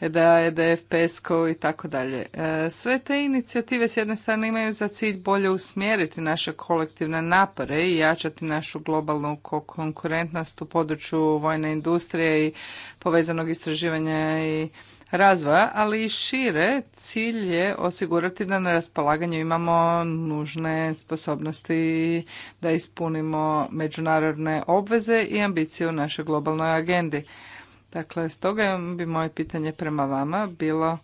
da je PESCO i tako dalje. Sve te inicijative s jedne strane imaju za cilj bolje usmjeriti naše kolektivne napore i jačati našu globalnu konkurentnost u području vojne industrije i povezanog istraživanja i razvoja, ali i šire cilj je osigurati da na raspolaganju imamo nužne sposobnosti da ispunimo međunarodne obveze i ambicije u našoj globalnoj agendi. Dakle, stoga bi moje pitanje prema vama bilo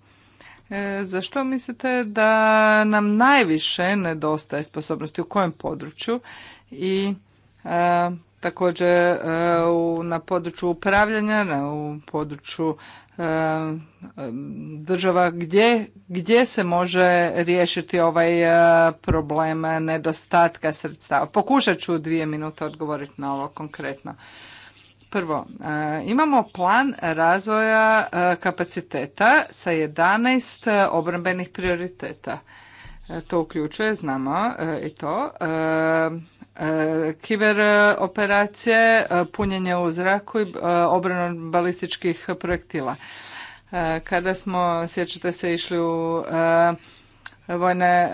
e, zašto mislite da nam najviše nedostaje sposobnosti u kojem području i e, također e, u, na području upravljanja, na, u području država gdje, gdje se može riješiti ovaj e, problem nedostatka sredstava. Pokušat ću u dvije minute odgovoriti na ovo konkretno. Prvo, e, imamo plan razvoja e, kapaciteta sa 11 obrambenih prioriteta. To uključuje, znamo i to, kiber operacije, punjenje u zraku i e, obranu balističkih projektila. E, kada smo, sjećate se, išli u e, vojne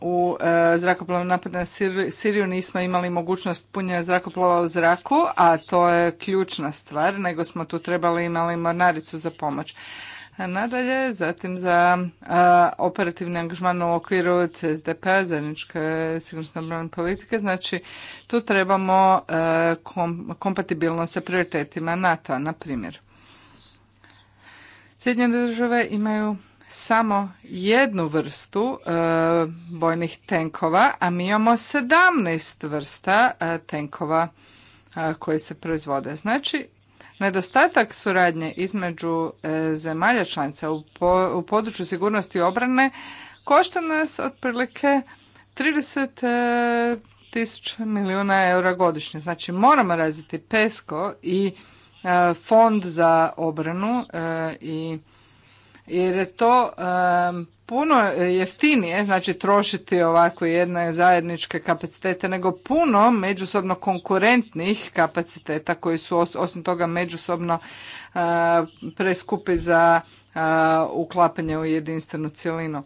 u zrakoplovne napad na Siriju nismo imali mogućnost punjenja zrakoplova u zraku, a to je ključna stvar, nego smo tu trebali imali mornaricu za pomoć. Nadalje, zatim za operativni angažman u okviru CSDP, p-a, zajedničke sigurnosne obrane politike, znači tu trebamo kompatibilno sa prioritetima NATO-a, na primjer. Sjedinjene države imaju samo jednu vrstu e, bojnih tenkova, a mi imamo 17 vrsta e, tenkova koji se proizvode. Znači, Nedostatak suradnje između e, zemalja članica u, području sigurnosti i obrane košta nas otprilike 30 e, milijuna eura godišnje. Znači moramo razviti PESCO i e, fond za obranu i jer je to puno jeftinije, znači trošiti ovako jedne zajedničke kapacitete, nego puno međusobno konkurentnih kapaciteta koji su osim toga međusobno e, preskupi za e, uklapanje u jedinstvenu cjelinu.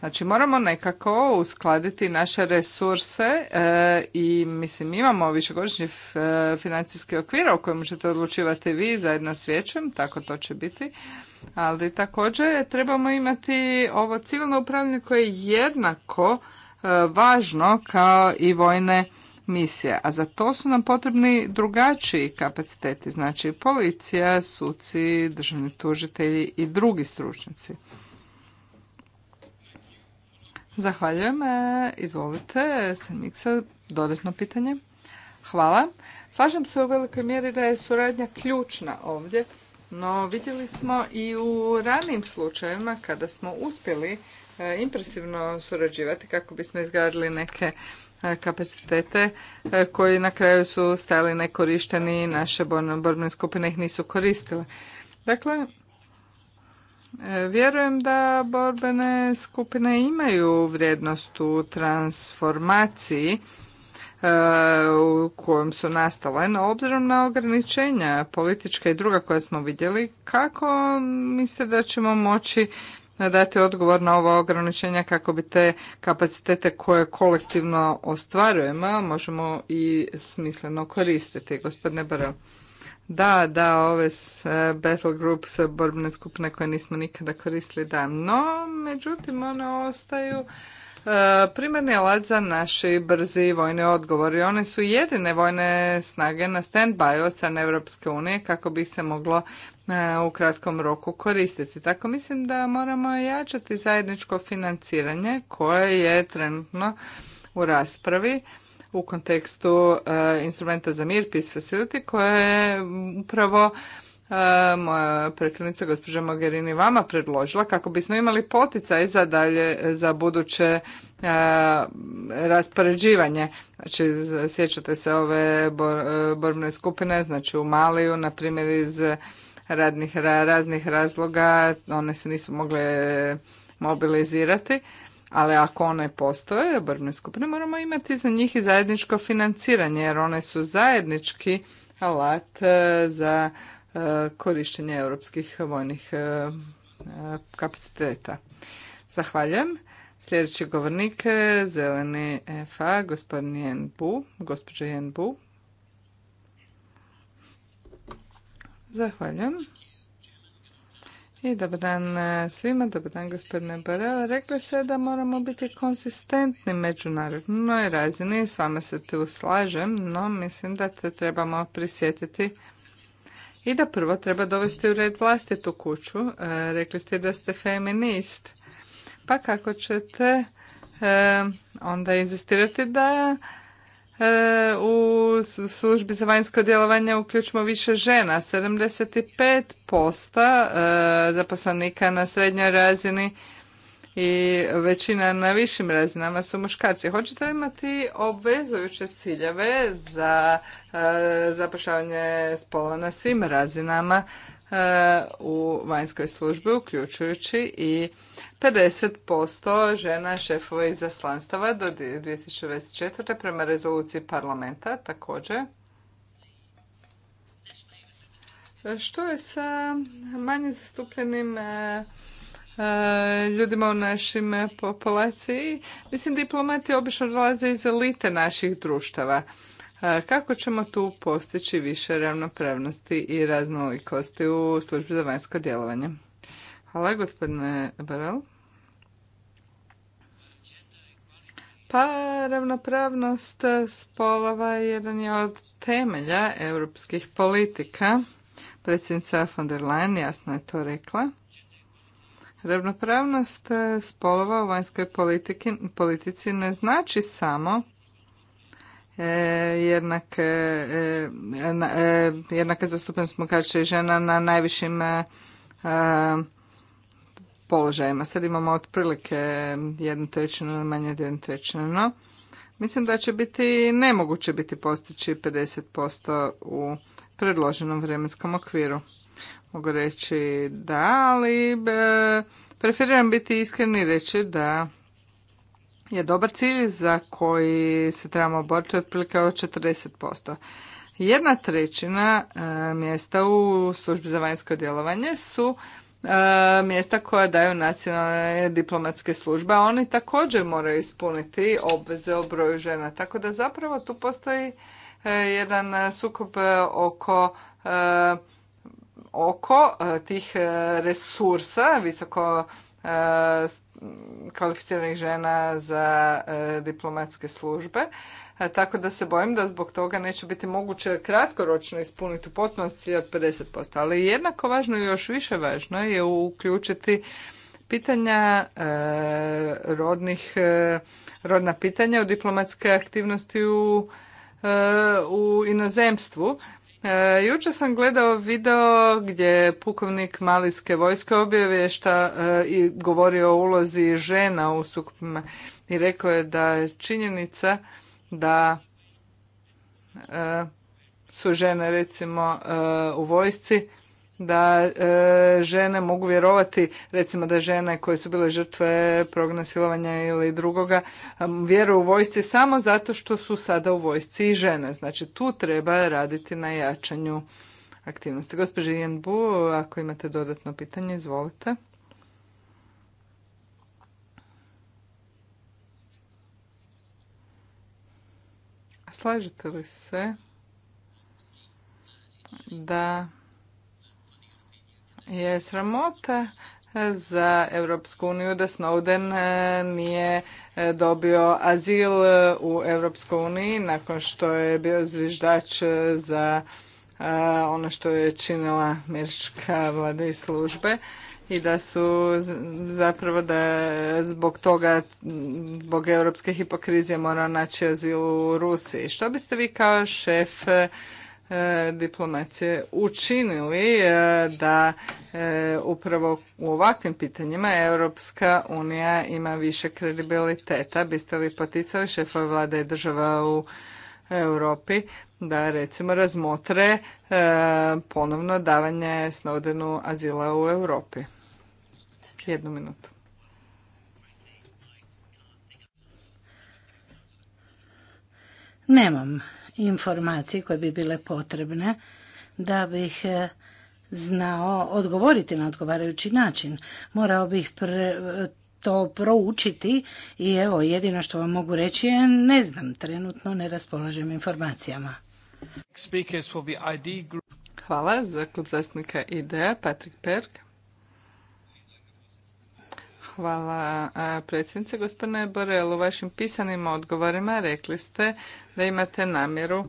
Znači moramo nekako uskladiti naše resurse e, i mislim imamo višegodišnji financijski okvir o kojem ćete odlučivati vi zajedno s vijećem, tako to će biti. Ali također trebamo imati ovo civilno upravljanje koje je jednako e, važno kao i vojne misije, a za to su nam potrebni drugačiji kapaciteti, znači policija, suci, državni tužitelji i drugi stručnjaci. Zahvaljujem. E, izvolite, Miksa, dodatno pitanje. Hvala. Slažem se u velikoj mjeri da je suradnja ključna ovdje no vidjeli smo i u ranijim slučajevima kada smo uspjeli e, impresivno surađivati kako bismo izgradili neke e, kapacitete e, koji na kraju su stali nekorišteni i naše borbene skupine ih nisu koristile. Dakle, vjerujem da borbene skupine imaju vrijednost u transformaciji E, u kojem su nastale, no obzirom na ograničenja politička i druga koja smo vidjeli, kako mislite da ćemo moći dati odgovor na ova ograničenja kako bi te kapacitete koje kolektivno ostvarujemo možemo i smisleno koristiti, gospodine Borel? Da, da, ove s e, battle groups, borbene skupine koje nismo nikada koristili, da. No, međutim, one ostaju E, primarni alat za naši brzi vojni odgovor i one su jedine vojne snage na stand-by od strane Europske unije kako bi se moglo e, u kratkom roku koristiti. Tako mislim da moramo jačati zajedničko financiranje koje je trenutno u raspravi u kontekstu e, instrumenta za mir, Peace Facility, koje je upravo E, moja prethodnica gospođa Mogherini vama predložila kako bismo imali poticaj za dalje za buduće e, raspoređivanje. Znači sjećate se ove bor, e, borbne skupine, znači u Maliju na primjer iz radnih raznih razloga one se nisu mogle mobilizirati. Ali ako one postoje, borbne skupine, moramo imati za njih i zajedničko financiranje, jer one su zajednički alat za korištenje europskih vojnih e, kapaciteta. Zahvaljujem. Sljedeći govornik je Zeleni FA, gospodin Jen Bu, Zahvaljujem. I dobar dan e, svima, dobar dan gospodine Borel. Rekli se da moramo biti konsistentni međunarodnoj razini, s vama se tu slažem, no mislim da te trebamo prisjetiti i da prvo treba dovesti u red vlastitu kuću. E, rekli ste da ste feminist. Pa kako ćete e, onda inzistirati da e, u službi za vanjsko djelovanje uključimo više žena. 75% zaposlenika na srednjoj razini i većina na višim razinama su muškarci. Hoćete imati obvezujuće ciljeve za e, zapošljavanje spola na svim razinama e, u vanjskoj službi, uključujući i 50% žena šefova izaslanstava do 2024. prema rezoluciji parlamenta također. Što je sa manje zastupljenim e, E, ljudima u našim populaciji. Mislim, diplomati obično dolaze iz elite naših društava. E, kako ćemo tu postići više ravnopravnosti i raznolikosti u službi za vanjsko djelovanje? Hvala, gospodine Barel. Pa, ravnopravnost spolova jedan je od temelja europskih politika. Predsjednica von der Leyen jasno je to rekla. Ravnopravnost eh, spolova u vanjskoj politici ne znači samo jednake, eh, jednake eh, zastupljenost smo i žena na najvišim položajima. Sad imamo otprilike jednu trećinu manje od jednu No, mislim da će biti nemoguće biti postići 50% u predloženom vremenskom okviru mogu reći da, ali e, preferiram biti iskren i reći da je dobar cilj za koji se trebamo boriti otprilike od 40%. Jedna trećina e, mjesta u službi za vanjsko djelovanje su e, mjesta koja daju nacionalne diplomatske službe, a oni također moraju ispuniti obveze o broju žena. Tako da zapravo tu postoji jedan sukob oko oko e, tih e, resursa visoko e, kvalificiranih žena za diplomatske službe. Tako da se bojim da zbog toga neće biti moguće kratkoročno ispuniti u potpunosti 50%. Ali jednako važno i još više važno je uključiti pitanja rodnih, rodna pitanja u diplomatske aktivnosti u inozemstvu E, jučer sam gledao video gdje pukovnik Malijske vojske šta e, i govori o ulozi žena u sukupima i rekao je da je činjenica da e, su žene recimo u vojsci da e, žene mogu vjerovati, recimo da žene koje su bile žrtve progona silovanja ili drugoga, vjeruju u vojsci samo zato što su sada u vojsci i žene. Znači tu treba raditi na jačanju aktivnosti. Gospođe Jenbu, ako imate dodatno pitanje, izvolite. Slažete li se da je sramota za Europsku uniju da Snowden e, nije e, dobio azil e, u Europskoj uniji nakon što je bio zviždač za ono što je činila američka vlada i službe i da su zapravo da zbog toga, zbog europske hipokrizije mora naći azil u Rusiji. Što biste vi kao šef E, diplomacije učinili e, da e, upravo u ovakvim pitanjima Europska unija ima više kredibiliteta. Biste li poticali šefove vlade i država u Europi da recimo razmotre ponovno davanje Snowdenu azila u Europi? Jednu minutu. Nemam informacije koje bi bile potrebne da bih e, znao odgovoriti na odgovarajući način. Morao bih to proučiti i evo jedino što vam mogu reći je ne znam, trenutno ne raspolažem informacijama. Hvala za klub zastupnika IDEA, Patrik Perk. Hvala predsjednice. Gospodine Borel, u vašim pisanim odgovorima rekli ste da imate namjeru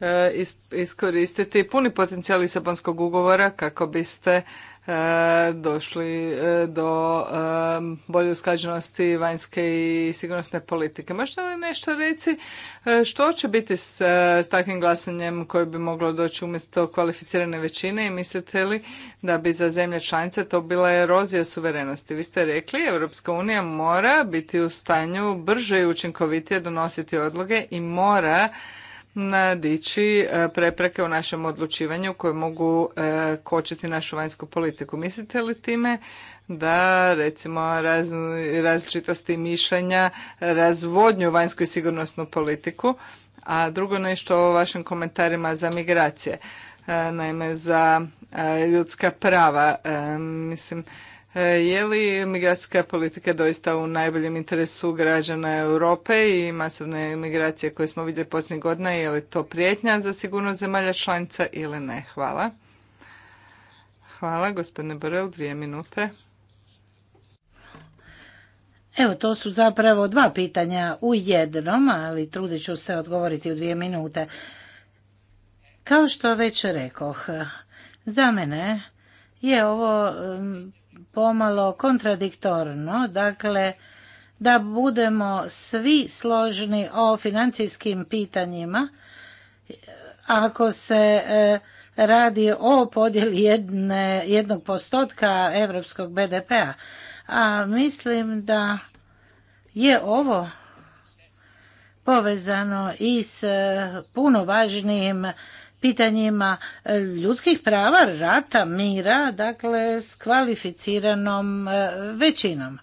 e, iskoristiti puni potencijal Lisabonskog ugovora kako biste E, došli e, do e, bolje usklađenosti vanjske i sigurnosne politike. Možete li nešto reći što će biti s, s takvim glasanjem koje bi moglo doći umjesto kvalificirane većine i mislite li da bi za zemlje članice to bila erozija suverenosti? Vi ste rekli Europska unija mora biti u stanju brže i učinkovitije donositi odloge i mora nadići e, prepreke u našem odlučivanju koje mogu e, kočiti našu vanjsku politiku. Mislite li time da recimo raz, različitosti mišljenja razvodnju vanjsku i sigurnosnu politiku, a drugo nešto o vašim komentarima za migracije, e, naime za ljudska prava. Mislim, E, je li migracijska politika doista u najboljem interesu građana Europe i masovne migracije koje smo vidjeli posljednjih godina, je li to prijetnja za sigurnost zemalja članica ili ne? Hvala. Hvala, gospodine Borel, dvije minute. Evo, to su zapravo dva pitanja u jednom, ali trudit ću se odgovoriti u dvije minute. Kao što već rekoh, za mene je ovo pomalo kontradiktorno, dakle da budemo svi složni o financijskim pitanjima ako se e, radi o podjeli jednog postotka europskog BDP-a. A mislim da je ovo povezano i s e, puno važnijim pitanjima e, ljudskih prava, rata, mira, dakle s kvalificiranom e, većinom.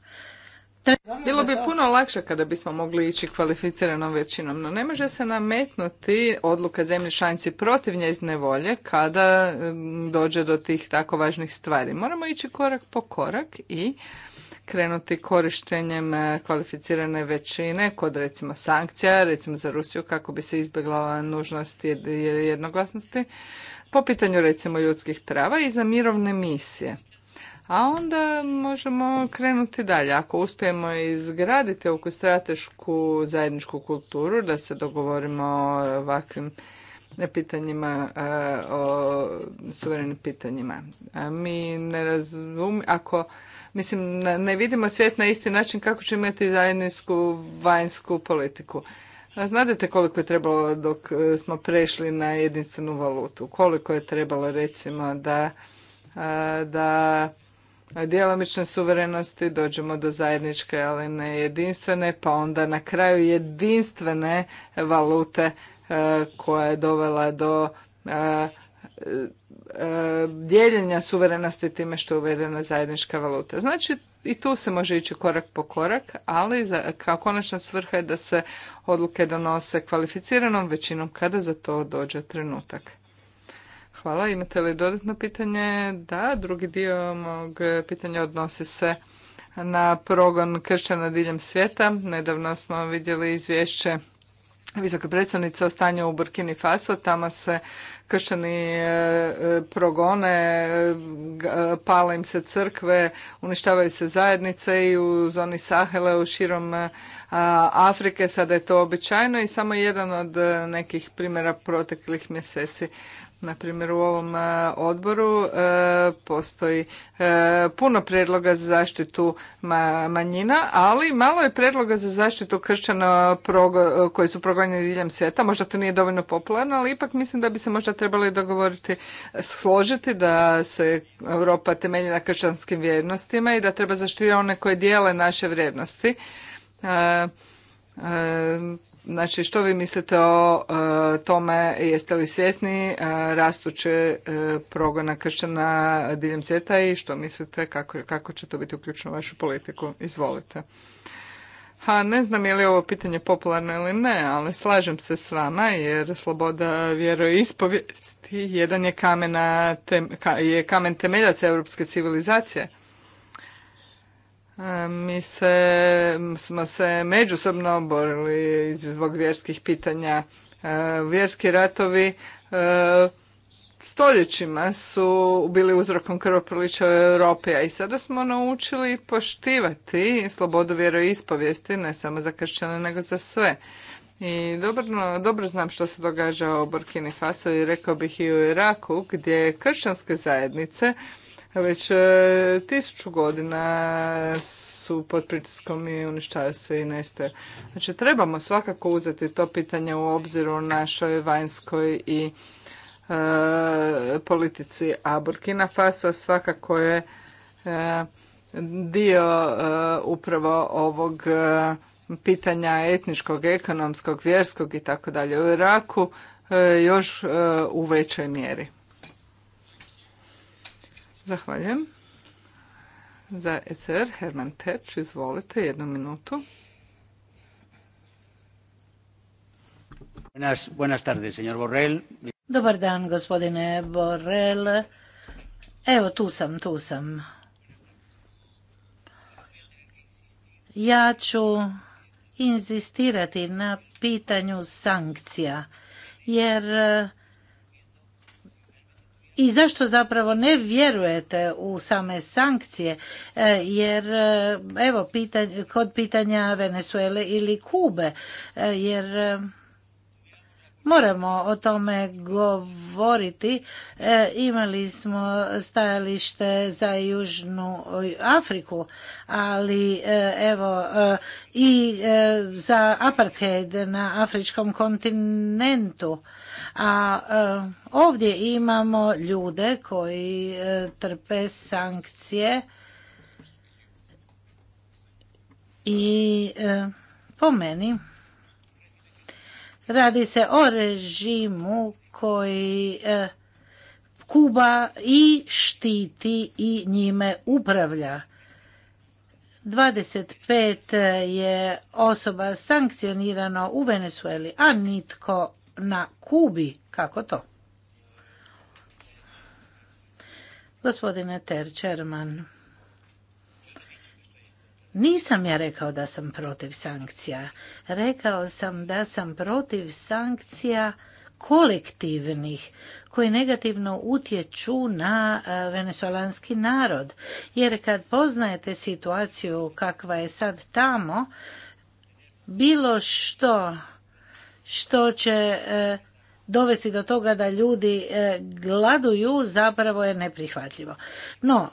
Bilo bi puno lakše kada bismo mogli ići kvalificiranom većinom, no ne može se nametnuti odluka zemlje članice protiv njezine volje kada e, dođe do tih tako važnih stvari. Moramo ići korak po korak i krenuti korištenjem e, kvalificirane većine kod recimo sankcija, recimo za Rusiju kako bi se izbjegla ova nužnost jednoglasnosti po pitanju recimo ljudskih prava i za mirovne misije. A onda možemo krenuti dalje. Ako uspijemo izgraditi ovu stratešku zajedničku kulturu, da se dogovorimo o ovakvim pitanjima, e, o suverenim pitanjima. Mi ne razumijemo. ako Mislim, ne vidimo svijet na isti način kako će imati zajedničku vanjsku politiku. A znate koliko je trebalo dok e, smo prešli na jedinstvenu valutu? Koliko je trebalo recimo da, da djelomične suverenosti dođemo do zajedničke, ali ne jedinstvene, pa onda na kraju jedinstvene valute e, koja je dovela do e, E, dijeljenja suverenosti time što je uvedena zajednička valuta. Znači i tu se može ići korak po korak, ali za, kao konačna svrha je da se odluke donose kvalificiranom većinom kada za to dođe trenutak. Hvala. Imate li dodatno pitanje? Da, drugi dio mog pitanja odnosi se na progon kršćana diljem svijeta. Nedavno smo vidjeli izvješće visoka predstavnica o stanju u Burkini Faso, tamo se kršćani e, progone, e, pale im se crkve, uništavaju se zajednice i u zoni Sahele, u širom e, Afrike, sada je to običajno i samo jedan od nekih primjera proteklih mjeseci. Na primjer u ovom e, odboru e, postoji e, puno predloga za zaštitu manjina, ali malo je predloga za zaštitu kršćana koji su progonjeni diljem svijeta. Možda to nije dovoljno popularno, ali ipak mislim da bi se možda trebali dogovoriti, složiti da se Europa temelji na kršćanskim vrijednostima i da treba zaštiti one koje dijele naše vrijednosti. Znači, što vi mislite o e, tome, jeste li svjesni e, rastuće e, progona kršćana diljem svijeta i što mislite kako, kako će to biti uključeno u vašu politiku? Izvolite. Ha, ne znam je li ovo pitanje popularno ili ne, ali slažem se s vama jer sloboda ispovijesti, jedan je, kamena, je kamen temeljac europske civilizacije. Mi se, smo se međusobno borili zbog vjerskih pitanja. Vjerski ratovi stoljećima su bili uzrokom krvoprolića u Europi, a i sada smo naučili poštivati slobodu vjeroispovijesti, ne samo za kršćane, nego za sve. I dobro, dobro znam što se događa u Burkini Faso i rekao bih i u Iraku, gdje kršćanske zajednice već e, tisuću godina su pod pritiskom i uništaju se i nestaju. Znači trebamo svakako uzeti to pitanje u obziru našoj vanjskoj i e, politici, a Burkina Faso svakako je e, dio upravo ovog pitanja etničkog, ekonomskog, vjerskog i tako dalje u Iraku još u većoj mjeri. Zahvaljujem. Za ECR Herman Teč, izvolite, jednu minutu. Buenas tardes, Dobar dan, gospodine Borrell. Evo, tu sam, tu sam. Ja ću inzistirati na pitanju sankcija, jer i zašto zapravo ne vjerujete u same sankcije e, jer e, evo kod pitanja Venezuele ili Kube e, jer moramo o tome govoriti imali smo stajalište za Južnu Afriku ali evo i za apartheid na afričkom kontinentu a e, ovdje imamo ljude koji e, trpe sankcije i e, po meni radi se o režimu koji Kuba i štiti i njime upravlja. 25 je osoba sankcionirano u Venezueli, a nitko na Kubi. Kako to? Gospodine Terčerman, nisam ja rekao da sam protiv sankcija. Rekao sam da sam protiv sankcija kolektivnih koji negativno utječu na eh, venezuelanski narod. Jer kad poznajete situaciju kakva je sad tamo, bilo što što će e, dovesti do toga da ljudi e, gladuju zapravo je neprihvatljivo. No,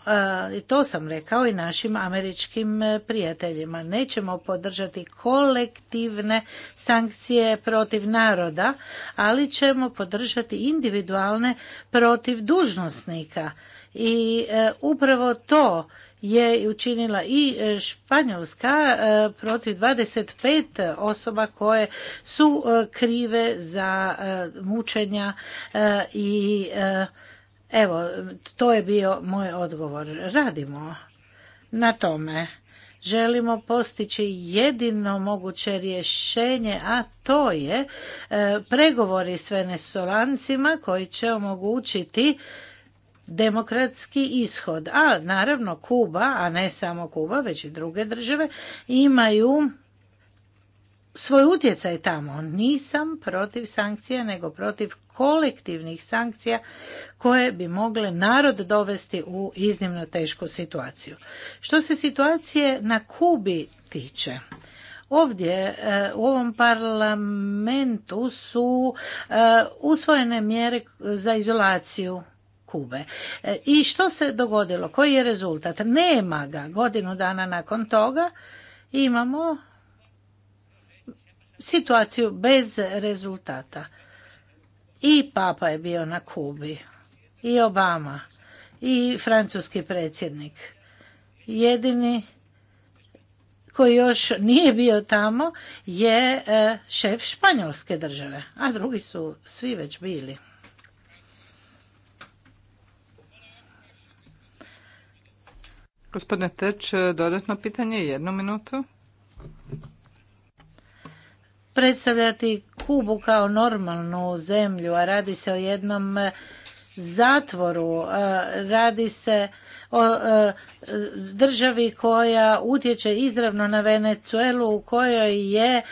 e, i to sam rekao i našim američkim prijateljima. Nećemo podržati kolektivne sankcije protiv naroda, ali ćemo podržati individualne protiv dužnosnika. I upravo to je učinila i e, Španjolska e, protiv 25 osoba koje su e, krive za mučenja i evo to je bio moj odgovor. Radimo na tome. Želimo postići jedino moguće rješenje, a to je pregovori s venezolancima koji će omogućiti demokratski ishod. A naravno Kuba, a ne samo Kuba, već i druge države, imaju svoj utjecaj tamo. Nisam protiv sankcija, nego protiv kolektivnih sankcija koje bi mogle narod dovesti u iznimno tešku situaciju. Što se situacije na Kubi tiče, Ovdje e, u ovom parlamentu su e, usvojene mjere za izolaciju Kube. E, I što se dogodilo? Koji je rezultat? Nema ga. Godinu dana nakon toga imamo situaciju bez rezultata. I papa je bio na Kubi, i Obama, i francuski predsjednik. Jedini koji još nije bio tamo je e, šef španjolske države, a drugi su svi već bili. Gospodine Trč, dodatno pitanje, jednu minutu. Predstavljati Kubu kao normalnu zemlju, a radi se o jednom e, zatvoru, e, radi se o e, državi koja utječe izravno na Venecuelu u kojoj je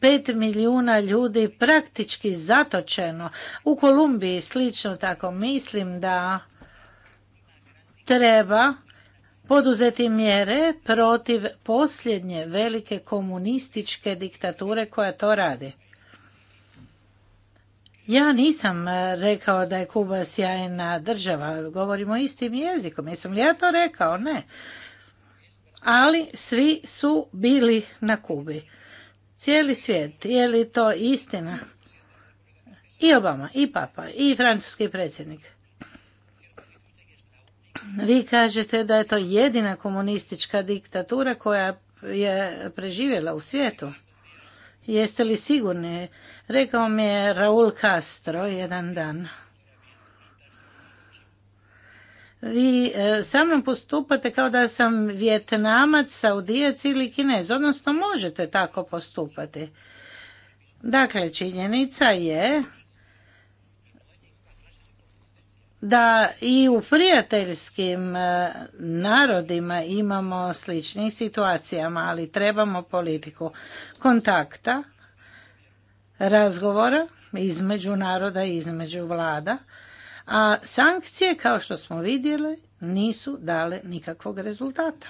pet milijuna ljudi praktički zatočeno. U Kolumbiji slično tako mislim da treba poduzeti mjere protiv posljednje velike komunističke diktature koja to radi. Ja nisam rekao da je Kuba sjajna država, govorimo istim jezikom. Jesam li ja to rekao? Ne. Ali svi su bili na Kubi. Cijeli svijet, je li to istina? I Obama, i Papa, i francuski predsjednik. Vi kažete da je to jedina komunistička diktatura koja je preživjela u svijetu. Jeste li sigurni? Rekao mi je Raul Castro jedan dan. Vi e, sa mnom postupate kao da sam vjetnamac, saudijac ili kinez, odnosno možete tako postupati. Dakle, činjenica je da i u prijateljskim e, narodima imamo sličnih situacijama, ali trebamo politiku kontakta, razgovora između naroda i između vlada, a sankcije, kao što smo vidjeli, nisu dale nikakvog rezultata.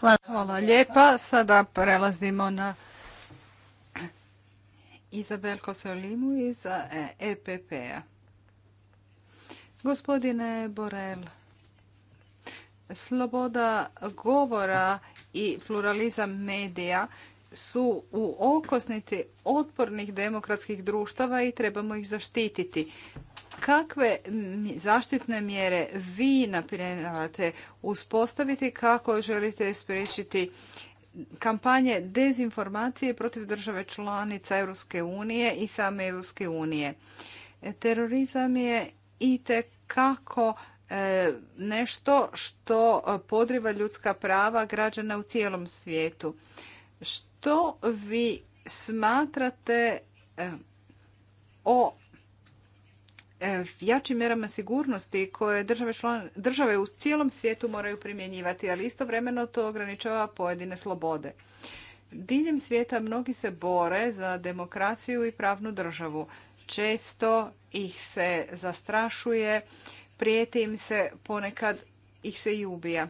Hvala. Hvala lijepa. Sada prelazimo na Izabel Kosolimu iz EPP-a. E Gospodine Borel, sloboda govora i pluralizam medija su u okosnici otpornih demokratskih društava i trebamo ih zaštititi. Kakve zaštitne mjere vi namjeravate uspostaviti, kako želite spriječiti kampanje dezinformacije protiv države članica Europske unije i same Europske unije. Terorizam je i kako e, nešto što podriva ljudska prava građana u cijelom svijetu. Što vi smatrate e, o E, jačim mjerama sigurnosti koje države, član, države u cijelom svijetu moraju primjenjivati, ali istovremeno to ograničava pojedine slobode. Diljem svijeta mnogi se bore za demokraciju i pravnu državu. Često ih se zastrašuje, prijeti im se, ponekad ih se i ubija.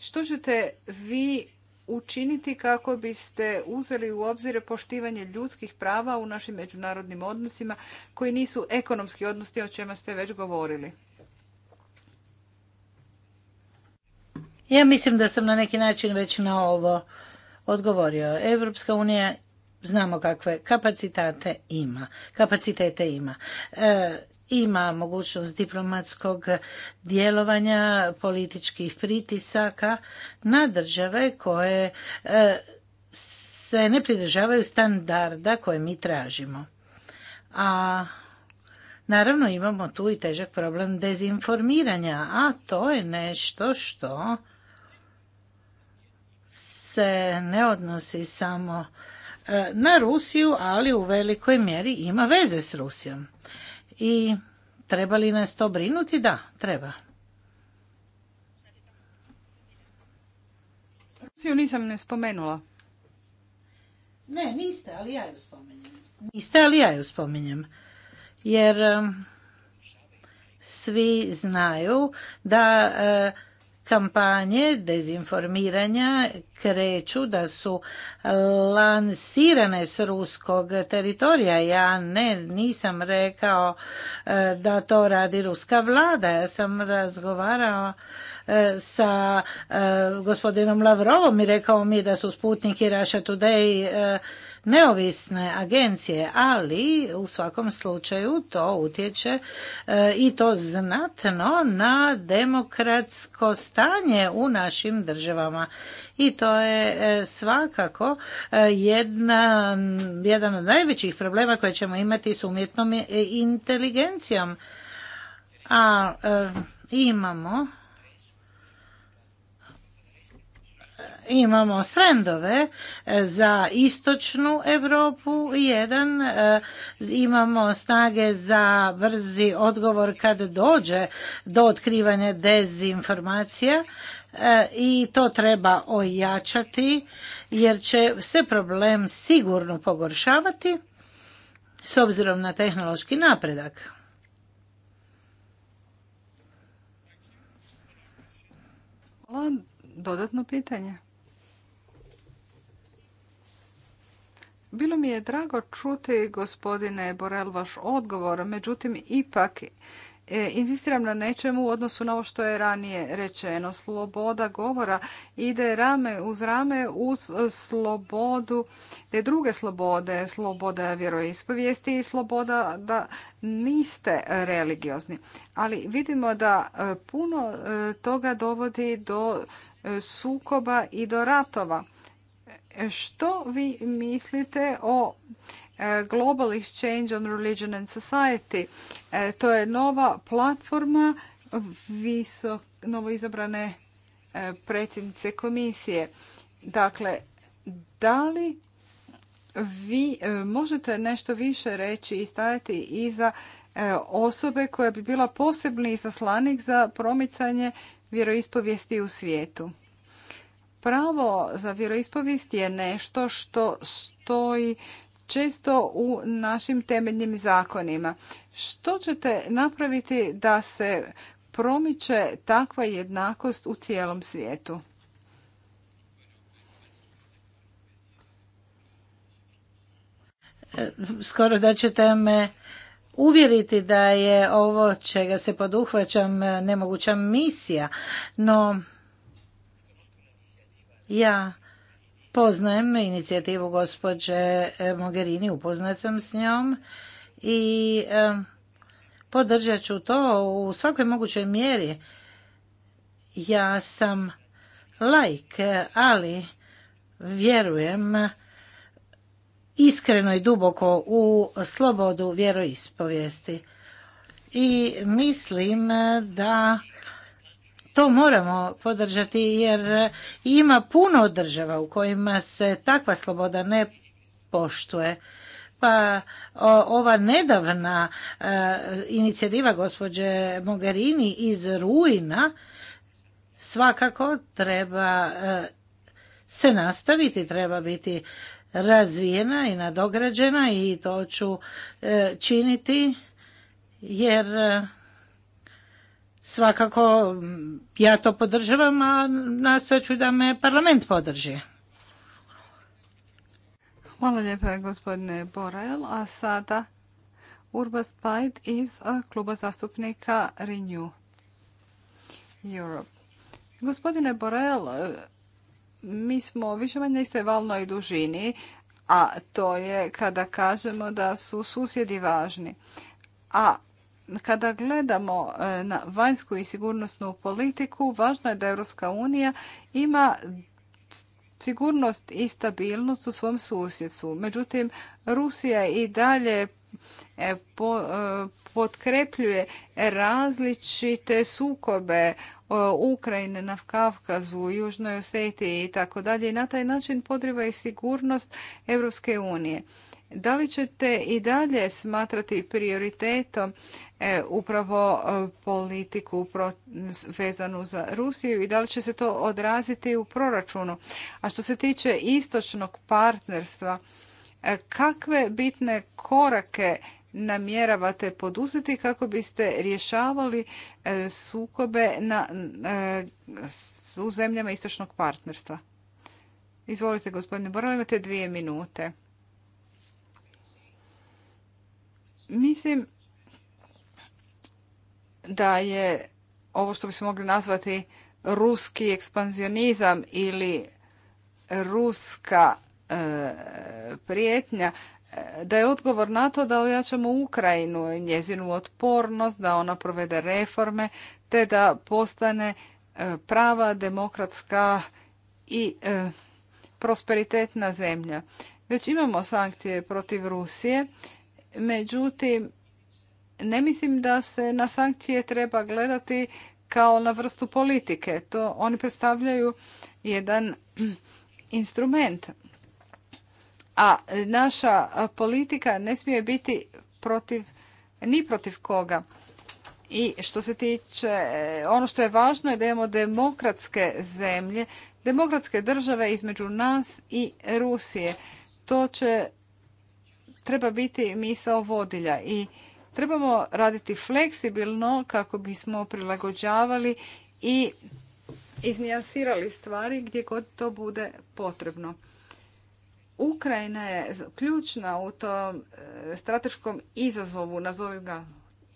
Što ćete vi učiniti kako biste uzeli u obzir poštivanje ljudskih prava u našim međunarodnim odnosima koji nisu ekonomski odnosi o čemu ste već govorili? Ja mislim da sam na neki način već na ovo odgovorio. Evropska unija znamo kakve kapacitate ima, kapacitete ima. E, ima mogućnost diplomatskog djelovanja, političkih pritisaka na države koje e, se ne pridržavaju standarda koje mi tražimo. A naravno imamo tu i težak problem dezinformiranja, a to je nešto što se ne odnosi samo e, na Rusiju, ali u velikoj mjeri ima veze s Rusijom. I treba li nas to brinuti? Da, treba. ju nisam ne spomenula. Ne, niste, ali ja ju spominjem. Niste, ali ja ju spominjem. Jer um, svi znaju da uh, kampanje dezinformiranja kreću da su lansirane s ruskog teritorija. Ja ne, nisam rekao e, da to radi ruska vlada. Ja sam razgovarao e, sa e, gospodinom Lavrovom i rekao mi da su Sputnik i Russia Today neovisne agencije, ali u svakom slučaju to utječe e, i to znatno na demokratsko stanje u našim državama. I to je e, svakako e, jedna, jedan od najvećih problema koje ćemo imati s umjetnom inteligencijom. A imamo imamo srendove e, za istočnu Europu jedan e, imamo snage za brzi odgovor kad dođe do otkrivanja dezinformacija e, i to treba ojačati jer će se problem sigurno pogoršavati s obzirom na tehnološki napredak. Hvala. Dodatno pitanje. Bilo mi je drago čuti, gospodine Borel, vaš odgovor, međutim, ipak e, insistiram na nečemu u odnosu na ovo što je ranije rečeno. Sloboda govora ide rame uz rame uz slobodu, te druge slobode, sloboda vjeroispovijesti i sloboda da niste religiozni. Ali vidimo da e, puno e, toga dovodi do sukoba i do ratova što vi mislite o e, Global Exchange on Religion and Society? E, to je nova platforma novoizabrane e, predsjednice komisije. Dakle, da li vi možete nešto više reći i stajati iza osobe koja bi bila posebni izaslanik za promicanje vjeroispovijesti u svijetu? Pravo za vjeroispovijest je nešto što stoji često u našim temeljnim zakonima. Što ćete napraviti da se promiče takva jednakost u cijelom svijetu? E, skoro da ćete me uvjeriti da je ovo čega se poduhvaćam nemoguća misija, no ja poznajem inicijativu gospođe e, Mogherini, upoznat sam s njom i e, podržat ću to u svakoj mogućoj mjeri. Ja sam lajk, ali vjerujem iskreno i duboko u slobodu vjeroispovijesti. I mislim da to moramo podržati jer ima puno država u kojima se takva sloboda ne poštuje. Pa ova nedavna e, inicijativa gospođe Mogherini iz rujna svakako treba e, se nastaviti, treba biti razvijena i nadograđena i to ću e, činiti jer Svakako ja to podržavam, a nastojat ću da me parlament podrži. Hvala lijepa gospodine Borel, a sada Urbas Pajt iz kluba zastupnika Renew Europe. Gospodine Borel, e, mi smo više manje istoj valnoj dužini, a to je kada kažemo da su susjedi važni. A kada gledamo e, na vanjsku i sigurnosnu politiku, važno je da Europska unija ima sigurnost i stabilnost u svom susjedstvu. Međutim, Rusija i dalje e, e, potkrepljuje različite sukobe Ukrajine na Kavkazu, Južnoj Osetiji i tako dalje i na taj način podriva i sigurnost Europske unije. Da li ćete i dalje smatrati prioritetom e, upravo e, politiku vezanu za Rusiju i da li će se to odraziti u proračunu? A što se tiče istočnog partnerstva, e, kakve bitne korake namjeravate poduzeti kako biste rješavali sukobe na, u zemljama istočnog partnerstva? Izvolite, gospodine Borel, imate dvije minute. Mislim da je ovo što bismo mogli nazvati ruski ekspanzionizam ili ruska e, prijetnja, e, da je odgovor na to da ojačamo Ukrajinu, njezinu otpornost, da ona provede reforme, te da postane e, prava, demokratska i prosperitetna zemlja. Već imamo sankcije protiv Rusije Međutim, ne mislim da se na sankcije treba gledati kao na vrstu politike. To oni predstavljaju jedan instrument. A naša politika ne smije biti protiv ni protiv koga. I što se tiče, ono što je važno je da imamo demokratske zemlje, demokratske države između nas i Rusije. To će treba biti misao vodilja i trebamo raditi fleksibilno kako bismo prilagođavali i iznijansirali stvari gdje god to bude potrebno. Ukrajina je ključna u tom e, strateškom izazovu, nazovim ga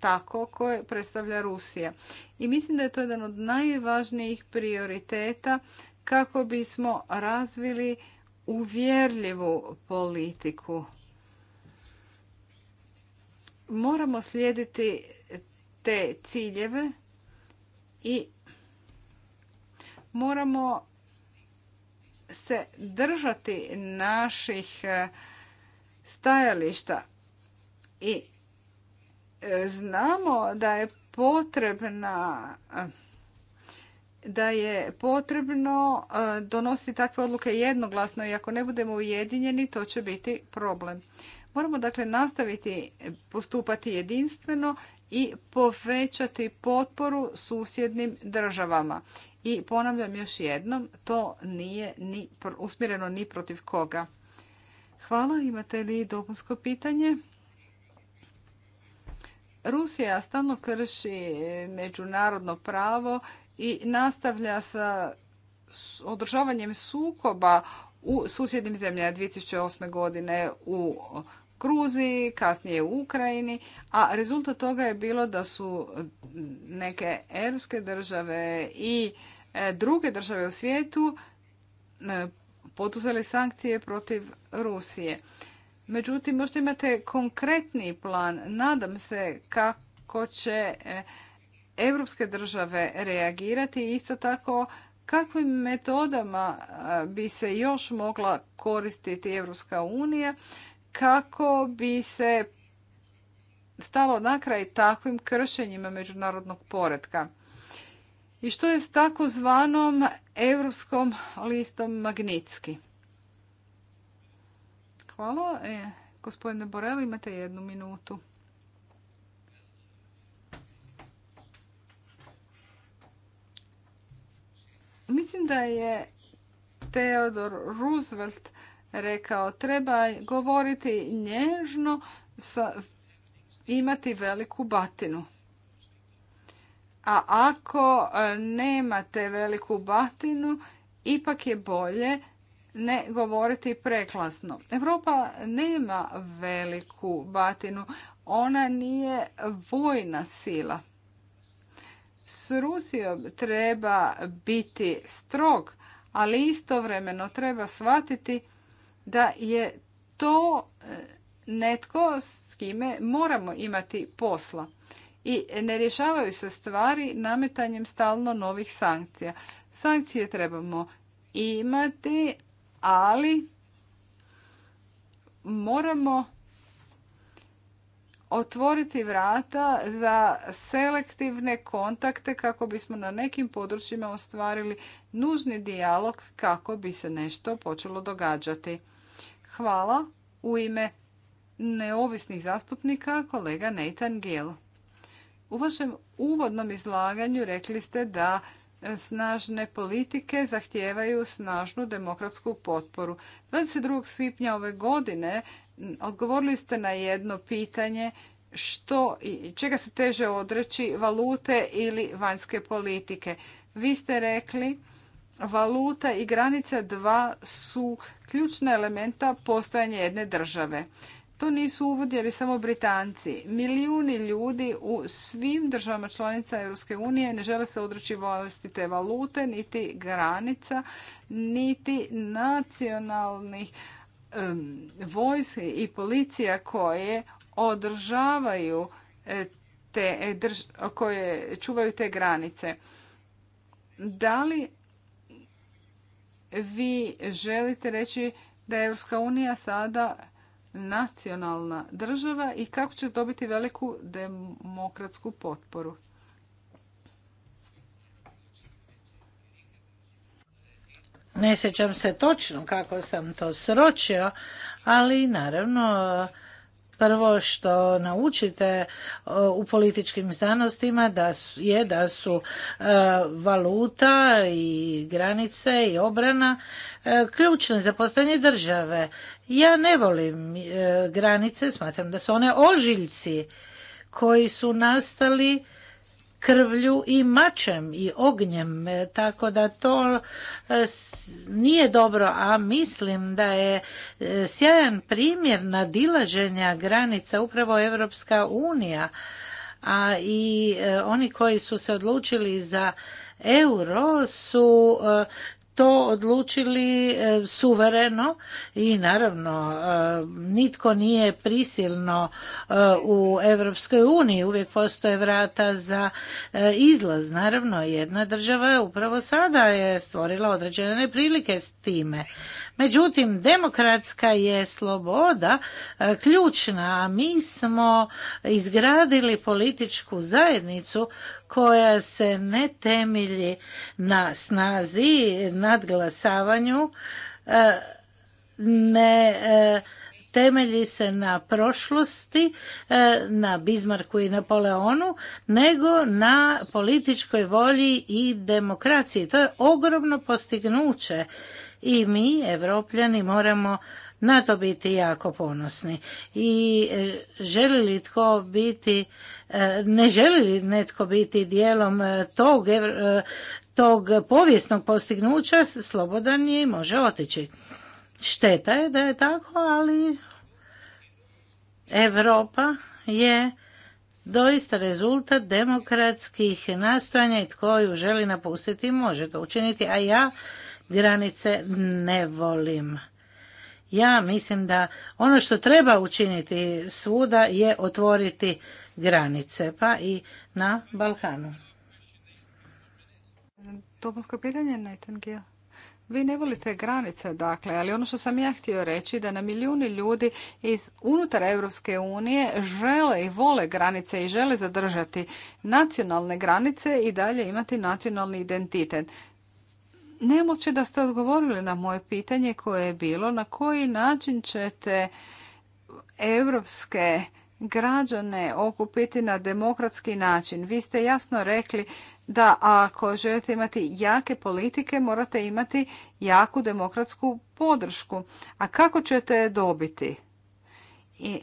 tako, koje predstavlja Rusija. I mislim da je to jedan od najvažnijih prioriteta kako bismo razvili uvjerljivu politiku moramo slijediti te ciljeve i moramo se držati naših e, stajališta i e, znamo da je potrebna da je potrebno e, donositi takve odluke jednoglasno i ako ne budemo ujedinjeni to će biti problem. Moramo dakle nastaviti postupati jedinstveno i povećati potporu susjednim državama. I ponavljam još jednom, to nije ni usmjereno ni protiv koga. Hvala, imate li dopunsko pitanje? Rusija stalno krši međunarodno pravo i nastavlja sa održavanjem sukoba u susjednim zemljama 2008. godine u Gruziji, kasnije u Ukrajini, a rezultat toga je bilo da su neke europske države i e, druge države u svijetu e, poduzele sankcije protiv Rusije. Međutim, možda imate konkretni plan. Nadam se kako će e, europske države reagirati i isto tako kakvim metodama bi se još mogla koristiti Europska unija kako bi se stalo na kraj takvim kršenjima međunarodnog poretka. I što je s takozvanom europskom listom Magnitski? Hvala. E, gospodine Borel, imate jednu minutu. Mislim da je Teodor Roosevelt rekao, treba govoriti nježno, sa, imati veliku batinu. A ako e, nemate veliku batinu, ipak je bolje ne govoriti preklasno. Europa nema veliku batinu. Ona nije vojna sila. S Rusijom treba biti strog, ali istovremeno treba shvatiti da je to e, netko s kime moramo imati posla. I ne rješavaju se stvari nametanjem stalno novih sankcija. Sankcije trebamo imati, ali moramo otvoriti vrata za selektivne kontakte kako bismo na nekim područjima ostvarili nužni dijalog kako bi se nešto počelo događati. Hvala u ime neovisnih zastupnika kolega Nathan Gill. U vašem uvodnom izlaganju rekli ste da snažne politike zahtijevaju snažnu demokratsku potporu. 22. svibnja ove godine odgovorili ste na jedno pitanje što, čega se teže odreći valute ili vanjske politike. Vi ste rekli valuta i granica dva su ključna elementa postojanja jedne države. To nisu uvodili samo Britanci. Milijuni ljudi u svim državama članica Europske unije ne žele se odreći te valute, niti granica, niti nacionalnih um, vojske i policija koje održavaju e, te, e, koje čuvaju te granice. Da li vi želite reći da je Evropska unija sada nacionalna država i kako će dobiti veliku demokratsku potporu. Ne sjećam se točno kako sam to sročio, ali naravno Prvo što naučite e, u političkim znanostima da je da su e, valuta i granice i obrana e, ključne za postojanje države. Ja ne volim granice, smatram da su one ožiljci koji su nastali krvlju i mačem i ognjem. E, tako da to e, nije dobro, a mislim da je e, sjajan primjer nadilaženja granica upravo Evropska unija. A i oni koji su se odlučili za euro su to odlučili e, suvereno i naravno e, nitko nije prisilno e, u Europskoj uniji uvijek postoje vrata za izlaz naravno jedna država je upravo sada je stvorila određene prilike s time Međutim, demokratska je sloboda e, ključna, a mi smo izgradili političku zajednicu koja se ne temelji na snazi, nadglasavanju, e, ne e, temelji se na prošlosti, na Bizmarku i Napoleonu, nego na političkoj volji i demokraciji. To je ogromno postignuće i mi, evropljani, moramo na to biti jako ponosni. I e, želi li tko biti, e, ne želi li netko biti dijelom e, tog, tog povijesnog postignuća, slobodan je i može otići. Šteta je da je tako, ali Europa je doista rezultat demokratskih nastojanja i tko ju želi napustiti može to učiniti, a ja granice ne volim. Ja mislim da ono što treba učiniti svuda je otvoriti granice, pa i na Balkanu. Dopunsko pitanje, Vi ne volite granice, dakle, ali ono što sam ja htio reći da na milijuni ljudi iz unutar Europske unije žele i vole granice i žele zadržati nacionalne granice i dalje imati nacionalni identitet. Nemoće da ste odgovorili na moje pitanje koje je bilo na koji način ćete europske građane okupiti na demokratski način. Vi ste jasno rekli da ako želite imati jake politike morate imati jaku demokratsku podršku. A kako ćete je dobiti? I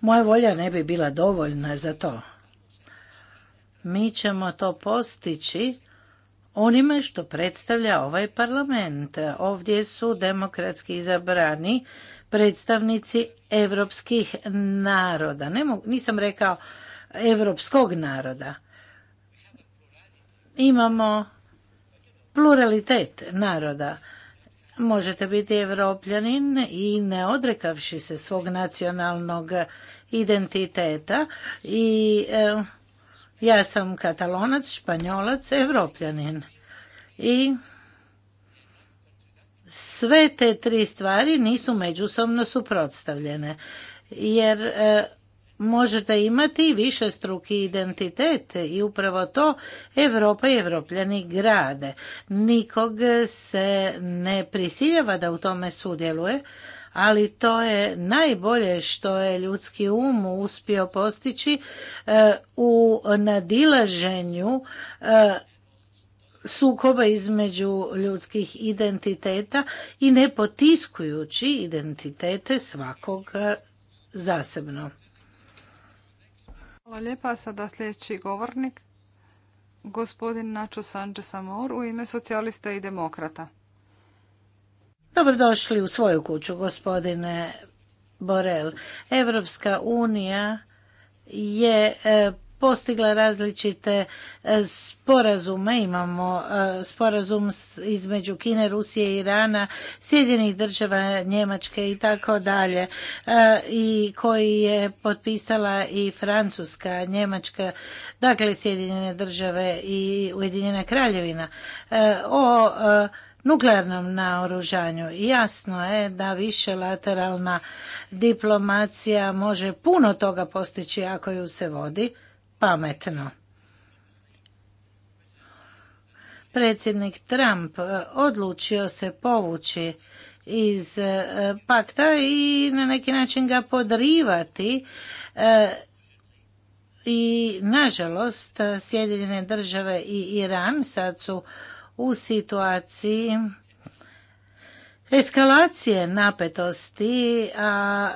Moja volja ne bi bila dovoljna za to. Mi ćemo to postići onime što predstavlja ovaj parlament. Ovdje su demokratski izabrani predstavnici evropskih naroda. Ne mogu, nisam rekao evropskog naroda. Imamo pluralitet naroda možete biti evropljanin i ne odrekavši se svog nacionalnog identiteta i e, ja sam katalonac, španjolac, evropljanin. I sve te tri stvari nisu međusobno suprotstavljene jer e, možete imati više struki identitet i upravo to Evropa i Evropljani grade. Nikog se ne prisiljava da u tome sudjeluje, ali to je najbolje što je ljudski um uspio postići e, u nadilaženju e, sukoba između ljudskih identiteta i ne potiskujući identitete svakog e, zasebno. Hvala lijepa. Sada sljedeći govornik, gospodin Nacho Sanđe Samor u ime socijalista i demokrata. Dobrodošli u svoju kuću, gospodine Borel. Evropska unija je e, postigla različite e, sporazume. Imamo e, sporazum između Kine, Rusije, Irana, Sjedinih država, Njemačke i tako dalje e, i koji je potpisala i Francuska, Njemačka, dakle Sjedinjene države i Ujedinjena kraljevina. O nuklearnom naoružanju. Jasno je da više lateralna diplomacija može puno toga postići ako ju se vodi pametno. Predsjednik Trump e, odlučio se povući iz e, pakta i na neki način ga podrivati e, i nažalost Sjedinjene države i Iran sad su u situaciji eskalacije napetosti a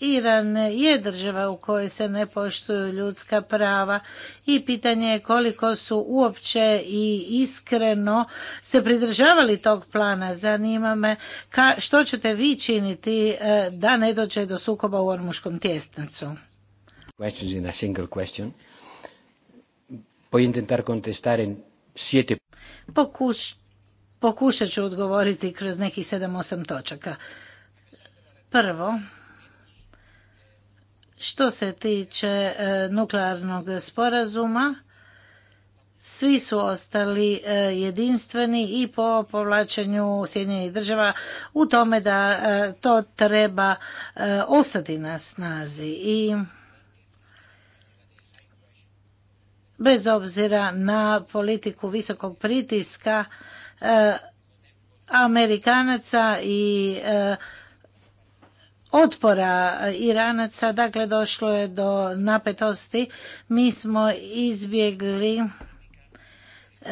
Iran je država u kojoj se ne poštuju ljudska prava i pitanje je koliko su uopće i iskreno se pridržavali tog plana. Zanima me ka, što ćete vi činiti e, da ne dođe do sukoba u Ormuškom tjesnacu. In pokušat ću odgovoriti kroz nekih 7-8 točaka. Prvo, što se tiče e, nuklearnog sporazuma, svi su ostali e, jedinstveni i po povlačenju Sjedinjenih država u tome da e, to treba ostati na snazi i bez obzira na politiku visokog pritiska Amerikanaca i otpora Iranaca, dakle došlo je do napetosti. Mi smo izbjegli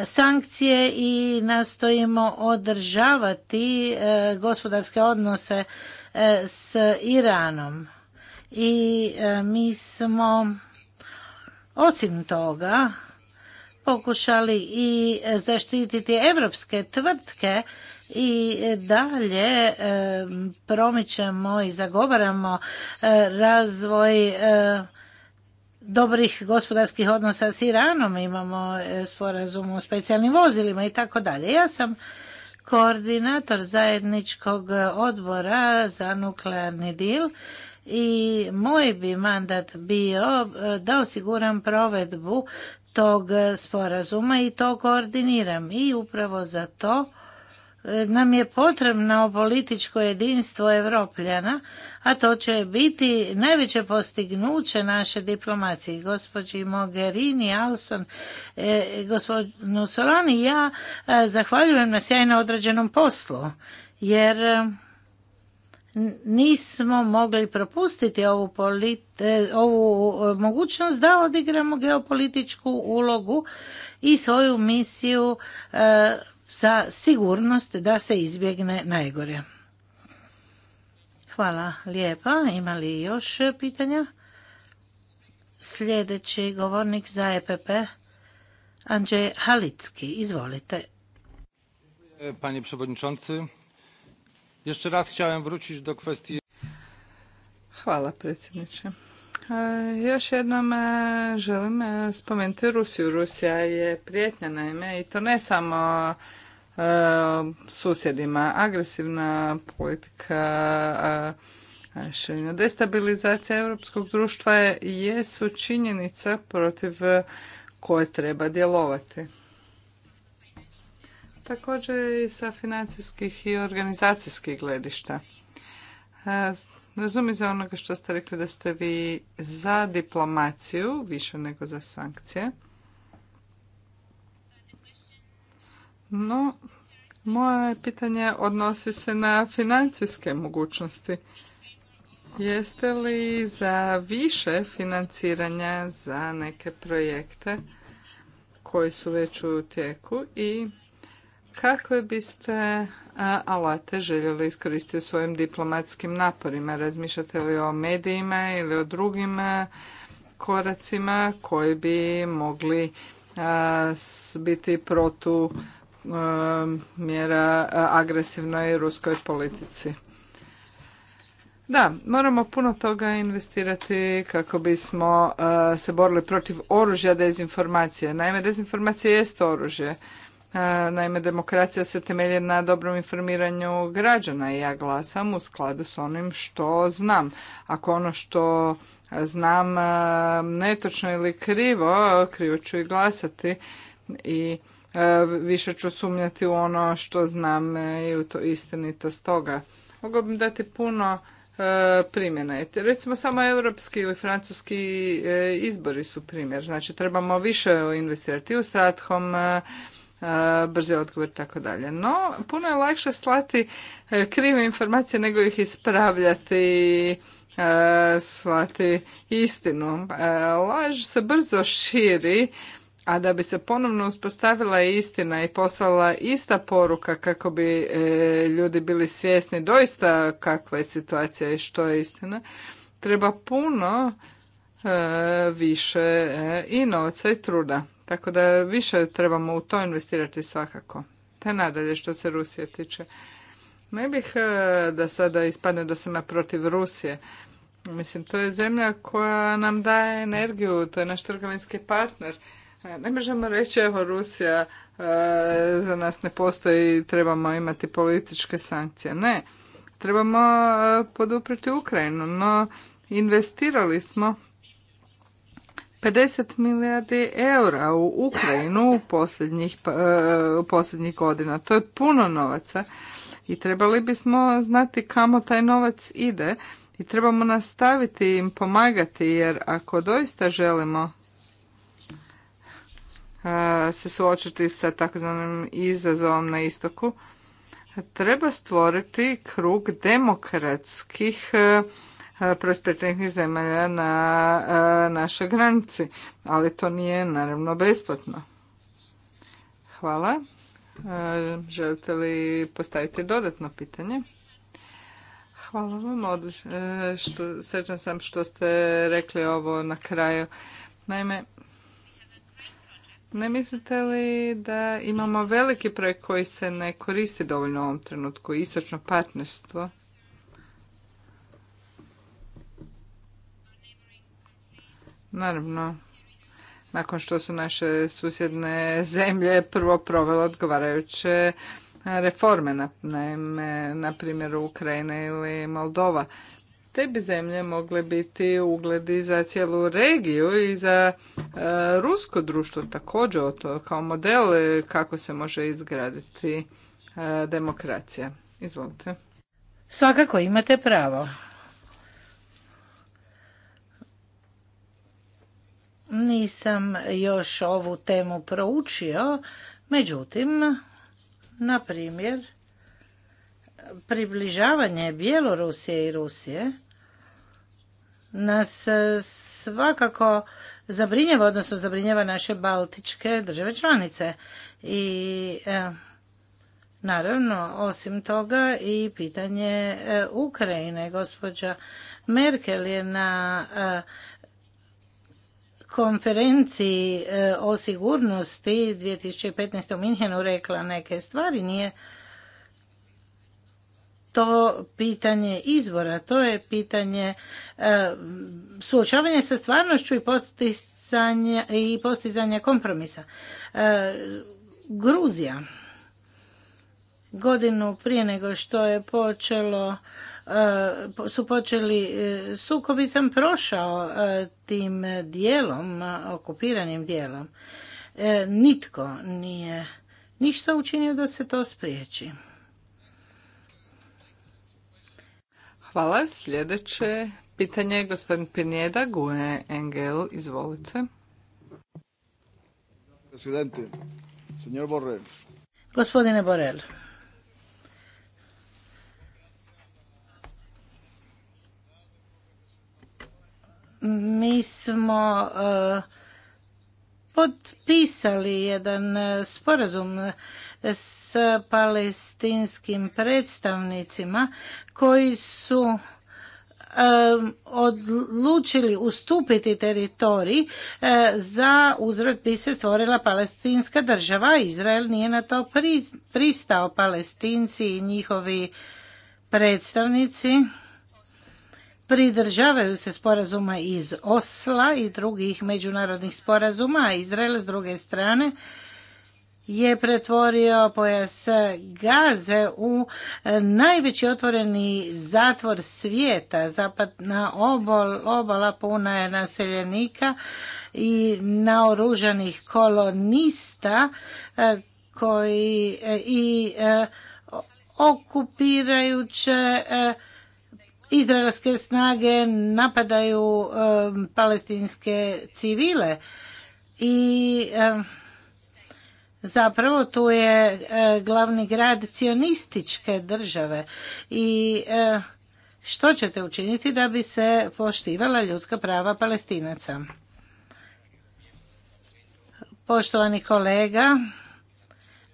sankcije i nastojimo održavati e, gospodarske odnose e, s Iranom. I e, mi smo osim toga pokušali i zaštititi evropske tvrtke i e, dalje e, promičemo i zagovaramo e, razvoj dobrih gospodarskih odnosa s Iranom, imamo sporazum o specijalnim vozilima i tako dalje. Ja sam koordinator zajedničkog odbora za nuklearni dil i moj bi mandat bio da osiguram provedbu tog sporazuma i to koordiniram i upravo za to nam je potrebno političko jedinstvo Evropljana, a to će biti najveće postignuće naše diplomacije. Gospođi Mogherini, Alson, e, gospodinu Solani, ja e, zahvaljujem na sjajno određenom poslu, jer e, nismo mogli propustiti ovu, e, ovu e, mogućnost da odigramo geopolitičku ulogu i svoju misiju za sigurnost da se izbjegne najgore. Hvala lijepa. Ima li još pitanja? Sljedeći govornik za EPP, Andrzej Halicki. Izvolite. Panie przewodniczący, jeszcze raz chciałem wrócić do kwestii... Hvala predsjedniče. E, još jednom e, želim e, spomenuti Rusiju. Rusija je prijetnja naime i to ne samo susjedima. Agresivna politika širina. destabilizacija europskog društva je, jesu činjenica protiv koje treba djelovati. Također i sa financijskih i organizacijskih gledišta razumijem iz onoga što ste rekli da ste vi za diplomaciju više nego za sankcije. No, moje pitanje odnosi se na financijske mogućnosti. Jeste li za više financiranja za neke projekte koji su već u tijeku i kakve biste E, alate željeli iskoristiti u svojim diplomatskim naporima. Razmišljate li o medijima ili o drugim e, koracima koji bi mogli e, biti protu mjera agresivnoj ruskoj politici? Da, moramo puno toga investirati kako bismo se borili protiv oružja dezinformacije. Naime, dezinformacija jest oružje Naime, demokracija se temelji na dobrom informiranju građana i ja glasam u skladu s onim što znam. Ako ono što znam netočno ili krivo, krivo ću i glasati i više ću sumnjati u ono što znam i u to istinitost toga. Mogu bi dati puno primjena. Recimo samo europski ili francuski e, izbori su primjer. Znači trebamo više investirati u strathom, brzi odgovor i tako dalje. No, puno je lakše slati e, krive informacije nego ih ispravljati e, slati istinu. E, laž se brzo širi, a da bi se ponovno uspostavila istina i poslala ista poruka kako bi ljudi bili svjesni doista kakva je situacija i što je istina, treba puno više i novca i truda. Tako da više trebamo u to investirati svakako. Te nadalje što se Rusije tiče. Ne bih e, da sada ispadne da sam ja protiv Rusije. Mislim, to je zemlja koja nam daje energiju, to je naš trgovinski partner. E, ne možemo reći, evo, Rusija e, za nas ne postoji, trebamo imati političke sankcije. Ne, trebamo podupriti Ukrajinu, no investirali smo 50 milijardi eura u Ukrajinu u posljednjih, pa, e, posljednjih godina. To je puno novaca i trebali bismo znati kamo taj novac ide i trebamo nastaviti im pomagati jer ako doista želimo e, se suočiti sa takozvanim izazovom na istoku, treba stvoriti krug demokratskih e, prosperitetnih zemalja na našoj granici, ali to nije naravno besplatno. Hvala. Želite li postaviti dodatno pitanje? Hvala vam. E, srećan sam što ste rekli ovo na kraju. Naime, ne mislite li da imamo veliki projekt koji se ne koristi dovoljno u ovom trenutku, istočno partnerstvo? Naravno, nakon što su naše susjedne zemlje prvo provele odgovarajuće reforme, naime, na primjer Ukrajina ili Moldova. Te bi zemlje mogle biti ugledi za cijelu regiju i za e, rusko društvo također to kao model kako se može izgraditi e, demokracija. Izvolite. Svakako imate pravo. Nisam još ovu temu proučio, međutim, na primjer, približavanje Bjelorusije i Rusije nas svakako zabrinjeva, odnosno zabrinjava naše baltičke države članice. I e, naravno, osim toga i pitanje e, Ukrajine. Gospođa Merkel je na e, konferenciji e, o sigurnosti 2015. u Minhenu rekla neke stvari, nije to pitanje izvora, to je pitanje e, suočavanja sa stvarnošću i postizanja, i postizanja kompromisa. E, Gruzija godinu prije nego što je počelo su počeli e, sukobi sam prošao e, tim dijelom, okupiranim dijelom. E, nitko nije ništa učinio da se to spriječi. Hvala. Sljedeće pitanje je gospodin Pinjeda, Gue Engel. Izvolite. Gospodine Borel. mi smo e, potpisali jedan e, sporazum s palestinskim predstavnicima koji su e, odlučili ustupiti teritorij za uzrok bi se stvorila palestinska država. Izrael nije na to pristao. Palestinci i njihovi predstavnici pridržavaju se sporazuma iz Osla i drugih međunarodnih sporazuma, a Izrael s druge strane je pretvorio pojas Gaze u e, najveći otvoreni zatvor svijeta. Zapadna obol, obala puna je naseljenika i naoružanih kolonista e, koji e, i okupirajuće izraelske snage napadaju palestinske civile i zapravo tu je e, glavni grad cionističke države i e, što ćete učiniti da bi se poštivala ljudska prava palestinaca? Poštovani kolega,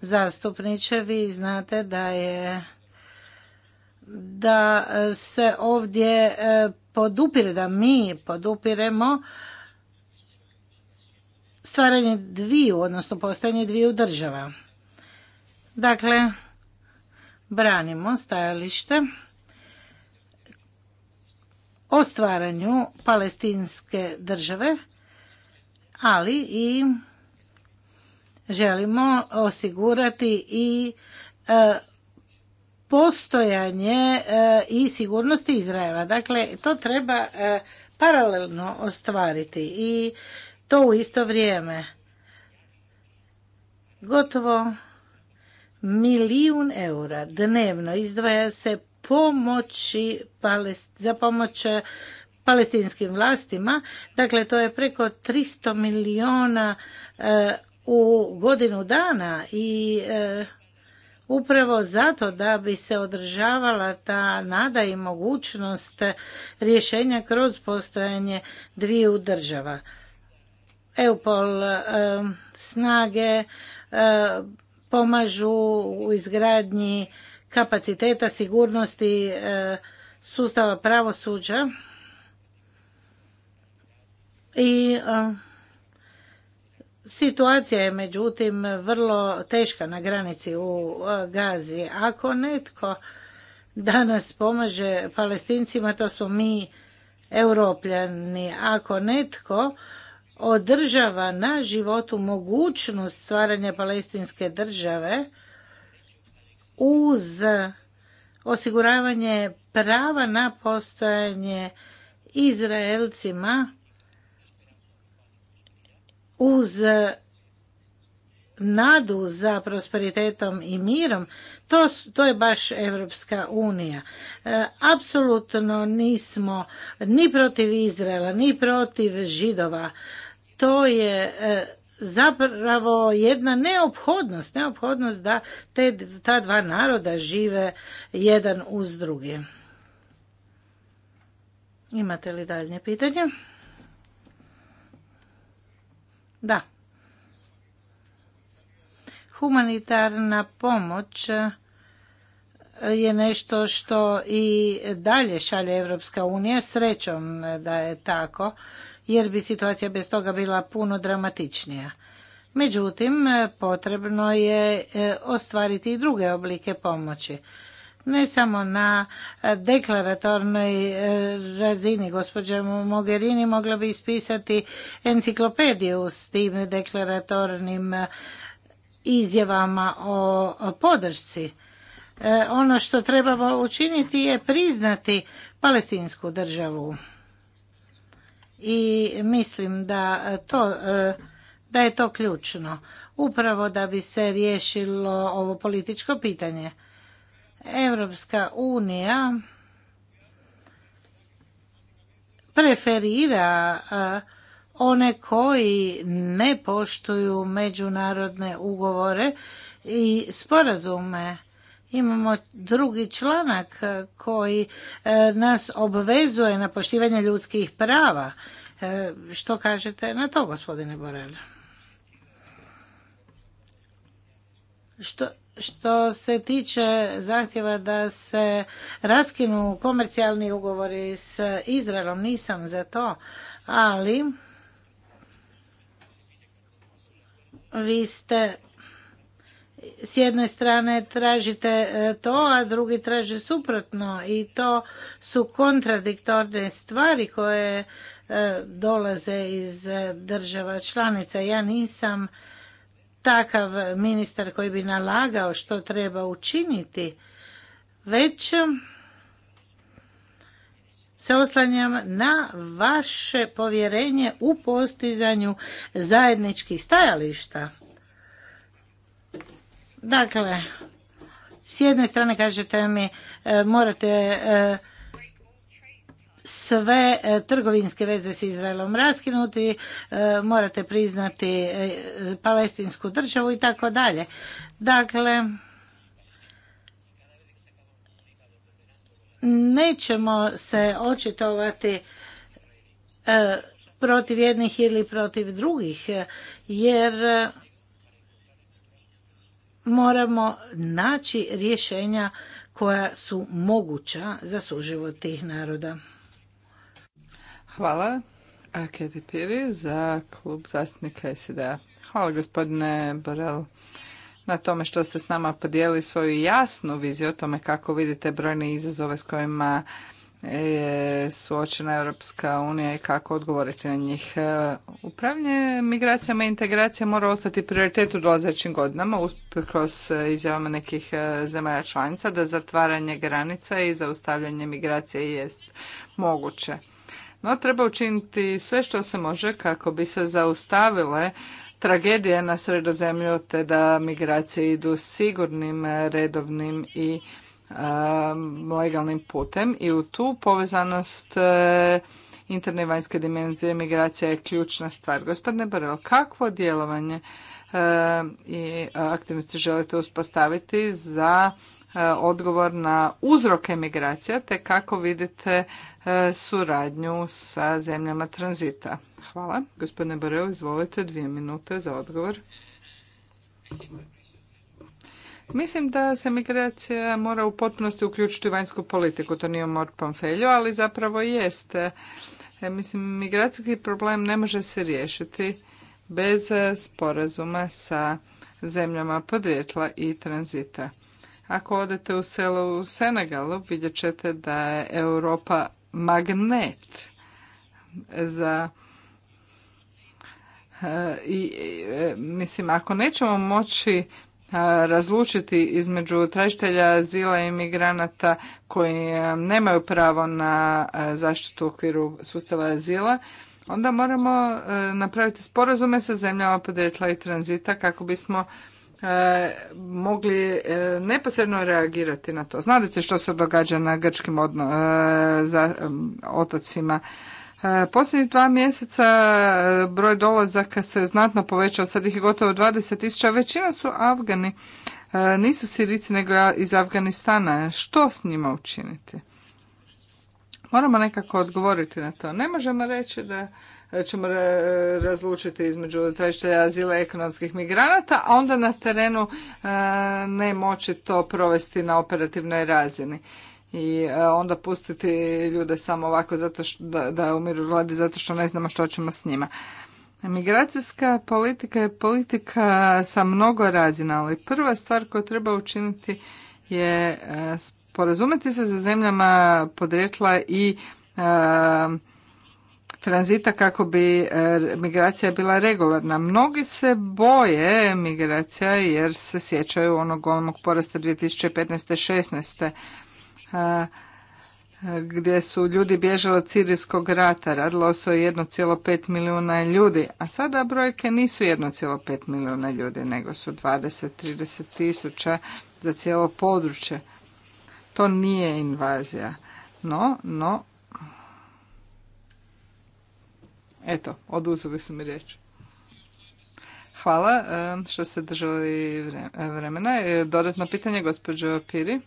zastupniče, vi znate da je da e, se ovdje e, podupire, da mi podupiremo stvaranje dviju, odnosno postojanje dviju država. Dakle, branimo stajalište o stvaranju palestinske države, ali i želimo osigurati i e, postojanje e, i sigurnosti Izraela. Dakle, to treba e, paralelno ostvariti i to u isto vrijeme. Gotovo milijun eura dnevno izdvaja se pomoći za pomoć e, palestinskim vlastima. Dakle, to je preko 300 milijuna u godinu dana i upravo zato da bi se održavala ta nada i mogućnost rješenja kroz postojanje dviju država. Eupol snage pomažu u izgradnji kapaciteta sigurnosti sustava pravosuđa i Situacija je međutim vrlo teška na granici u e, Gazi. Ako netko danas pomaže palestincima, to smo mi europljani. Ako netko održava na životu mogućnost stvaranja palestinske države uz osiguravanje prava na postojanje Izraelcima, uz nadu za prosperitetom i mirom, to, to je baš Evropska unija. E, apsolutno nismo ni protiv Izraela, ni protiv Židova. To je e, zapravo jedna neophodnost, neophodnost da te, ta dva naroda žive jedan uz druge. Imate li daljnje pitanje? Da. Humanitarna pomoć e, je nešto što i dalje šalje Evropska unija. Srećom e, da je tako, jer bi situacija bez toga bila puno dramatičnija. Međutim, e, potrebno je ostvariti i druge oblike pomoći ne samo na e, deklaratornoj e, razini. Gospođa Mogherini mogla bi ispisati enciklopediju s tim deklaratornim e, izjavama o podršci. Ono što trebamo učiniti je priznati palestinsku državu. I mislim da to da je to ključno upravo da bi se riješilo ovo političko pitanje. Evropska unija preferira one koji ne poštuju međunarodne ugovore i sporazume. Imamo drugi članak koji e, nas obvezuje na poštivanje ljudskih prava. E, što kažete na to, gospodine Borel? Što što se tiče zahtjeva da se raskinu komercijalni ugovori s Izraelom, nisam za to, ali vi ste s jedne strane tražite e, to, a drugi traže suprotno i to su kontradiktorne stvari koje e, dolaze iz e, država članica. Ja nisam takav ministar koji bi nalagao što treba učiniti, već se oslanjam na vaše povjerenje u postizanju zajedničkih stajališta. Dakle, s jedne strane kažete mi e, morate e, sve e, trgovinske veze s Izraelom raskinuti, e, morate priznati e, palestinsku državu i tako dalje. Dakle, nećemo se očitovati protiv jednih ili protiv drugih, jer moramo naći rješenja koja su moguća za suživot tih naroda. Hvala. A Piri za klub zastupnika sid Hvala gospodine Borel na tome što ste s nama podijelili svoju jasnu viziju o tome kako vidite brojne izazove s kojima je suočena Europska unija i kako odgovoriti na njih. Upravljanje migracijama i integracija mora ostati prioritet u dolazećim godinama usprkos izjavama nekih e, zemalja članica da zatvaranje granica i zaustavljanje migracije jest moguće. No, treba učiniti sve što se može kako bi se zaustavile tragedije na sredozemlju te da migracije idu sigurnim, redovnim i um, legalnim putem i u tu povezanost e, interne i vanjske dimenzije migracija je ključna stvar. Gospodine Borel, kakvo djelovanje e, i aktivnosti želite uspostaviti za E, odgovor na uzroke migracija te kako vidite e, suradnju sa zemljama tranzita. Hvala. Gospodine Borel, izvolite dvije minute za odgovor. Mislim da se migracija mora u potpunosti uključiti u vanjsku politiku. To nije mor Pamfelju, ali zapravo jeste. E, mislim, migracijski problem ne može se riješiti bez sporazuma sa zemljama podrijetla i tranzita. Ako odete u selo u Senegalu, vidjet ćete da je Europa magnet za e, i e, mislim ako nećemo moći e, razlučiti između tražitelja azila i imigranata koji nemaju pravo na zaštitu u okviru sustava azila, onda moramo napraviti sporazume sa zemljama podrijetla i tranzita kako bismo E, mogli e, neposredno reagirati na to. Znate što se događa na grčkim odno, e, za, otocima. Posljednjih dva mjeseca broj dolazaka se znatno povećao, sad ih je gotovo 20 tisuća, većina su Afgani, nisu Sirici nego iz Afganistana. Što s njima učiniti? Moramo nekako odgovoriti na to. Ne možemo reći da E, ćemo razlučiti između tražitelja azila i ekonomskih migranata, a onda na terenu e, ne moći to provesti na operativnoj razini. I e, onda pustiti ljude samo ovako zato što, da, da umiru vladi zato što ne znamo što ćemo s njima. Migracijska politika je politika sa mnogo razina, ali prva stvar koju treba učiniti je porazumjeti se za zemljama podrijetla i tranzita kako bi e, migracija bila regularna. Mnogi se boje migracija jer se sjećaju onog golemog porasta 2015. 16 gdje su ljudi bježali od sirijskog rata. Radilo se o 1,5 milijuna ljudi, a sada brojke nisu 1,5 milijuna ljudi, nego su 20-30 tisuća za cijelo područje. To nije invazija. No, no, Eto, oduzeli su mi riječ. Hvala e, što ste držali vremena. E, dodatno pitanje, gospođo Piri.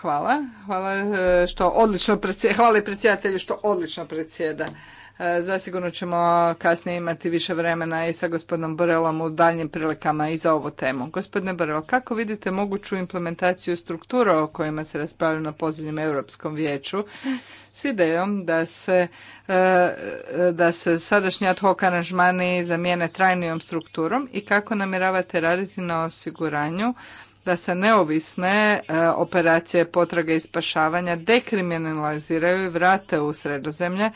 Hvala. Hvala e, što odlično i predsjedatelju što odlično predsjeda. E, zasigurno ćemo kasnije imati više vremena i sa gospodinom Borelom u daljnjim prilikama i za ovu temu. Gospodine Borelo, kako vidite moguću implementaciju struktura o kojima se raspravlja na posljednjem Europskom vijeću s idejom da se, e, da se sadašnji ad hoc aranžmani zamijene trajnijom strukturom i kako namjeravate raditi na osiguranju da se neovisne e, operacije potrage i spašavanja dekriminaliziraju i vrate u sredozemlje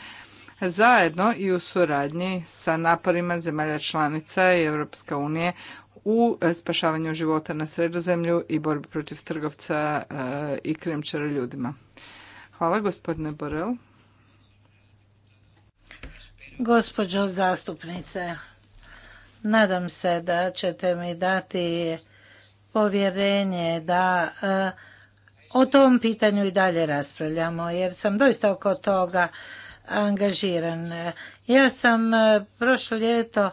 zajedno i u suradnji sa naporima zemalja članica i Europska unije u e, spašavanju života na sredozemlju i borbi protiv trgovca e, i krimčara ljudima. Hvala gospodine Borel. Gospođo zastupnice, nadam se da ćete mi dati povjerenje da e, o tom pitanju i dalje raspravljamo jer sam doista oko toga angažiran. Ja sam e, prošlo ljeto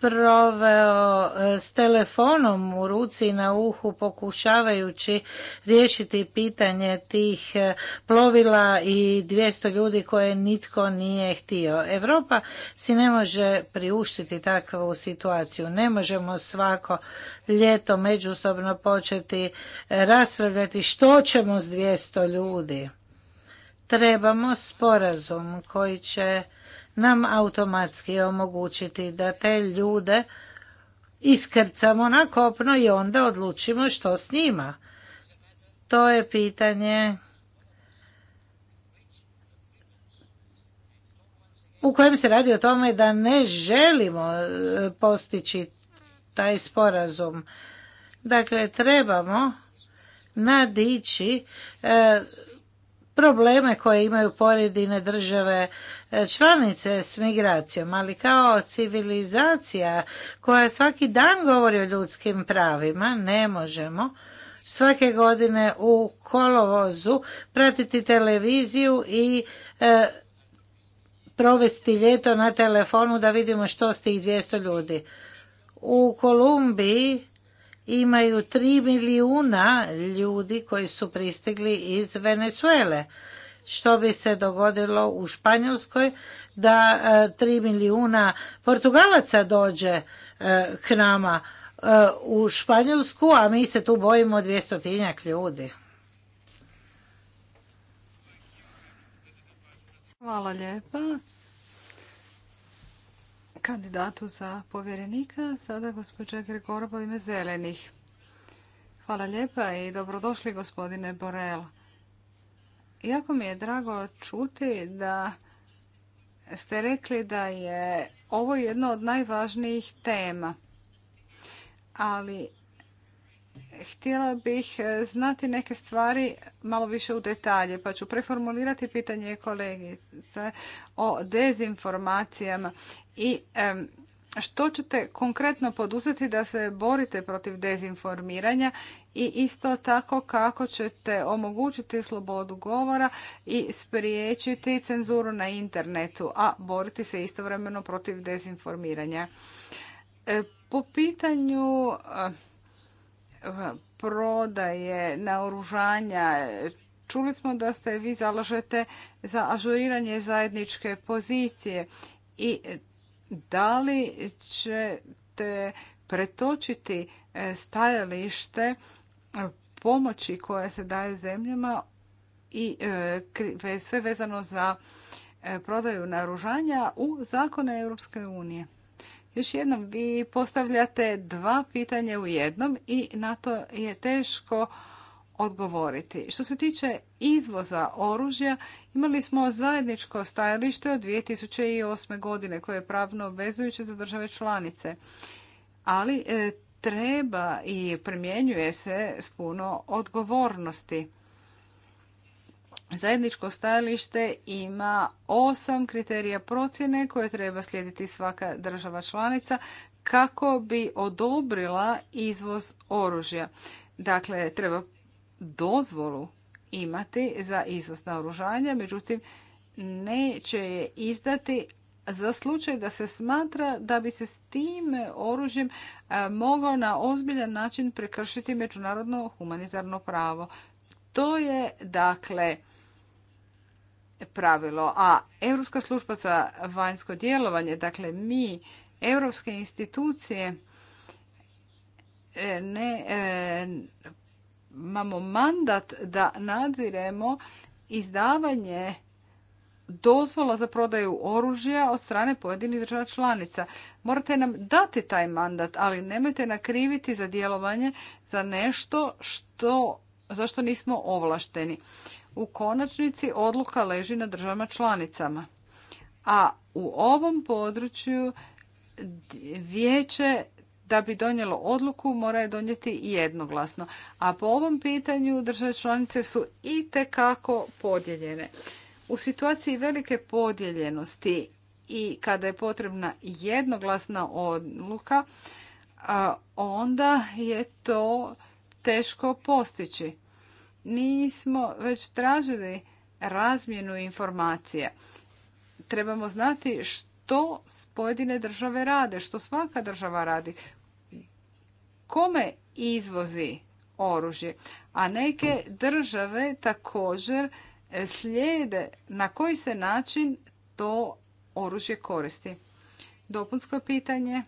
proveo e, s telefonom u ruci na uhu pokušavajući riješiti pitanje tih e, plovila i 200 ljudi koje nitko nije htio. Europa si ne može priuštiti takvu situaciju. Ne možemo svako ljeto međusobno početi raspravljati što ćemo s 200 ljudi trebamo sporazum koji će nam automatski omogućiti da te ljude iskrcamo na kopno i onda odlučimo što s njima. To je pitanje u kojem se radi o tome da ne želimo e, postići taj sporazum. Dakle, trebamo nadići e, probleme koje imaju pojedine države e, članice s migracijom, ali kao civilizacija koja svaki dan govori o ljudskim pravima, ne možemo svake godine u kolovozu pratiti televiziju i e, provesti ljeto na telefonu da vidimo što s tih 200 ljudi. U Kolumbiji imaju tri milijuna ljudi koji su pristigli iz Venezuele. Što bi se dogodilo u Španjolskoj da e, tri milijuna Portugalaca dođe e, k nama e, u Španjolsku, a mi se tu bojimo 200 ljudi. Hvala lijepa kandidatu za povjerenika. Sada gospođa Gregorova ime zelenih. Hvala lijepa i dobrodošli gospodine Borel. Jako mi je drago čuti da ste rekli da je ovo jedna od najvažnijih tema. Ali htjela bih e, znati neke stvari malo više u detalje, pa ću preformulirati pitanje kolegice o dezinformacijama i što ćete konkretno poduzeti da se borite protiv dezinformiranja i isto tako kako ćete omogućiti slobodu govora i spriječiti cenzuru na internetu, a boriti se istovremeno protiv dezinformiranja. E, po pitanju e, prodaje naoružanja. Čuli smo da ste vi zalažete za ažuriranje zajedničke pozicije i da li ćete pretočiti e, stajalište e, pomoći koje se daje zemljama i e, sve vezano za prodaju naoružanja u zakone Europske unije. Još jednom, vi postavljate dva pitanja u jednom i na to je teško odgovoriti. Što se tiče izvoza oružja, imali smo zajedničko stajalište od 2008. godine koje je pravno obvezujuće za države članice. Ali e, treba i primjenjuje se s puno odgovornosti. Zajedničko stajalište ima osam kriterija procjene koje treba slijediti svaka država članica kako bi odobrila izvoz oružja. Dakle, treba dozvolu imati za izvoz naoružanja, međutim neće je izdati za slučaj da se smatra da bi se s tim oružjem mogao na ozbiljan način prekršiti međunarodno humanitarno pravo. To je dakle pravilo. A Europska služba za vanjsko djelovanje, dakle mi, europske institucije, e, ne e, imamo mandat da nadziremo izdavanje dozvola za prodaju oružja od strane pojedinih država članica. Morate nam dati taj mandat, ali nemojte nakriviti za djelovanje za nešto što zašto nismo ovlašteni. U konačnici odluka leži na državama članicama. A u ovom području vijeće da bi donijelo odluku mora je donijeti jednoglasno. A po ovom pitanju države članice su i tekako podijeljene. U situaciji velike podijeljenosti i kada je potrebna jednoglasna odluka, onda je to teško postići. Nismo već tražili razmjenu informacija. Trebamo znati što pojedine države rade, što svaka država radi, kome izvozi oružje, a neke države također slijede na koji se način to oružje koristi. Dopunsko pitanje.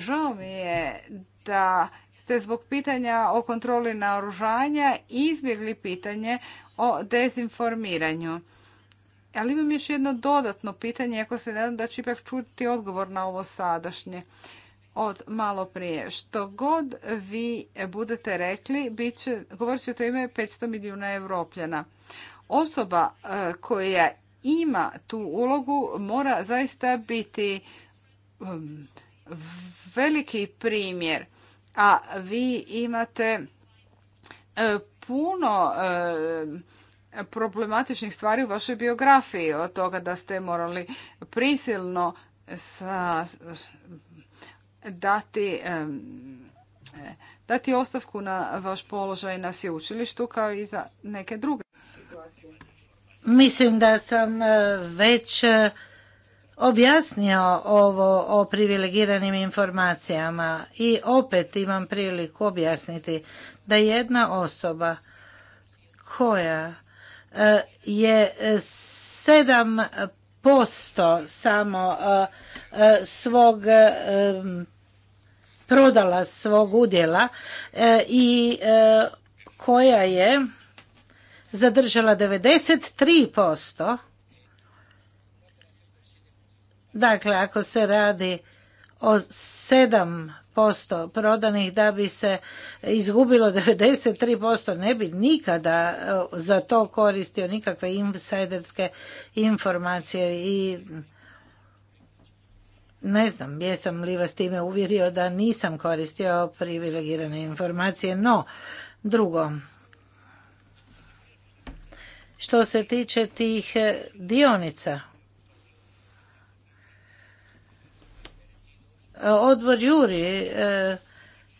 Žao mi je da te zbog pitanja o kontroli naoružanja izbjegli pitanje o dezinformiranju. Ali imam još jedno dodatno pitanje, ako se nadam da ću ipak čuti odgovor na ovo sadašnje od malo prije. Što god vi budete rekli, bit će, govorit ćete o ime 500 milijuna evropljana. Osoba e, koja ima tu ulogu mora zaista biti veliki primjer a vi imate e, puno e, problematičnih stvari u vašoj biografiji, od toga da ste morali prisilno sa, dati e, dati ostavku na vaš položaj na sveučilištu kao i za neke druge situacije. Mislim da sam već objasnio ovo o privilegiranim informacijama i opet imam priliku objasniti da jedna osoba koja e, je 7% samo e, e, svog prodala svog udjela i koja je zadržala 93% Dakle, ako se radi o 7% prodanih da bi se izgubilo 93%, ne bi nikada e, za to koristio nikakve insajderske informacije i ne znam, jesam li vas time uvjerio da nisam koristio privilegirane informacije, no drugo, što se tiče tih e, dionica, Eh, odbor Juri eh,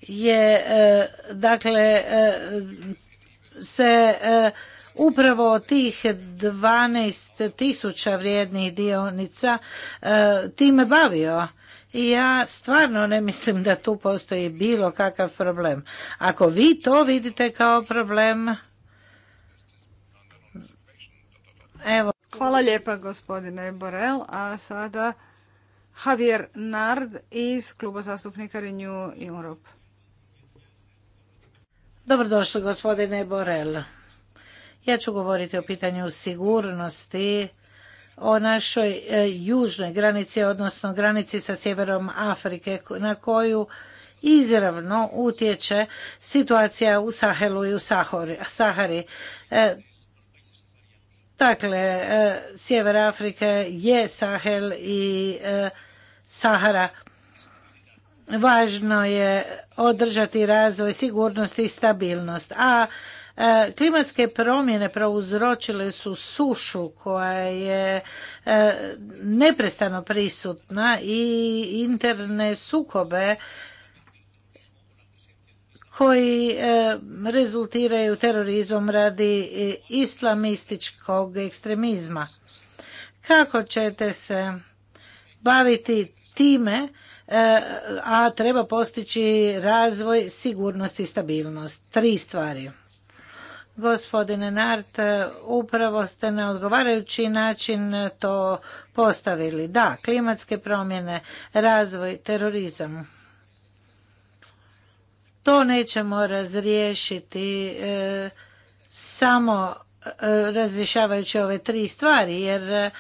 je eh, dakle se upravo tih 12 tisuća vrijednih dionica time bavio. I ja stvarno ne mislim da tu postoji bilo kakav problem. Ako vi to vidite kao problem, evo. Hvala lijepa gospodine Borel, a sada Javier Nard iz kluba zastupnika Renew Europe. Dobrodošli gospodine Borel. Ja ću govoriti o pitanju sigurnosti o našoj e, južnoj granici, odnosno granici sa sjeverom Afrike, na koju izravno utječe situacija u Sahelu i u Sahari. E, Dakle, e, Sjever Afrike je Sahel i e, Sahara. Važno je održati razvoj, sigurnost i stabilnost. A e, klimatske promjene prouzročile su sušu koja je neprestano prisutna i interne sukobe koji e, rezultiraju terorizmom radi e, islamističkog ekstremizma. Kako ćete se baviti time, e, a treba postići razvoj, sigurnost i stabilnost? Tri stvari. Gospodine Nart, upravo ste na odgovarajući način to postavili. Da, klimatske promjene, razvoj, terorizam. To nećemo razriješiti e, samo e, razrješavajući ove tri stvari, jer e,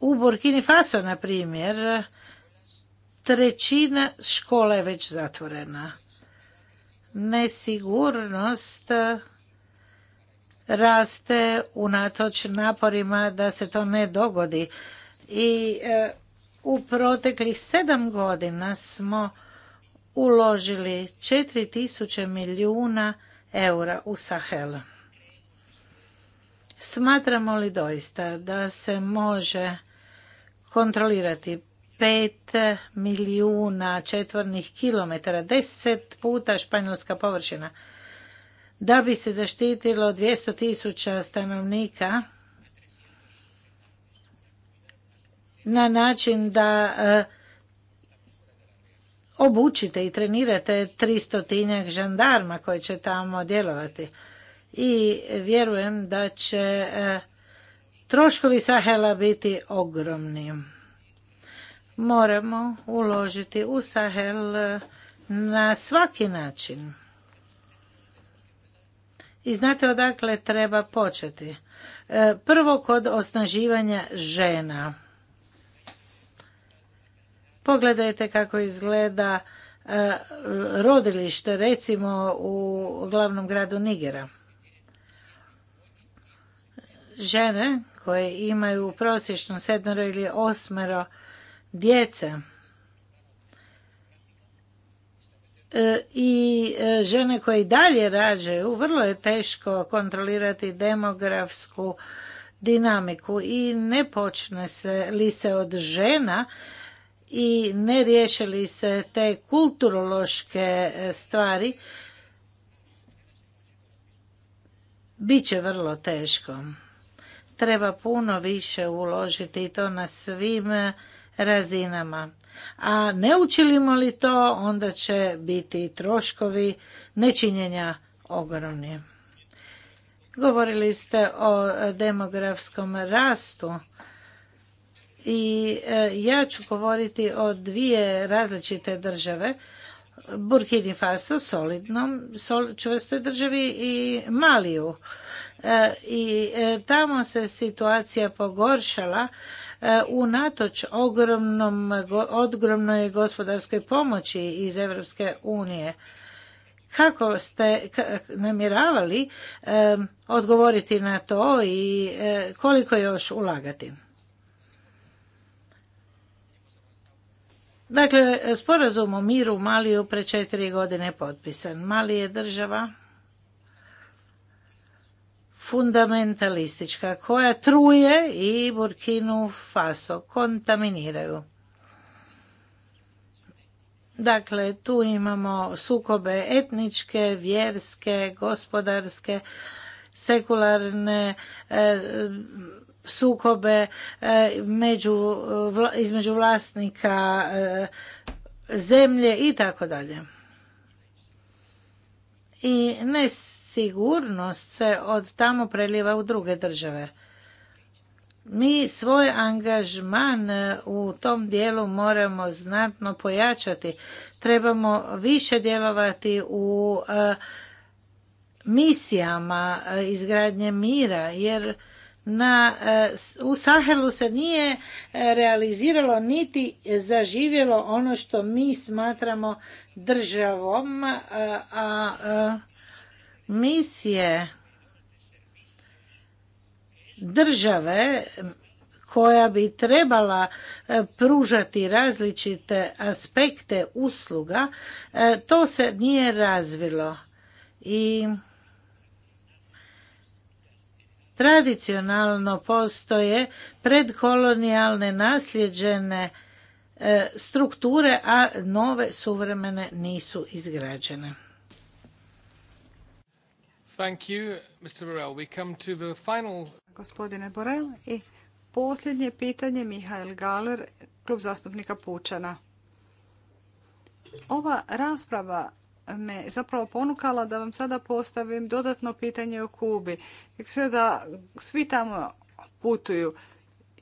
u Burkini Faso, na primjer, trećina škola je već zatvorena. Nesigurnost raste unatoč naporima da se to ne dogodi. I u proteklih sedam godina smo uložili 4000 milijuna eura u Sahel. Smatramo li doista da se može kontrolirati 5 milijuna četvornih kilometara, deset puta španjolska površina, da bi se zaštitilo 200 tisuća stanovnika na način da e, obučite i trenirate 300 žandarma koji će tamo djelovati. I vjerujem da će e, troškovi Sahela biti ogromni. Moramo uložiti u Sahel e, na svaki način. I znate odakle treba početi. E, prvo kod osnaživanja žena. Pogledajte kako izgleda e, rodilište, recimo u glavnom gradu Nigera. Žene koje imaju prosječno sedmero ili osmero djece e, i e, žene koje i dalje rađaju, vrlo je teško kontrolirati demografsku dinamiku i ne počne se li se od žena i ne riješili se te kulturološke e, stvari, bit će vrlo teško. Treba puno više uložiti i to na svim e, razinama. A ne učilimo li to, onda će biti troškovi nečinjenja ogromni. Govorili ste o demografskom rastu i e, ja ću govoriti o dvije različite države. Burkini Faso, solidnom, čvrstoj državi i Maliju. E, I e, tamo se situacija pogoršala u unatoč ogromnom, ogromnoj gospodarskoj pomoći iz Europske unije. Kako ste namjeravali odgovoriti na to i koliko još ulagati? Dakle, sporazum o miru u Maliju pre četiri godine je potpisan. Mali je država fundamentalistička koja truje i Burkinu Faso kontaminiraju. Dakle, tu imamo sukobe etničke, vjerske, gospodarske, sekularne, eh, sukobe e, među, e, između vlasnika e, zemlje i tako dalje. I nesigurnost se od tamo preliva u druge države. Mi svoj angažman u tom dijelu moramo znatno pojačati. Trebamo više djelovati u misijama izgradnje mira, jer na, e, u Sahelu se nije e, realiziralo niti zaživjelo ono što mi smatramo državom, e, a, a misije države koja bi trebala pružati različite aspekte usluga, to se nije razvilo. I tradicionalno postoje predkolonijalne nasljeđene e, strukture, a nove suvremene nisu izgrađene. Thank you, Mr. We come to the final... Gospodine Borel, i posljednje pitanje Mihael Galer, klub zastupnika Pučana. Ova rasprava me zapravo ponukala da vam sada postavim dodatno pitanje o Kubi. Sve da svi tamo putuju.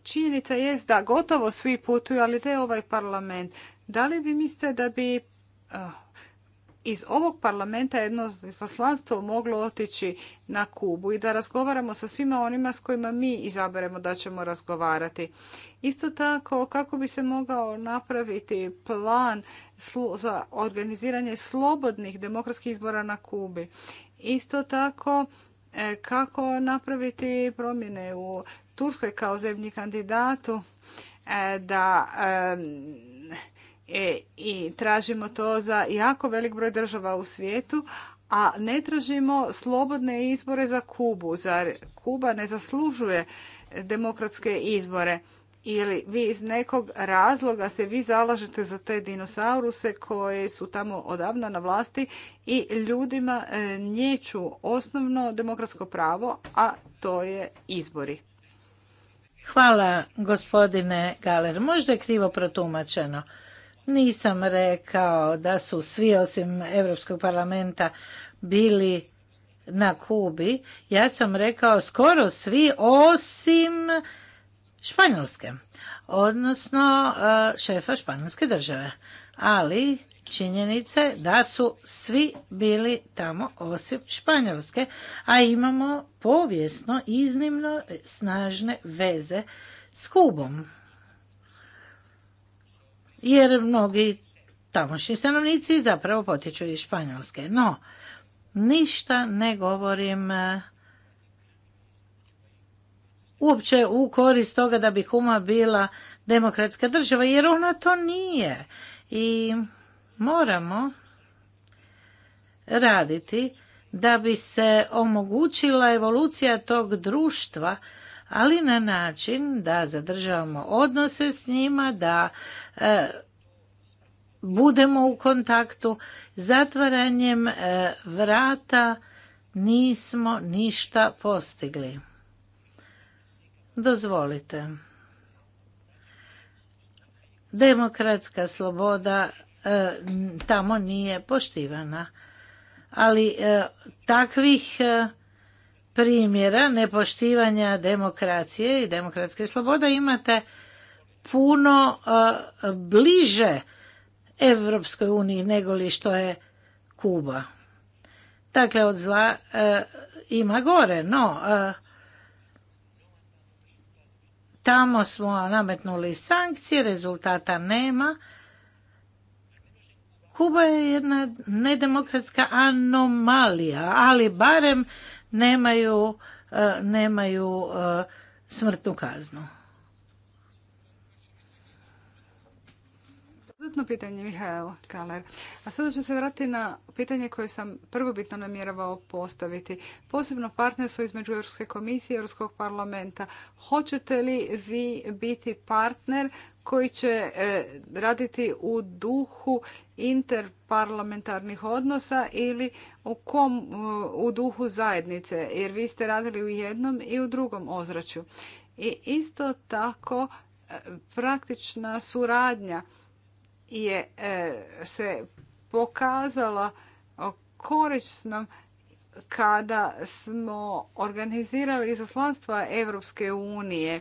Činjenica je da gotovo svi putuju, ali da je ovaj parlament. Da li vi mislite da bi ah, iz ovog parlamenta jedno izaslanstvo moglo otići na Kubu i da razgovaramo sa svima onima s kojima mi izaberemo da ćemo razgovarati. Isto tako kako bi se mogao napraviti plan za organiziranje slobodnih demokratskih izbora na Kubi. Isto tako e, kako napraviti promjene u Turskoj kao zemlji kandidatu e, da E, i tražimo to za jako velik broj država u svijetu, a ne tražimo slobodne izbore za Kubu. Zar Kuba ne zaslužuje demokratske izbore? Ili vi iz nekog razloga se vi zalažete za te dinosauruse koji su tamo odavno na vlasti i ljudima e, njeću osnovno demokratsko pravo, a to je izbori. Hvala gospodine Galer. Možda je krivo protumačeno. Nisam rekao da su svi osim Europskog parlamenta bili na Kubi. Ja sam rekao skoro svi osim Španjolske, odnosno e, šefa Španjolske države. Ali činjenice da su svi bili tamo osim Španjolske, a imamo povijesno iznimno snažne veze s Kubom jer mnogi tamošnji stanovnici zapravo potječu iz Španjolske. No, ništa ne govorim e, uopće u korist toga da bi Kuma bila demokratska država, jer ona to nije. I moramo raditi da bi se omogućila evolucija tog društva ali na način da zadržavamo odnose s njima, da e, budemo u kontaktu. Zatvaranjem e, vrata nismo ništa postigli. Dozvolite. Demokratska sloboda e, tamo nije poštivana. Ali takvih primjera nepoštivanja demokracije i demokratske slobode imate puno e, bliže Evropskoj uniji nego li što je Kuba. Dakle, od zla e, ima gore, no e, tamo smo nametnuli sankcije, rezultata nema. Kuba je jedna nedemokratska anomalija, ali barem nemaju, e, nemaju e, smrtnu kaznu. dodatno pitanje, Mihael Kaler. A sada ću se vratiti na pitanje koje sam prvobitno namjeravao postaviti. Posebno partnerstvo između Europske komisije i Europskog parlamenta. Hoćete li vi biti partner koji će e, raditi u duhu interparlamentarnih odnosa ili u, kom, e, u duhu zajednice? Jer vi ste radili u jednom i u drugom ozračju. I isto tako e, praktična suradnja je e, se pokazala korisno kada smo organizirali izaslanstva Europske unije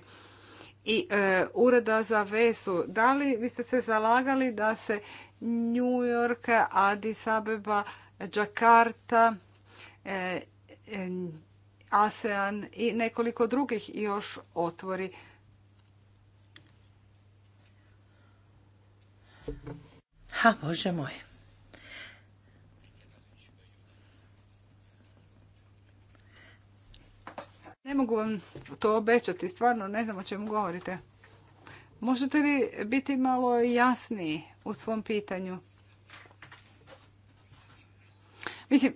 i e, ureda za vesu. Da li biste se zalagali da se New York, Addis Abeba, Jakarta, e, ASEAN i nekoliko drugih još otvori Ha, Bože moj. Ne mogu vam to obećati, stvarno ne znam o čemu govorite. Možete li biti malo jasniji u svom pitanju? Mislim,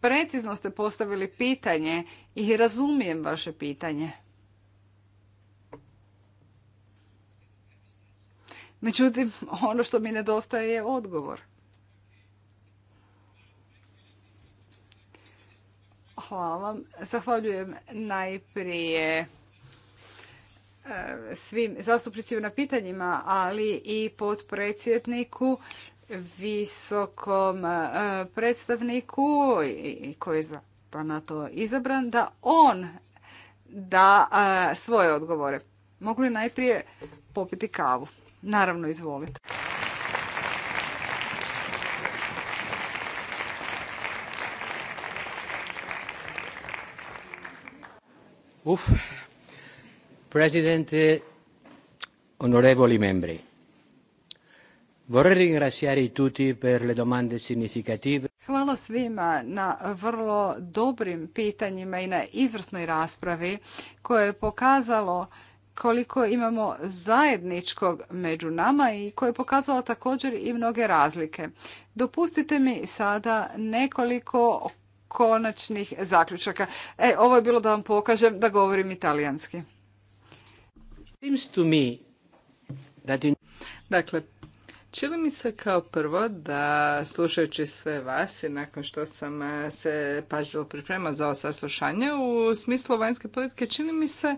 precizno ste postavili pitanje i razumijem vaše pitanje. Međutim, ono što mi nedostaje je odgovor. Hvala vam. Zahvaljujem najprije e, svim zastupnicima na pitanjima, ali i potpredsjedniku, visokom e, predstavniku koji je pa na to izabran, da on da e, svoje odgovore. Mogu li najprije popiti kavu? Naravno, izvolite. Uf. Presidente, onorevoli membri, vorrei ringraziare tutti per le domande significative. Hvala svima na vrlo dobrim pitanjima i na izvrsnoj raspravi koje je pokazalo koliko imamo zajedničkog među nama i koje je pokazala također i mnoge razlike. Dopustite mi sada nekoliko konačnih zaključaka. E, ovo je bilo da vam pokažem da govorim italijanski. Dakle, Čili mi se kao prvo da slušajući sve vas i nakon što sam e, se pažljivo pripremao za ovo saslušanje u smislu vanjske politike čini mi se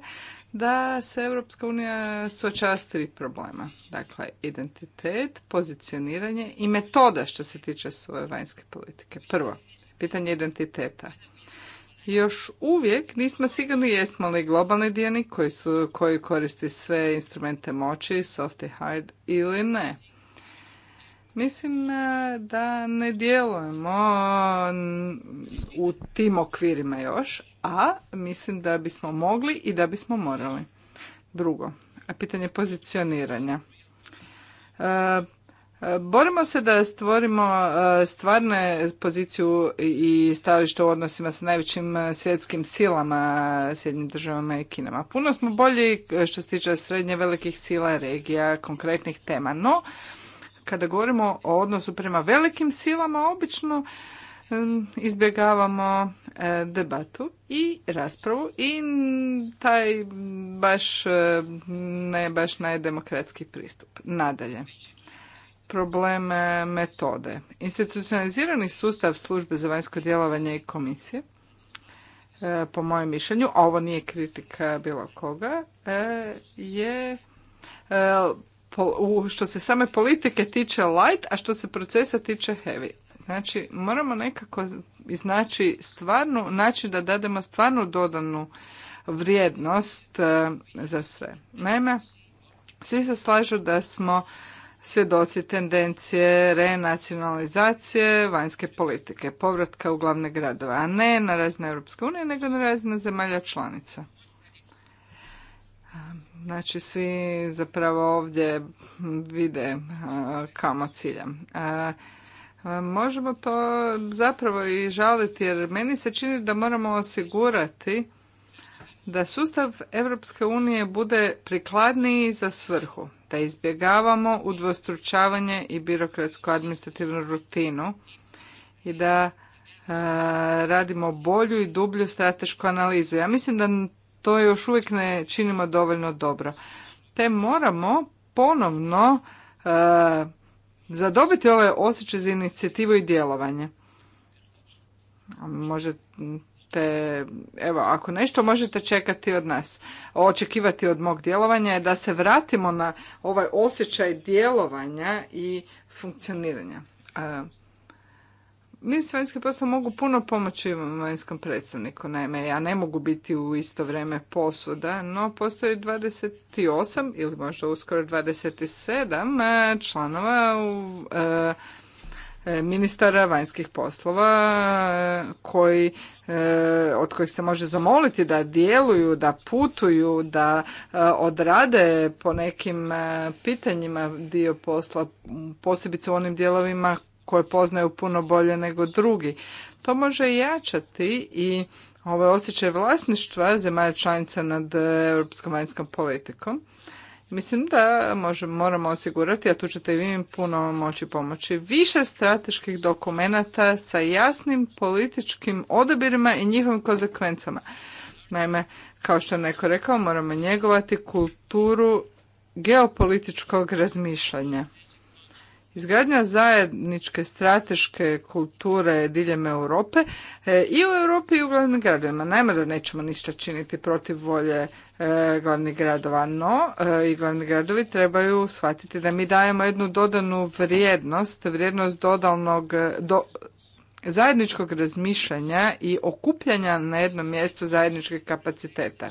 da se Europska unija suočava s tri problema. Dakle, identitet, pozicioniranje i metoda što se tiče svoje vanjske politike. Prvo, pitanje identiteta. Još uvijek nismo sigurni jesmo li globalni dionik koji, koji koristi sve instrumente moći, soft i hard ili ne. Mislim e, da ne djelujemo u tim okvirima još, a mislim da bismo mogli i da bismo morali. Drugo, pitanje pozicioniranja. E, e, borimo se da stvorimo stvarne poziciju i stajalište u odnosima sa najvećim svjetskim silama, sjednim državama i Kinama. Puno smo bolji što se tiče srednje velikih sila, regija, konkretnih tema, no kada govorimo o odnosu prema velikim silama, obično izbjegavamo e, debatu i raspravu i taj baš e, ne baš najdemokratski pristup. Nadalje, probleme metode. Institucionalizirani sustav službe za vanjsko djelovanje i komisije e, po mojem mišljenju, ovo nije kritika bilo koga, je što se same politike tiče light, a što se procesa tiče heavy. Znači, moramo nekako iznaći stvarnu, znači da dademo stvarnu dodanu vrijednost e, za sve. Naime, svi se slažu da smo svjedoci tendencije renacionalizacije vanjske politike, povratka u glavne gradove, a ne na razne Europske unije, nego na razne zemalja članica. Znači svi zapravo ovdje vide kamo ciljam. Možemo to zapravo i žaliti jer meni se čini da moramo osigurati da sustav Europske unije bude prikladniji za svrhu, da izbjegavamo udvostručavanje i birokratsku administrativnu rutinu i da radimo bolju i dublju stratešku analizu. Ja mislim da to još uvijek ne činimo dovoljno dobro. Te moramo ponovno e, zadobiti ovaj osjećaj za inicijativu i djelovanje. Možete, evo, ako nešto možete čekati od nas, očekivati od mog djelovanja je da se vratimo na ovaj osjećaj djelovanja i funkcioniranja. E, Ministri vanjskih poslova mogu puno pomoći vanjskom predstavniku. Naime, ja ne mogu biti u isto vrijeme posuda, no postoji 28 ili možda uskoro 27 e, članova e, e, ministara vanjskih poslova koji, od kojih se može zamoliti da djeluju, da putuju, da odrade po nekim pitanjima dio posla, posebice u onim dijelovima koje poznaju puno bolje nego drugi. To može jačati i ovaj osjećaj vlasništva zemalja članica nad europskom vanjskom politikom. Mislim da možemo, moramo osigurati, a tu ćete i vi puno moći pomoći, više strateških dokumenata sa jasnim političkim odabirima i njihovim konsekvencama. Naime, kao što je neko rekao, moramo njegovati kulturu geopolitičkog razmišljanja. Izgradnja zajedničke strateške kulture diljem Europe e, i u Europi i u glavnim gradovima. Najmo da nećemo ništa činiti protiv volje e, glavnih gradova, no e, i glavni gradovi trebaju shvatiti da mi dajemo jednu dodanu vrijednost, vrijednost dodalnog, do, zajedničkog razmišljanja i okupljanja na jednom mjestu zajedničkih kapaciteta.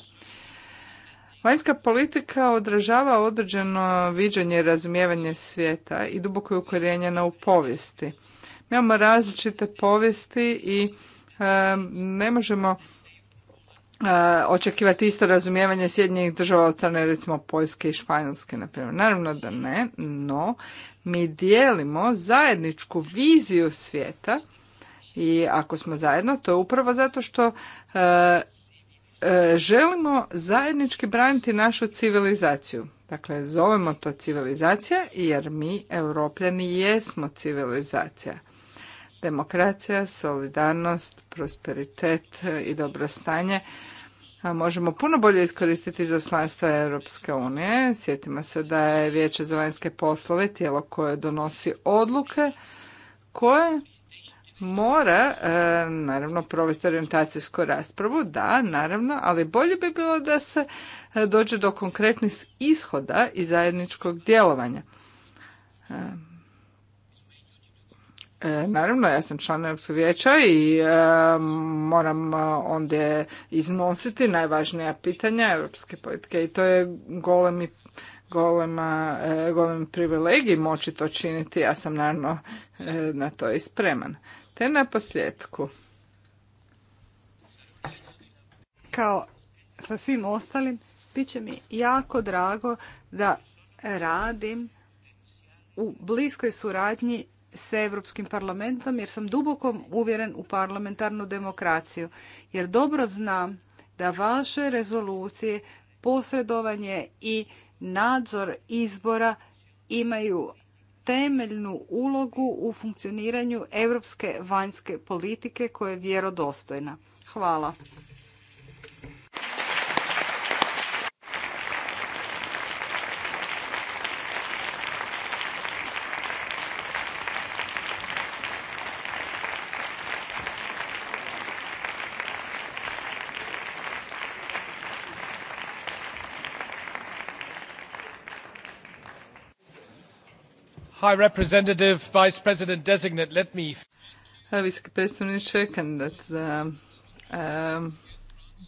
Vanjska politika odražava određeno viđenje i razumijevanje svijeta i duboko je ukorijenjena u povijesti. Mi imamo različite povijesti i e, ne možemo e, očekivati isto razumijevanje Sjedinjenih država od strane recimo Poljske i Španjolske, na primjer. Naravno da ne, no mi dijelimo zajedničku viziju svijeta i ako smo zajedno, to je upravo zato što e, E, želimo zajednički braniti našu civilizaciju. Dakle, zovemo to civilizacija jer mi, europljani, jesmo civilizacija. Demokracija, solidarnost, prosperitet e, i dobrostanje e, možemo puno bolje iskoristiti slanstva Europske unije. Sjetimo se da je Vijeće za vanjske poslove tijelo koje donosi odluke koje mora e, naravno provesti orijentacijsku raspravu, da, naravno, ali bolje bi bilo da se e, dođe do konkretnih ishoda i zajedničkog djelovanja. E, e Naravno, ja sam član Europskog vijeća i e, moram ondje iznositi najvažnija pitanja europske politike i to je golemi golema, golem privilegij moći to činiti, ja sam naravno na to i spreman. Te na posljedku. Kao sa svim ostalim, bit će mi jako drago da radim u bliskoj suradnji s Europskim parlamentom jer sam duboko uvjeren u parlamentarnu demokraciju. Jer dobro znam da vaše rezolucije, posredovanje i nadzor izbora imaju temeljnu ulogu u funkcioniranju europske vanjske politike koja je vjerodostojna. Hvala. High Representative, Vice President Designate, let me... predstavniče, kandidat za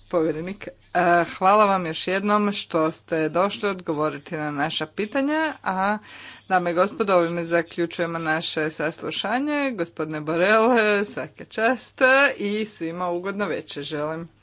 povjerenik. E, hvala vam još jednom što ste došli odgovoriti na naša pitanja, a dame i gospodo, ovime zaključujemo naše saslušanje. Gospodine Borel, svake čast i svima ugodno večer želim.